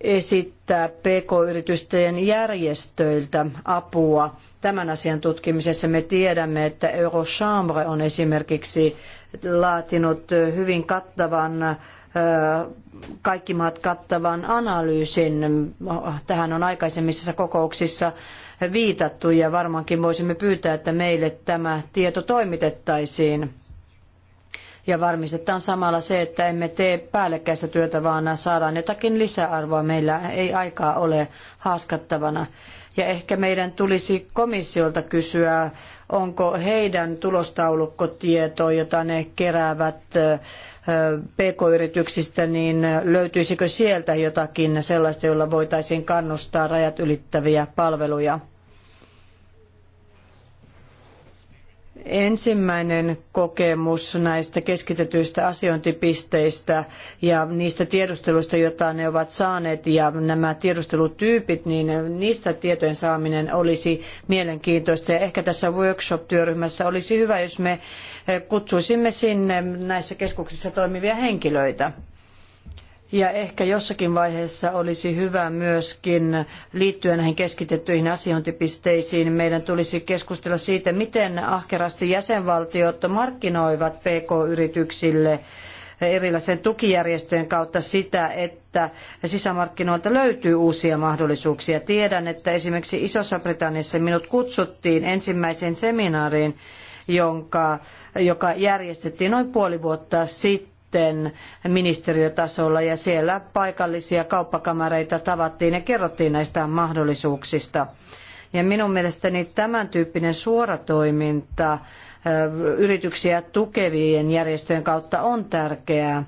esittää PK-yritysten järjestöiltä apua tämän asian tutkimisessa. Me tiedämme, että Eurochambre on esimerkiksi laatinut hyvin kattavan kaikki maat kattavan analyysin. Tähän on aikaisemmissa kokouksissa viitattu ja varmaankin voisimme pyytää, että meille tämä tieto toimitettaisiin ja varmistetaan samalla se, että emme tee päällekkäistä työtä, vaan saadaan jotakin lisäarvoa. Meillä ei aikaa ole haaskattavana. Ja ehkä meidän tulisi komissiolta kysyä, onko heidän tulostaulukkotieto, jota ne keräävät PK-yrityksistä, niin löytyisikö sieltä jotakin sellaista, jolla voitaisiin kannustaa rajat ylittäviä palveluja? ensimmäinen kokemus näistä keskitetyistä asiointipisteistä ja niistä tiedusteluista, joita ne ovat saaneet ja nämä tiedustelutyypit, niin niistä tietojen saaminen olisi mielenkiintoista. Ja ehkä tässä workshop-työryhmässä olisi hyvä, jos me kutsuisimme sinne näissä keskuksissa toimivia henkilöitä. Ja ehkä jossakin vaiheessa olisi hyvä myöskin liittyen näihin keskitettyihin asiointipisteisiin, meidän tulisi keskustella siitä, miten ahkerasti jäsenvaltiot markkinoivat PK-yrityksille erilaisten tukijärjestöjen kautta sitä, että sisämarkkinoilta löytyy uusia mahdollisuuksia. Tiedän, että esimerkiksi Isossa Britanniassa minut kutsuttiin ensimmäiseen seminaariin, jonka, joka järjestettiin noin puoli vuotta sitten sitten ministeriötasolla ja siellä paikallisia kauppakamareita tavattiin ja kerrottiin näistä mahdollisuuksista. Ja minun mielestäni tämän tyyppinen suoratoiminta yrityksiä tukevien järjestöjen kautta on tärkeää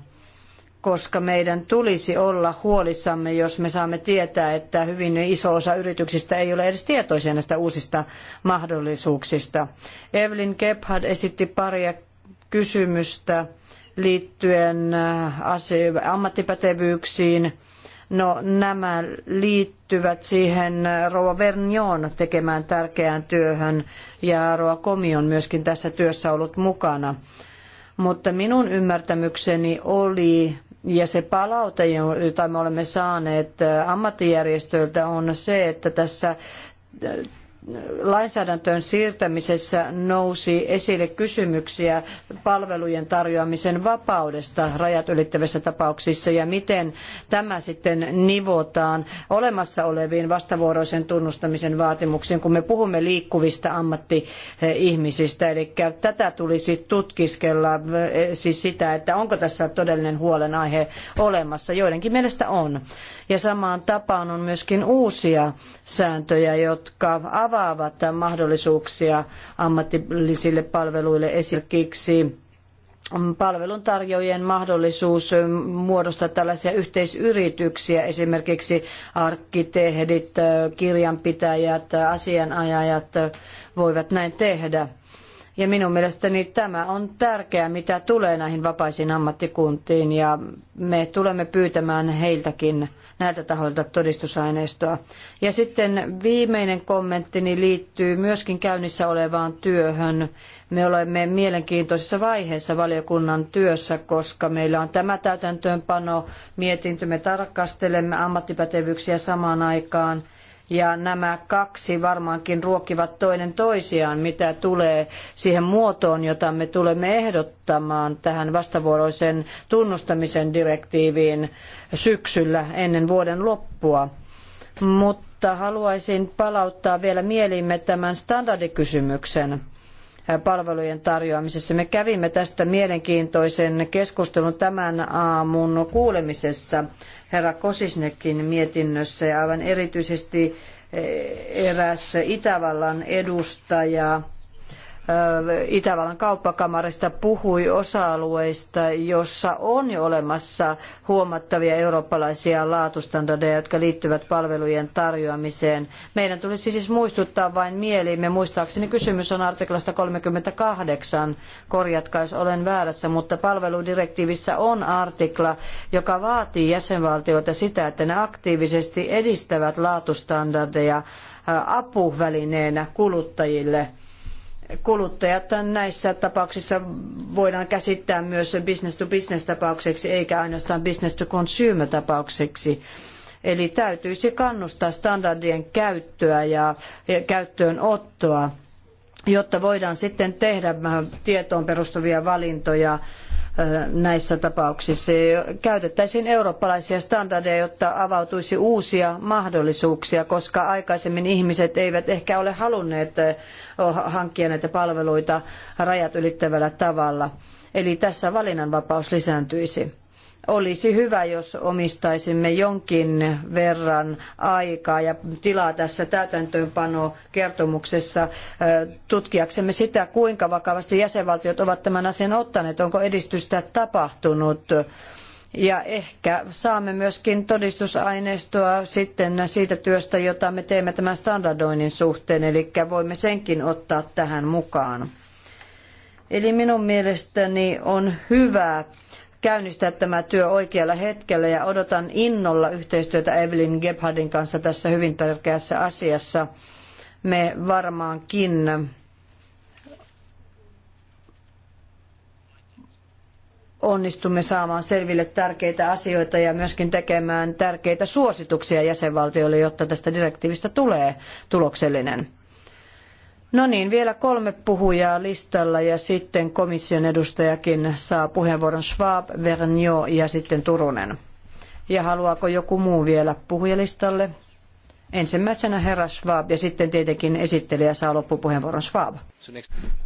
koska meidän tulisi olla huolissamme, jos me saamme tietää, että hyvin iso osa yrityksistä ei ole edes tietoisia näistä uusista mahdollisuuksista. Evelyn Gebhard esitti paria kysymystä liittyen äh, ase- ammattipätevyyksiin. No nämä liittyvät siihen äh, Roa Vernion tekemään tärkeään työhön ja Roa Komi on myöskin tässä työssä ollut mukana. Mutta minun ymmärtämykseni oli, ja se palaute, jota me olemme saaneet äh, ammattijärjestöiltä, on se, että tässä lainsäädäntöön siirtämisessä nousi esille kysymyksiä palvelujen tarjoamisen vapaudesta rajat ylittävissä tapauksissa ja miten tämä sitten nivotaan olemassa oleviin vastavuoroisen tunnustamisen vaatimuksiin, kun me puhumme liikkuvista ammatti-ihmisistä. Eli tätä tulisi tutkiskella, eh, siis sitä, että onko tässä todellinen huolenaihe olemassa. Joidenkin mielestä on. Ja samaan tapaan on myöskin uusia sääntöjä, jotka avaavat mahdollisuuksia ammatillisille palveluille esimerkiksi palveluntarjoajien mahdollisuus muodostaa tällaisia yhteisyrityksiä, esimerkiksi arkkitehdit, kirjanpitäjät, asianajajat voivat näin tehdä. Ja minun mielestäni tämä on tärkeää, mitä tulee näihin vapaisiin ammattikuntiin, ja me tulemme pyytämään heiltäkin näiltä tahoilta todistusaineistoa. Ja sitten viimeinen kommenttini liittyy myöskin käynnissä olevaan työhön. Me olemme mielenkiintoisessa vaiheessa valiokunnan työssä, koska meillä on tämä täytäntöönpano mietintö. Me tarkastelemme ammattipätevyyksiä samaan aikaan – ja nämä kaksi varmaankin ruokivat toinen toisiaan, mitä tulee siihen muotoon, jota me tulemme ehdottamaan tähän vastavuoroisen tunnustamisen direktiiviin syksyllä ennen vuoden loppua. Mutta haluaisin palauttaa vielä mieliimme tämän standardikysymyksen palvelujen tarjoamisessa. Me kävimme tästä mielenkiintoisen keskustelun tämän aamun kuulemisessa herra Kosisnekin mietinnössä ja aivan erityisesti eh, eräs Itävallan edustaja Itävallan kauppakamarista puhui osa-alueista, jossa on jo olemassa huomattavia eurooppalaisia laatustandardeja, jotka liittyvät palvelujen tarjoamiseen. Meidän tulisi siis muistuttaa vain mieliimme. Muistaakseni kysymys on artiklasta 38, korjatkaa jos olen väärässä, mutta palveludirektiivissä on artikla, joka vaatii jäsenvaltioita sitä, että ne aktiivisesti edistävät laatustandardeja apuvälineenä kuluttajille – kuluttajat näissä tapauksissa voidaan käsittää myös business to business tapaukseksi eikä ainoastaan business to consumer tapaukseksi. Eli täytyisi kannustaa standardien käyttöä ja käyttöönottoa, jotta voidaan sitten tehdä tietoon perustuvia valintoja näissä tapauksissa. Käytettäisiin eurooppalaisia standardeja, jotta avautuisi uusia mahdollisuuksia, koska aikaisemmin ihmiset eivät ehkä ole halunneet Eh, hankkia näitä palveluita rajat ylittävällä tavalla. Eli tässä valinnanvapaus lisääntyisi olisi hyvä, jos omistaisimme jonkin verran aikaa ja tilaa tässä täytäntöönpanokertomuksessa eh, tutkiaksemme sitä, kuinka vakavasti jäsenvaltiot ovat tämän asian ottaneet, onko edistystä tapahtunut ja ehkä saamme myöskin todistusaineistoa sitten siitä työstä, jota me teemme tämän standardoinnin suhteen, eli voimme senkin ottaa tähän mukaan. Eli minun mielestäni on hyvä käynnistää tämä työ oikealla hetkellä ja odotan innolla yhteistyötä Evelyn Gebhardin kanssa tässä hyvin tärkeässä asiassa. Me varmaankin onnistumme saamaan selville tärkeitä asioita ja myöskin tekemään tärkeitä suosituksia jäsenvaltioille, jotta tästä direktiivistä tulee tuloksellinen. No niin, vielä kolme puhujaa listalla ja sitten komission edustajakin saa puheenvuoron Schwab, Vernio ja sitten Turunen. Ja haluaako joku muu vielä puhujalistalle? Ensimmäisenä herra Schwab ja sitten tietenkin esittelijä saa loppupuheenvuoron Schwab.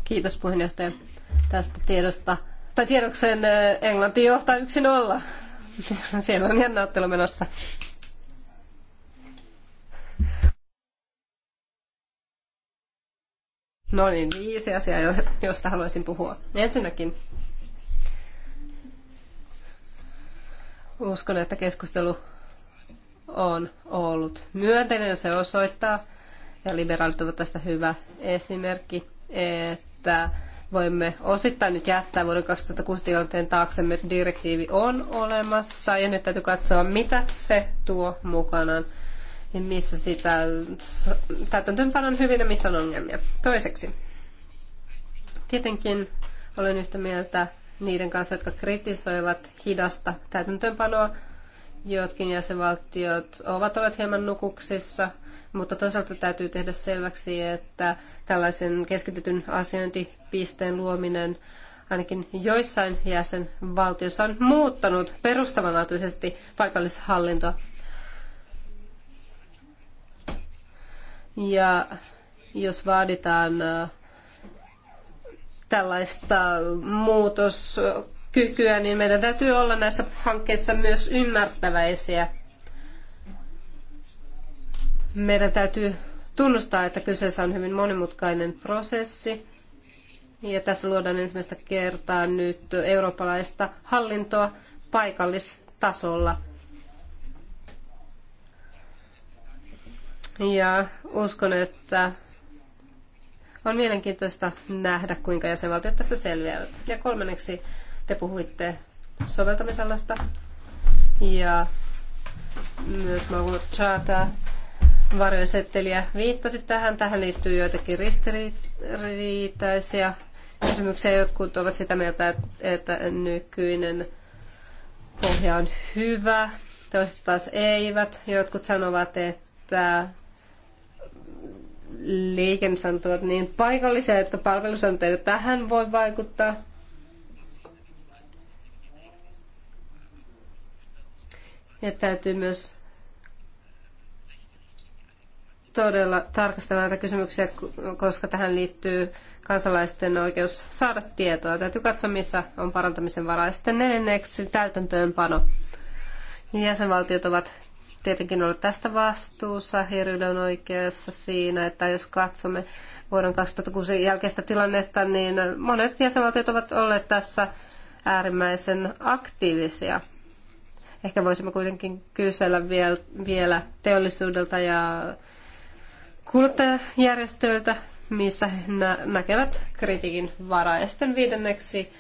Kiitos puheenjohtaja tästä tiedosta tai tiedoksen äh, Englanti johtaa 1-0. *laughs* Siellä on jännä ottelu menossa. No niin, viisi asiaa, josta haluaisin puhua. Ensinnäkin uskon, että keskustelu on ollut myönteinen. Se osoittaa, ja liberaalit ovat tästä hyvä esimerkki, että voimme osittain nyt jättää vuoden 2006 tilanteen taaksemme. Direktiivi on olemassa ja nyt täytyy katsoa, mitä se tuo mukanaan ja missä sitä täytäntöönpanon hyvin ja missä on ongelmia. Toiseksi, tietenkin olen yhtä mieltä niiden kanssa, jotka kritisoivat hidasta täytäntöönpanoa. Jotkin jäsenvaltiot ovat olleet hieman nukuksissa – mutta toisaalta täytyy tehdä selväksi, että tällaisen keskitetyn asiointipisteen luominen ainakin joissain jäsenvaltioissa on muuttanut perustavanlaatuisesti paikallishallintoa. Ja jos vaaditaan äh, tällaista muutoskykyä, niin meidän täytyy olla näissä hankkeissa myös ymmärtäväisiä meidän täytyy tunnustaa, että kyseessä on hyvin monimutkainen prosessi. Ja tässä luodaan ensimmäistä kertaa nyt eurooppalaista hallintoa paikallistasolla. Ja uskon, että on mielenkiintoista nähdä, kuinka jäsenvaltiot tässä selviävät. Ja kolmanneksi te puhuitte soveltamisalasta ja myös maakunnan Chata setteliä viittasi tähän. Tähän liittyy joitakin ristiriitaisia kysymyksiä. Jotkut ovat sitä mieltä, että nykyinen pohja on hyvä, toiset taas eivät. Jotkut sanovat, että liikennesanat ovat niin paikallisia, että palvelusanteita tähän voi vaikuttaa. Ja täytyy myös todella tarkastella näitä kysymyksiä, koska tähän liittyy kansalaisten oikeus saada tietoa. Täytyy katsoa, missä on parantamisen varaa. Sitten neljänneksi täytäntöönpano. Jäsenvaltiot ovat tietenkin olleet tästä vastuussa. Hirjyden on oikeassa siinä, että jos katsomme vuoden 2006 jälkeistä tilannetta, niin monet jäsenvaltiot ovat olleet tässä äärimmäisen aktiivisia. Ehkä voisimme kuitenkin kysellä vielä teollisuudelta ja kuluttajajärjestöiltä, missä he näkevät kritiikin varaa. Ja sitten viidenneksi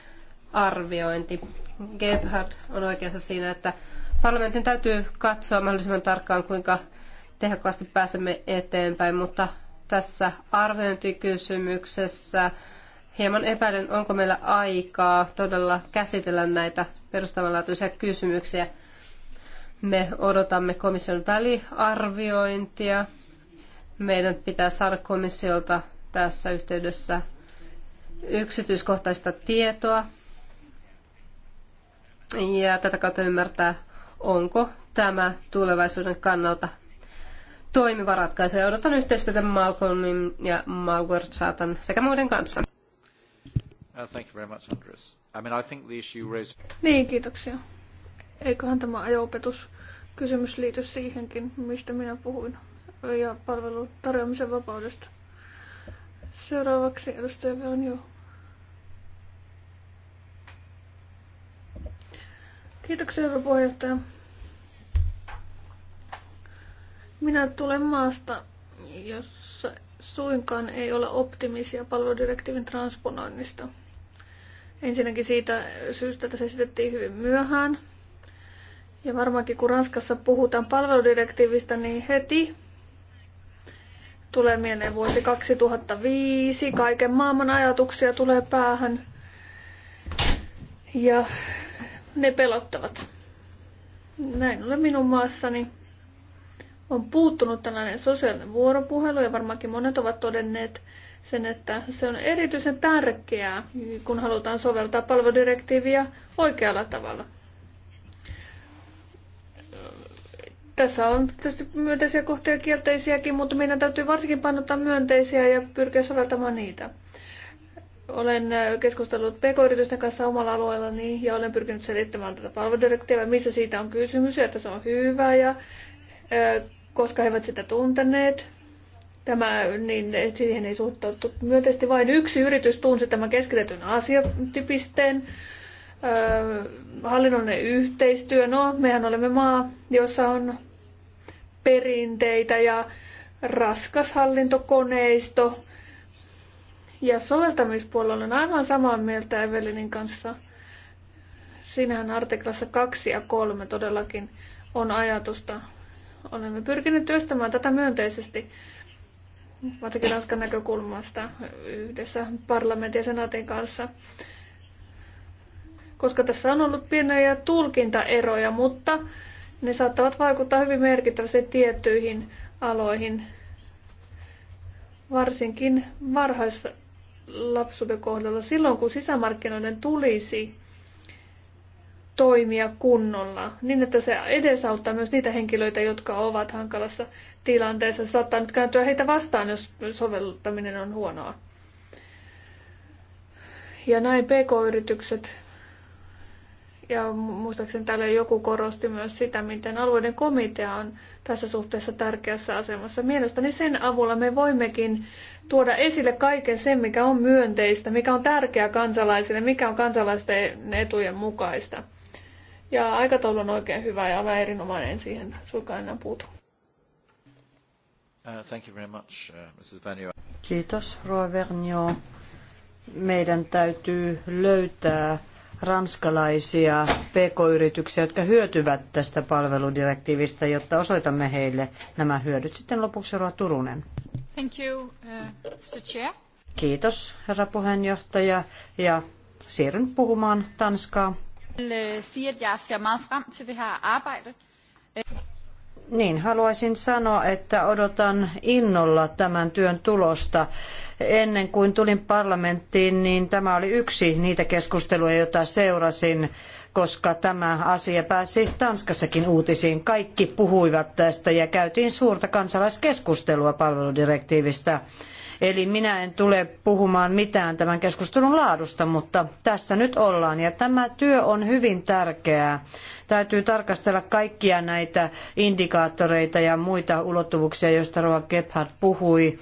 arviointi. Gebhard on oikeassa siinä, että parlamentin täytyy katsoa mahdollisimman tarkkaan, kuinka tehokkaasti pääsemme eteenpäin, mutta tässä arviointikysymyksessä hieman epäilen, onko meillä aikaa todella käsitellä näitä perustavanlaatuisia kysymyksiä. Me odotamme komission väliarviointia meidän pitää saada komissiolta tässä yhteydessä yksityiskohtaista tietoa ja tätä kautta ymmärtää, onko tämä tulevaisuuden kannalta toimiva ratkaisu. Ja odotan yhteistyötä Malcolmin ja Malward sekä muiden kanssa. Uh, thank you very much, Andres. I mean, I think the issue raised... Niin, kiitoksia. Eiköhän tämä ajo-opetus kysymys liity siihenkin, mistä minä puhuin ja palvelun tarjoamisen vapaudesta. Seuraavaksi edustaja jo. Kiitoksia, hyvä puheenjohtaja. Minä tulen maasta, jossa suinkaan ei ole optimisia palveludirektiivin transponoinnista. Ensinnäkin siitä syystä, että se esitettiin hyvin myöhään. Ja varmaankin kun Ranskassa puhutaan palveludirektiivistä, niin heti Tulee mieleen vuosi 2005, kaiken maailman ajatuksia tulee päähän. Ja ne pelottavat. Näin ole minun maassani. On puuttunut tällainen sosiaalinen vuoropuhelu ja varmaankin monet ovat todenneet sen, että se on erityisen tärkeää, kun halutaan soveltaa palveludirektiiviä oikealla tavalla. Tässä on tietysti myönteisiä kohtia ja kielteisiäkin, mutta meidän täytyy varsinkin painottaa myönteisiä ja pyrkiä soveltamaan niitä. Olen keskustellut pk-yritysten kanssa omalla alueellani ja olen pyrkinyt selittämään tätä palveludirektiiviä, missä siitä on kysymys ja että se on hyvä ja koska he eivät sitä tunteneet. Tämä, niin siihen ei suhtautu myönteisesti. Vain yksi yritys tunsi tämän keskitetyn asiatypisteen. Öö, hallinnollinen yhteistyö. No, mehän olemme maa, jossa on perinteitä ja raskas hallintokoneisto. Ja soveltamispuolella on aivan samaa mieltä Evelinin kanssa. Siinähän artiklassa 2 ja 3 todellakin on ajatusta. Olemme pyrkineet työstämään tätä myönteisesti, varsinkin Ranskan näkökulmasta yhdessä parlamentin ja senaatin kanssa. Koska tässä on ollut pieniä tulkintaeroja, mutta ne saattavat vaikuttaa hyvin merkittävästi tiettyihin aloihin, varsinkin varhaislapsuuden kohdalla silloin, kun sisämarkkinoiden tulisi toimia kunnolla, niin että se edesauttaa myös niitä henkilöitä, jotka ovat hankalassa tilanteessa. Se saattaa nyt kääntyä heitä vastaan, jos soveltaminen on huonoa. Ja näin pk-yritykset ja muistaakseni täällä joku korosti myös sitä, miten alueiden komitea on tässä suhteessa tärkeässä asemassa. Mielestäni sen avulla me voimmekin tuoda esille kaiken sen, mikä on myönteistä, mikä on tärkeää kansalaisille, mikä on kansalaisten etujen mukaista. Ja aikataulu on oikein hyvä ja aivan erinomainen, siihen suinkaan enää puutu. Uh, thank you very much, uh, Mrs. Kiitos, Roa Vernio. Meidän täytyy löytää ranskalaisia pk-yrityksiä, jotka hyötyvät tästä palveludirektiivistä, jotta osoitamme heille nämä hyödyt. Sitten lopuksi Roa Turunen. Thank you, uh, Mr. Chair. Kiitos, herra puheenjohtaja, ja siirryn puhumaan Tanskaa. Niin, haluaisin sanoa, että odotan innolla tämän työn tulosta. Ennen kuin tulin parlamenttiin, niin tämä oli yksi niitä keskusteluja, joita seurasin, koska tämä asia pääsi Tanskassakin uutisiin. Kaikki puhuivat tästä ja käytiin suurta kansalaiskeskustelua palveludirektiivistä. Eli minä en tule puhumaan mitään tämän keskustelun laadusta, mutta tässä nyt ollaan. Ja tämä työ on hyvin tärkeää. Täytyy tarkastella kaikkia näitä indikaattoreita ja muita ulottuvuuksia, joista Roa Gebhardt puhui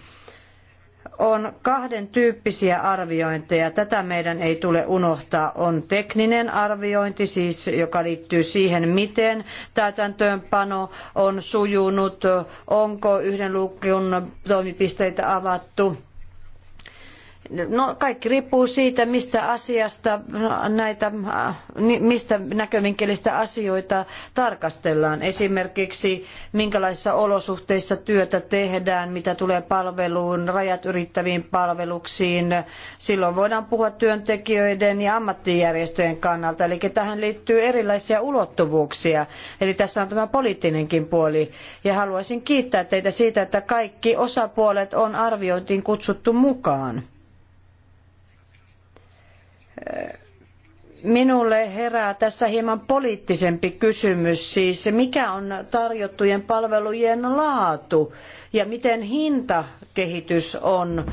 on kahden tyyppisiä arviointeja. Tätä meidän ei tule unohtaa. On tekninen arviointi, siis joka liittyy siihen, miten täytäntöönpano on sujunut, onko yhden luukun toimipisteitä avattu No, kaikki riippuu siitä, mistä asiasta näitä, mistä näkövinkkelistä asioita tarkastellaan. Esimerkiksi minkälaisissa olosuhteissa työtä tehdään, mitä tulee palveluun, rajat ylittäviin palveluksiin. Silloin voidaan puhua työntekijöiden ja ammattijärjestöjen kannalta. Eli tähän liittyy erilaisia ulottuvuuksia. Eli tässä on tämä poliittinenkin puoli. Ja haluaisin kiittää teitä siitä, että kaikki osapuolet on arviointiin kutsuttu mukaan. Minulle herää tässä hieman poliittisempi kysymys, siis mikä on tarjottujen palvelujen laatu ja miten hintakehitys on,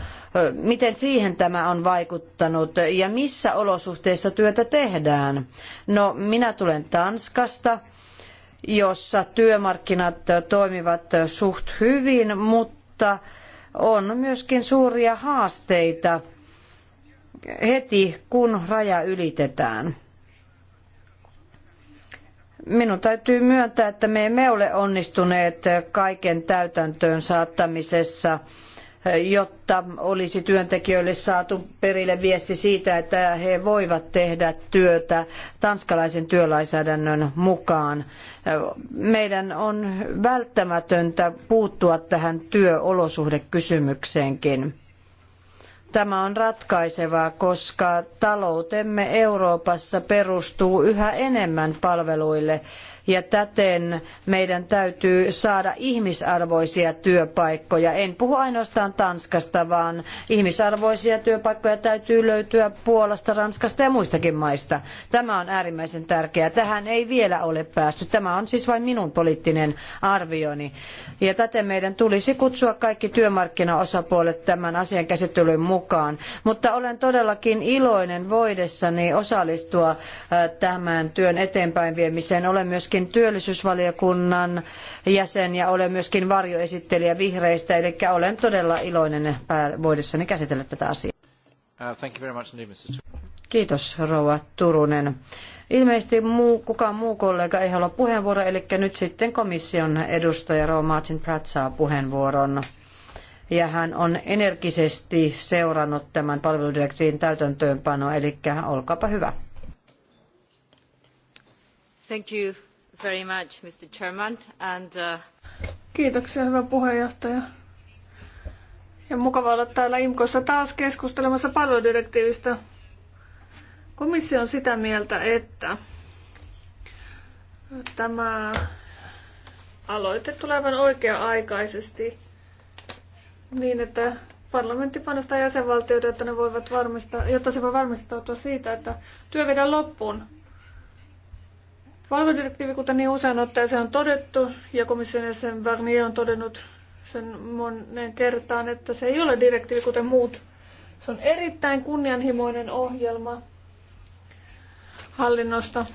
miten siihen tämä on vaikuttanut ja missä olosuhteissa työtä tehdään. No, minä tulen Tanskasta, jossa työmarkkinat toimivat suht hyvin, mutta on myöskin suuria haasteita – heti, kun raja ylitetään. Minun täytyy myöntää, että me emme ole onnistuneet kaiken täytäntöön saattamisessa, jotta olisi työntekijöille saatu perille viesti siitä, että he voivat tehdä työtä tanskalaisen työlainsäädännön mukaan. Meidän on välttämätöntä puuttua tähän työolosuhdekysymykseenkin. Tämä on ratkaisevaa, koska taloutemme Euroopassa perustuu yhä enemmän palveluille ja täten meidän täytyy saada ihmisarvoisia työpaikkoja. En puhu ainoastaan Tanskasta, vaan ihmisarvoisia työpaikkoja täytyy löytyä Puolasta, Ranskasta ja muistakin maista. Tämä on äärimmäisen tärkeää. Tähän ei vielä ole päästy. Tämä on siis vain minun poliittinen arvioni. Ja täten meidän tulisi kutsua kaikki työmarkkinaosapuolet tämän asian käsittelyyn mukaan. Mutta olen todellakin iloinen voidessani osallistua äh, tämän työn eteenpäin viemiseen. Olen myös myöskin työllisyysvaliokunnan jäsen ja olen myöskin varjoesittelijä vihreistä, eli olen todella iloinen voidessani käsitellä tätä asiaa. Uh, Kiitos, rouva Turunen. Ilmeisesti muu, kukaan muu kollega ei halua puheenvuoroa, eli nyt sitten komission edustaja Rouva Martin Pratt saa puheenvuoron. Ja hän on energisesti seurannut tämän palveludirektiivin täytäntöönpanoa, eli olkaapa hyvä. Thank you very much, Mr. Chairman, and, uh... Kiitoksia, hyvä puheenjohtaja. Ja mukava olla täällä IMKossa taas keskustelemassa palveludirektiivistä. Komissio on sitä mieltä, että tämä aloite tulee aivan oikea-aikaisesti niin, että parlamentti panostaa jäsenvaltioita, jotta, ne voivat varmistaa, jotta se voi varmistautua siitä, että työ viedään loppuun Valvodirektiivi, kuten niin usein otteeseen on todettu, ja komission jäsen Barnier on todennut sen monen kertaan, että se ei ole direktiivi kuten muut. Se on erittäin kunnianhimoinen ohjelma hallinnosta,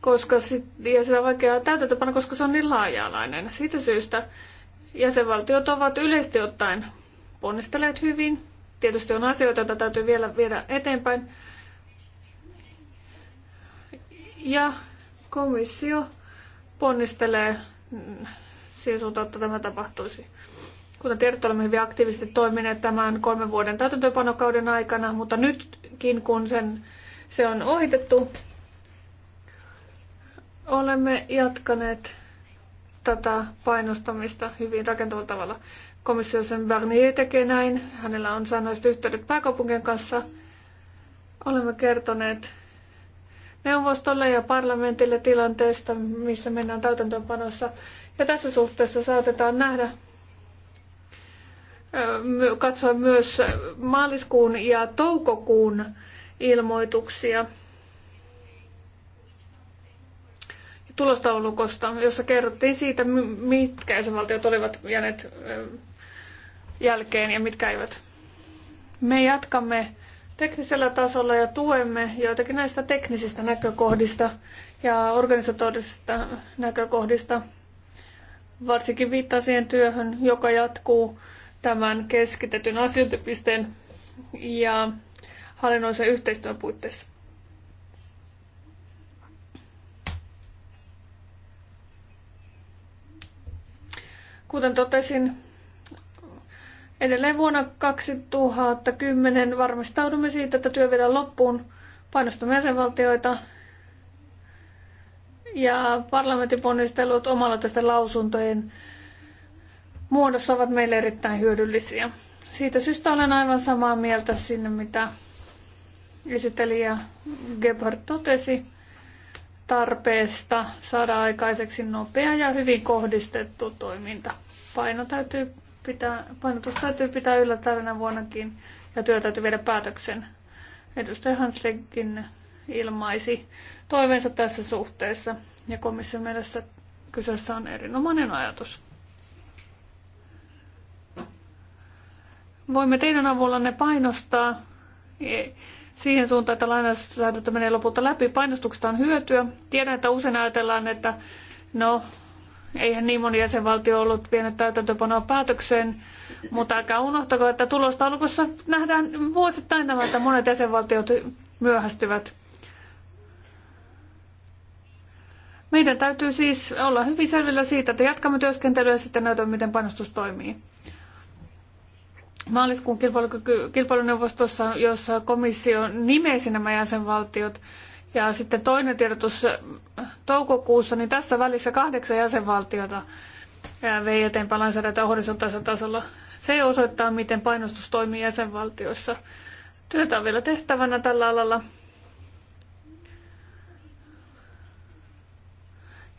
koska sit, ja se on vaikea täytäntöpana, koska se on niin laaja-alainen. Siitä syystä jäsenvaltiot ovat yleisesti ottaen ponnisteleet hyvin. Tietysti on asioita, joita täytyy vielä viedä eteenpäin, ja komissio ponnistelee mm, siihen suuntaan, että tämä tapahtuisi. Kuten tiedätte, olemme hyvin aktiivisesti toimineet tämän kolmen vuoden täytäntöönpanokauden aikana, mutta nytkin kun sen, se on ohitettu, olemme jatkaneet tätä painostamista hyvin rakentavalla tavalla. sen Barnier tekee näin. Hänellä on säännölliset yhteydet pääkaupunkien kanssa. Olemme kertoneet neuvostolle ja parlamentille tilanteesta, missä mennään täytäntöönpanossa. Ja tässä suhteessa saatetaan nähdä, katsoa myös maaliskuun ja toukokuun ilmoituksia tulostaulukosta, jossa kerrottiin siitä, mitkä jäsenvaltiot olivat jääneet jälkeen ja mitkä eivät. Me jatkamme teknisellä tasolla ja tuemme joitakin näistä teknisistä näkökohdista ja organisatorisista näkökohdista. Varsinkin viittaa siihen työhön, joka jatkuu tämän keskitetyn asiointipisteen ja hallinnollisen yhteistyön puitteissa. Kuten totesin, Edelleen vuonna 2010 varmistaudumme siitä, että työ viedään loppuun, painostamme jäsenvaltioita ja parlamentin ponnistelut tästä lausuntojen muodossa ovat meille erittäin hyödyllisiä. Siitä syystä olen aivan samaa mieltä sinne, mitä esittelijä Gebhardt totesi tarpeesta saada aikaiseksi nopea ja hyvin kohdistettu toiminta. Paino täytyy pitää, painotus täytyy pitää yllä tällainen vuonnakin ja työ täytyy viedä päätöksen. Edustaja Hanslikin ilmaisi toiveensa tässä suhteessa ja komission mielestä kyseessä on erinomainen ajatus. Voimme teidän avullanne painostaa e, siihen suuntaan, että lainsäädäntö menee lopulta läpi. Painostuksesta on hyötyä. Tiedän, että usein ajatellaan, että no, Eihän niin moni jäsenvaltio ollut vienyt täytäntöpanoa päätökseen, mutta älkää unohtako, että tulostaulukossa nähdään vuosittain tämä, että monet jäsenvaltiot myöhästyvät. Meidän täytyy siis olla hyvin selvillä siitä, että jatkamme työskentelyä ja sitten näytämme, miten panostus toimii. Maaliskuun kilpailuneuvostossa, jossa komissio nimesi nämä jäsenvaltiot, ja sitten toinen tiedotus toukokuussa, niin tässä välissä kahdeksan jäsenvaltiota vei eteenpäin lainsäädäntöä horisontaalisella tasolla. Se osoittaa, miten painostus toimii jäsenvaltioissa. Työtä on vielä tehtävänä tällä alalla.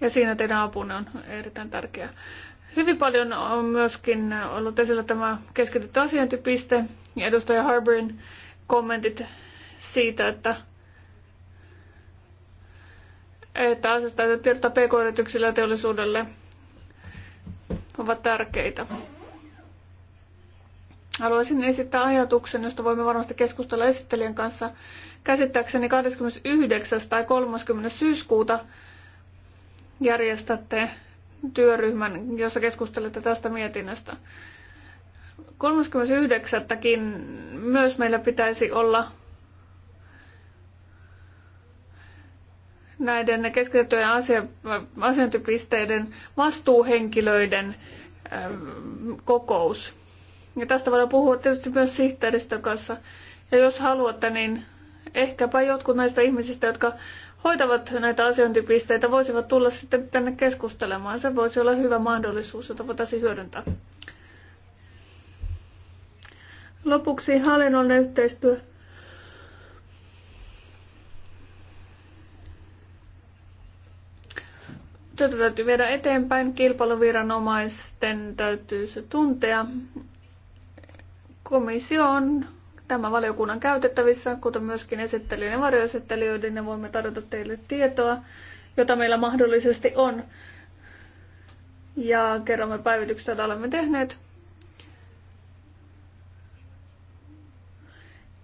Ja siinä teidän apunne on erittäin tärkeää. Hyvin paljon on myöskin ollut esillä tämä keskitetty asiointipiste ja edustaja Harbourin kommentit siitä, että että asiasta tiedottaa pk-yrityksille ja teollisuudelle ovat tärkeitä. Haluaisin esittää ajatuksen, josta voimme varmasti keskustella esittelijän kanssa. Käsittääkseni 29. tai 30. syyskuuta järjestätte työryhmän, jossa keskustelette tästä mietinnöstä. 39. myös meillä pitäisi olla näiden keskitettyjen asiointipisteiden vastuuhenkilöiden ähm, kokous. Ja tästä voidaan puhua tietysti myös sihteeristön kanssa. Ja jos haluatte, niin ehkäpä jotkut näistä ihmisistä, jotka hoitavat näitä asiointipisteitä, voisivat tulla sitten tänne keskustelemaan. Se voisi olla hyvä mahdollisuus, jota voitaisiin hyödyntää. Lopuksi hallinnollinen yhteistyö. Työtä täytyy viedä eteenpäin, kilpailuviranomaisten täytyy se tuntea. Komissio on tämä valiokunnan käytettävissä, kuten myöskin esittelijöiden ja varjoesittelijöiden, ja voimme tarjota teille tietoa, jota meillä mahdollisesti on. Ja kerromme päivitykset, joita olemme tehneet.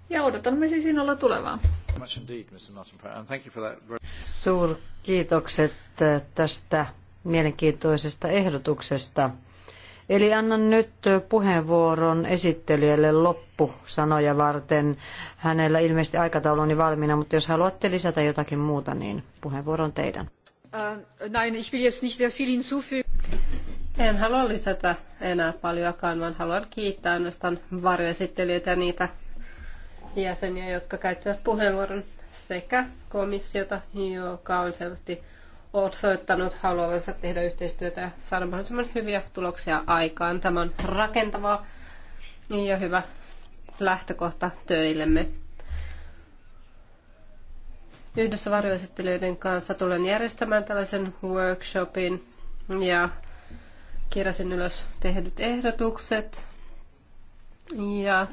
Ja odotamme siis sinulla tulevaa. Suurkiitokset tästä mielenkiintoisesta ehdotuksesta. Eli annan nyt puheenvuoron esittelijälle loppusanoja varten. Hänellä ilmeisesti aikataulu on niin valmiina, mutta jos haluatte lisätä jotakin muuta, niin puheenvuoro on teidän. Äh, en halua lisätä enää paljoakaan, vaan haluan kiittää ainoastaan varjoesittelijöitä ja niitä jäseniä, jotka käyttävät puheenvuoron sekä komissiota, joka on selvästi osoittanut haluavansa tehdä yhteistyötä ja saada mahdollisimman hyviä tuloksia aikaan. Tämä on rakentavaa ja hyvä lähtökohta töillemme. Yhdessä varjoesittelijöiden kanssa tulen järjestämään tällaisen workshopin ja kirjasin ylös tehdyt ehdotukset. Ja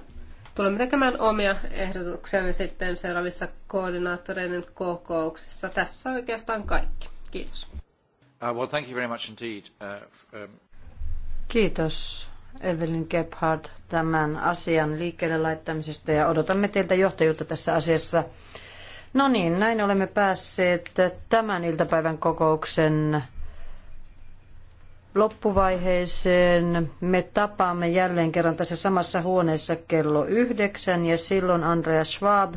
Tulemme tekemään omia ehdotuksiamme sitten seuraavissa koordinaattoreiden kokouksissa. Tässä oikeastaan kaikki. Kiitos. Uh, well, thank you very much indeed. Uh, um... Kiitos Evelyn Gebhardt tämän asian liikkeelle laittamisesta ja odotamme teiltä johtajuutta tässä asiassa. No niin, näin olemme päässeet tämän iltapäivän kokouksen loppuvaiheeseen. Me tapaamme jälleen kerran tässä samassa huoneessa kello yhdeksän ja silloin Andreas Schwab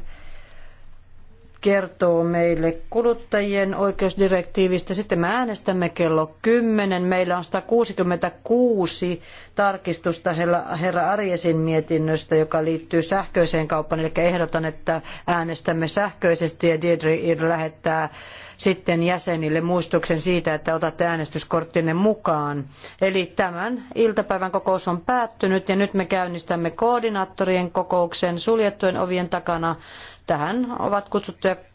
kertoo meille kuluttajien oikeusdirektiivistä. Sitten me äänestämme kello 10. Meillä on 166 tarkistusta herra Arjesin mietinnöstä, joka liittyy sähköiseen kauppaan. Eli ehdotan, että äänestämme sähköisesti ja Deirdre lähettää sitten jäsenille muistuksen siitä, että otatte äänestyskorttinne mukaan. Eli tämän iltapäivän kokous on päättynyt ja nyt me käynnistämme koordinaattorien kokouksen suljettujen ovien takana. Tähän ovat kutsuttuja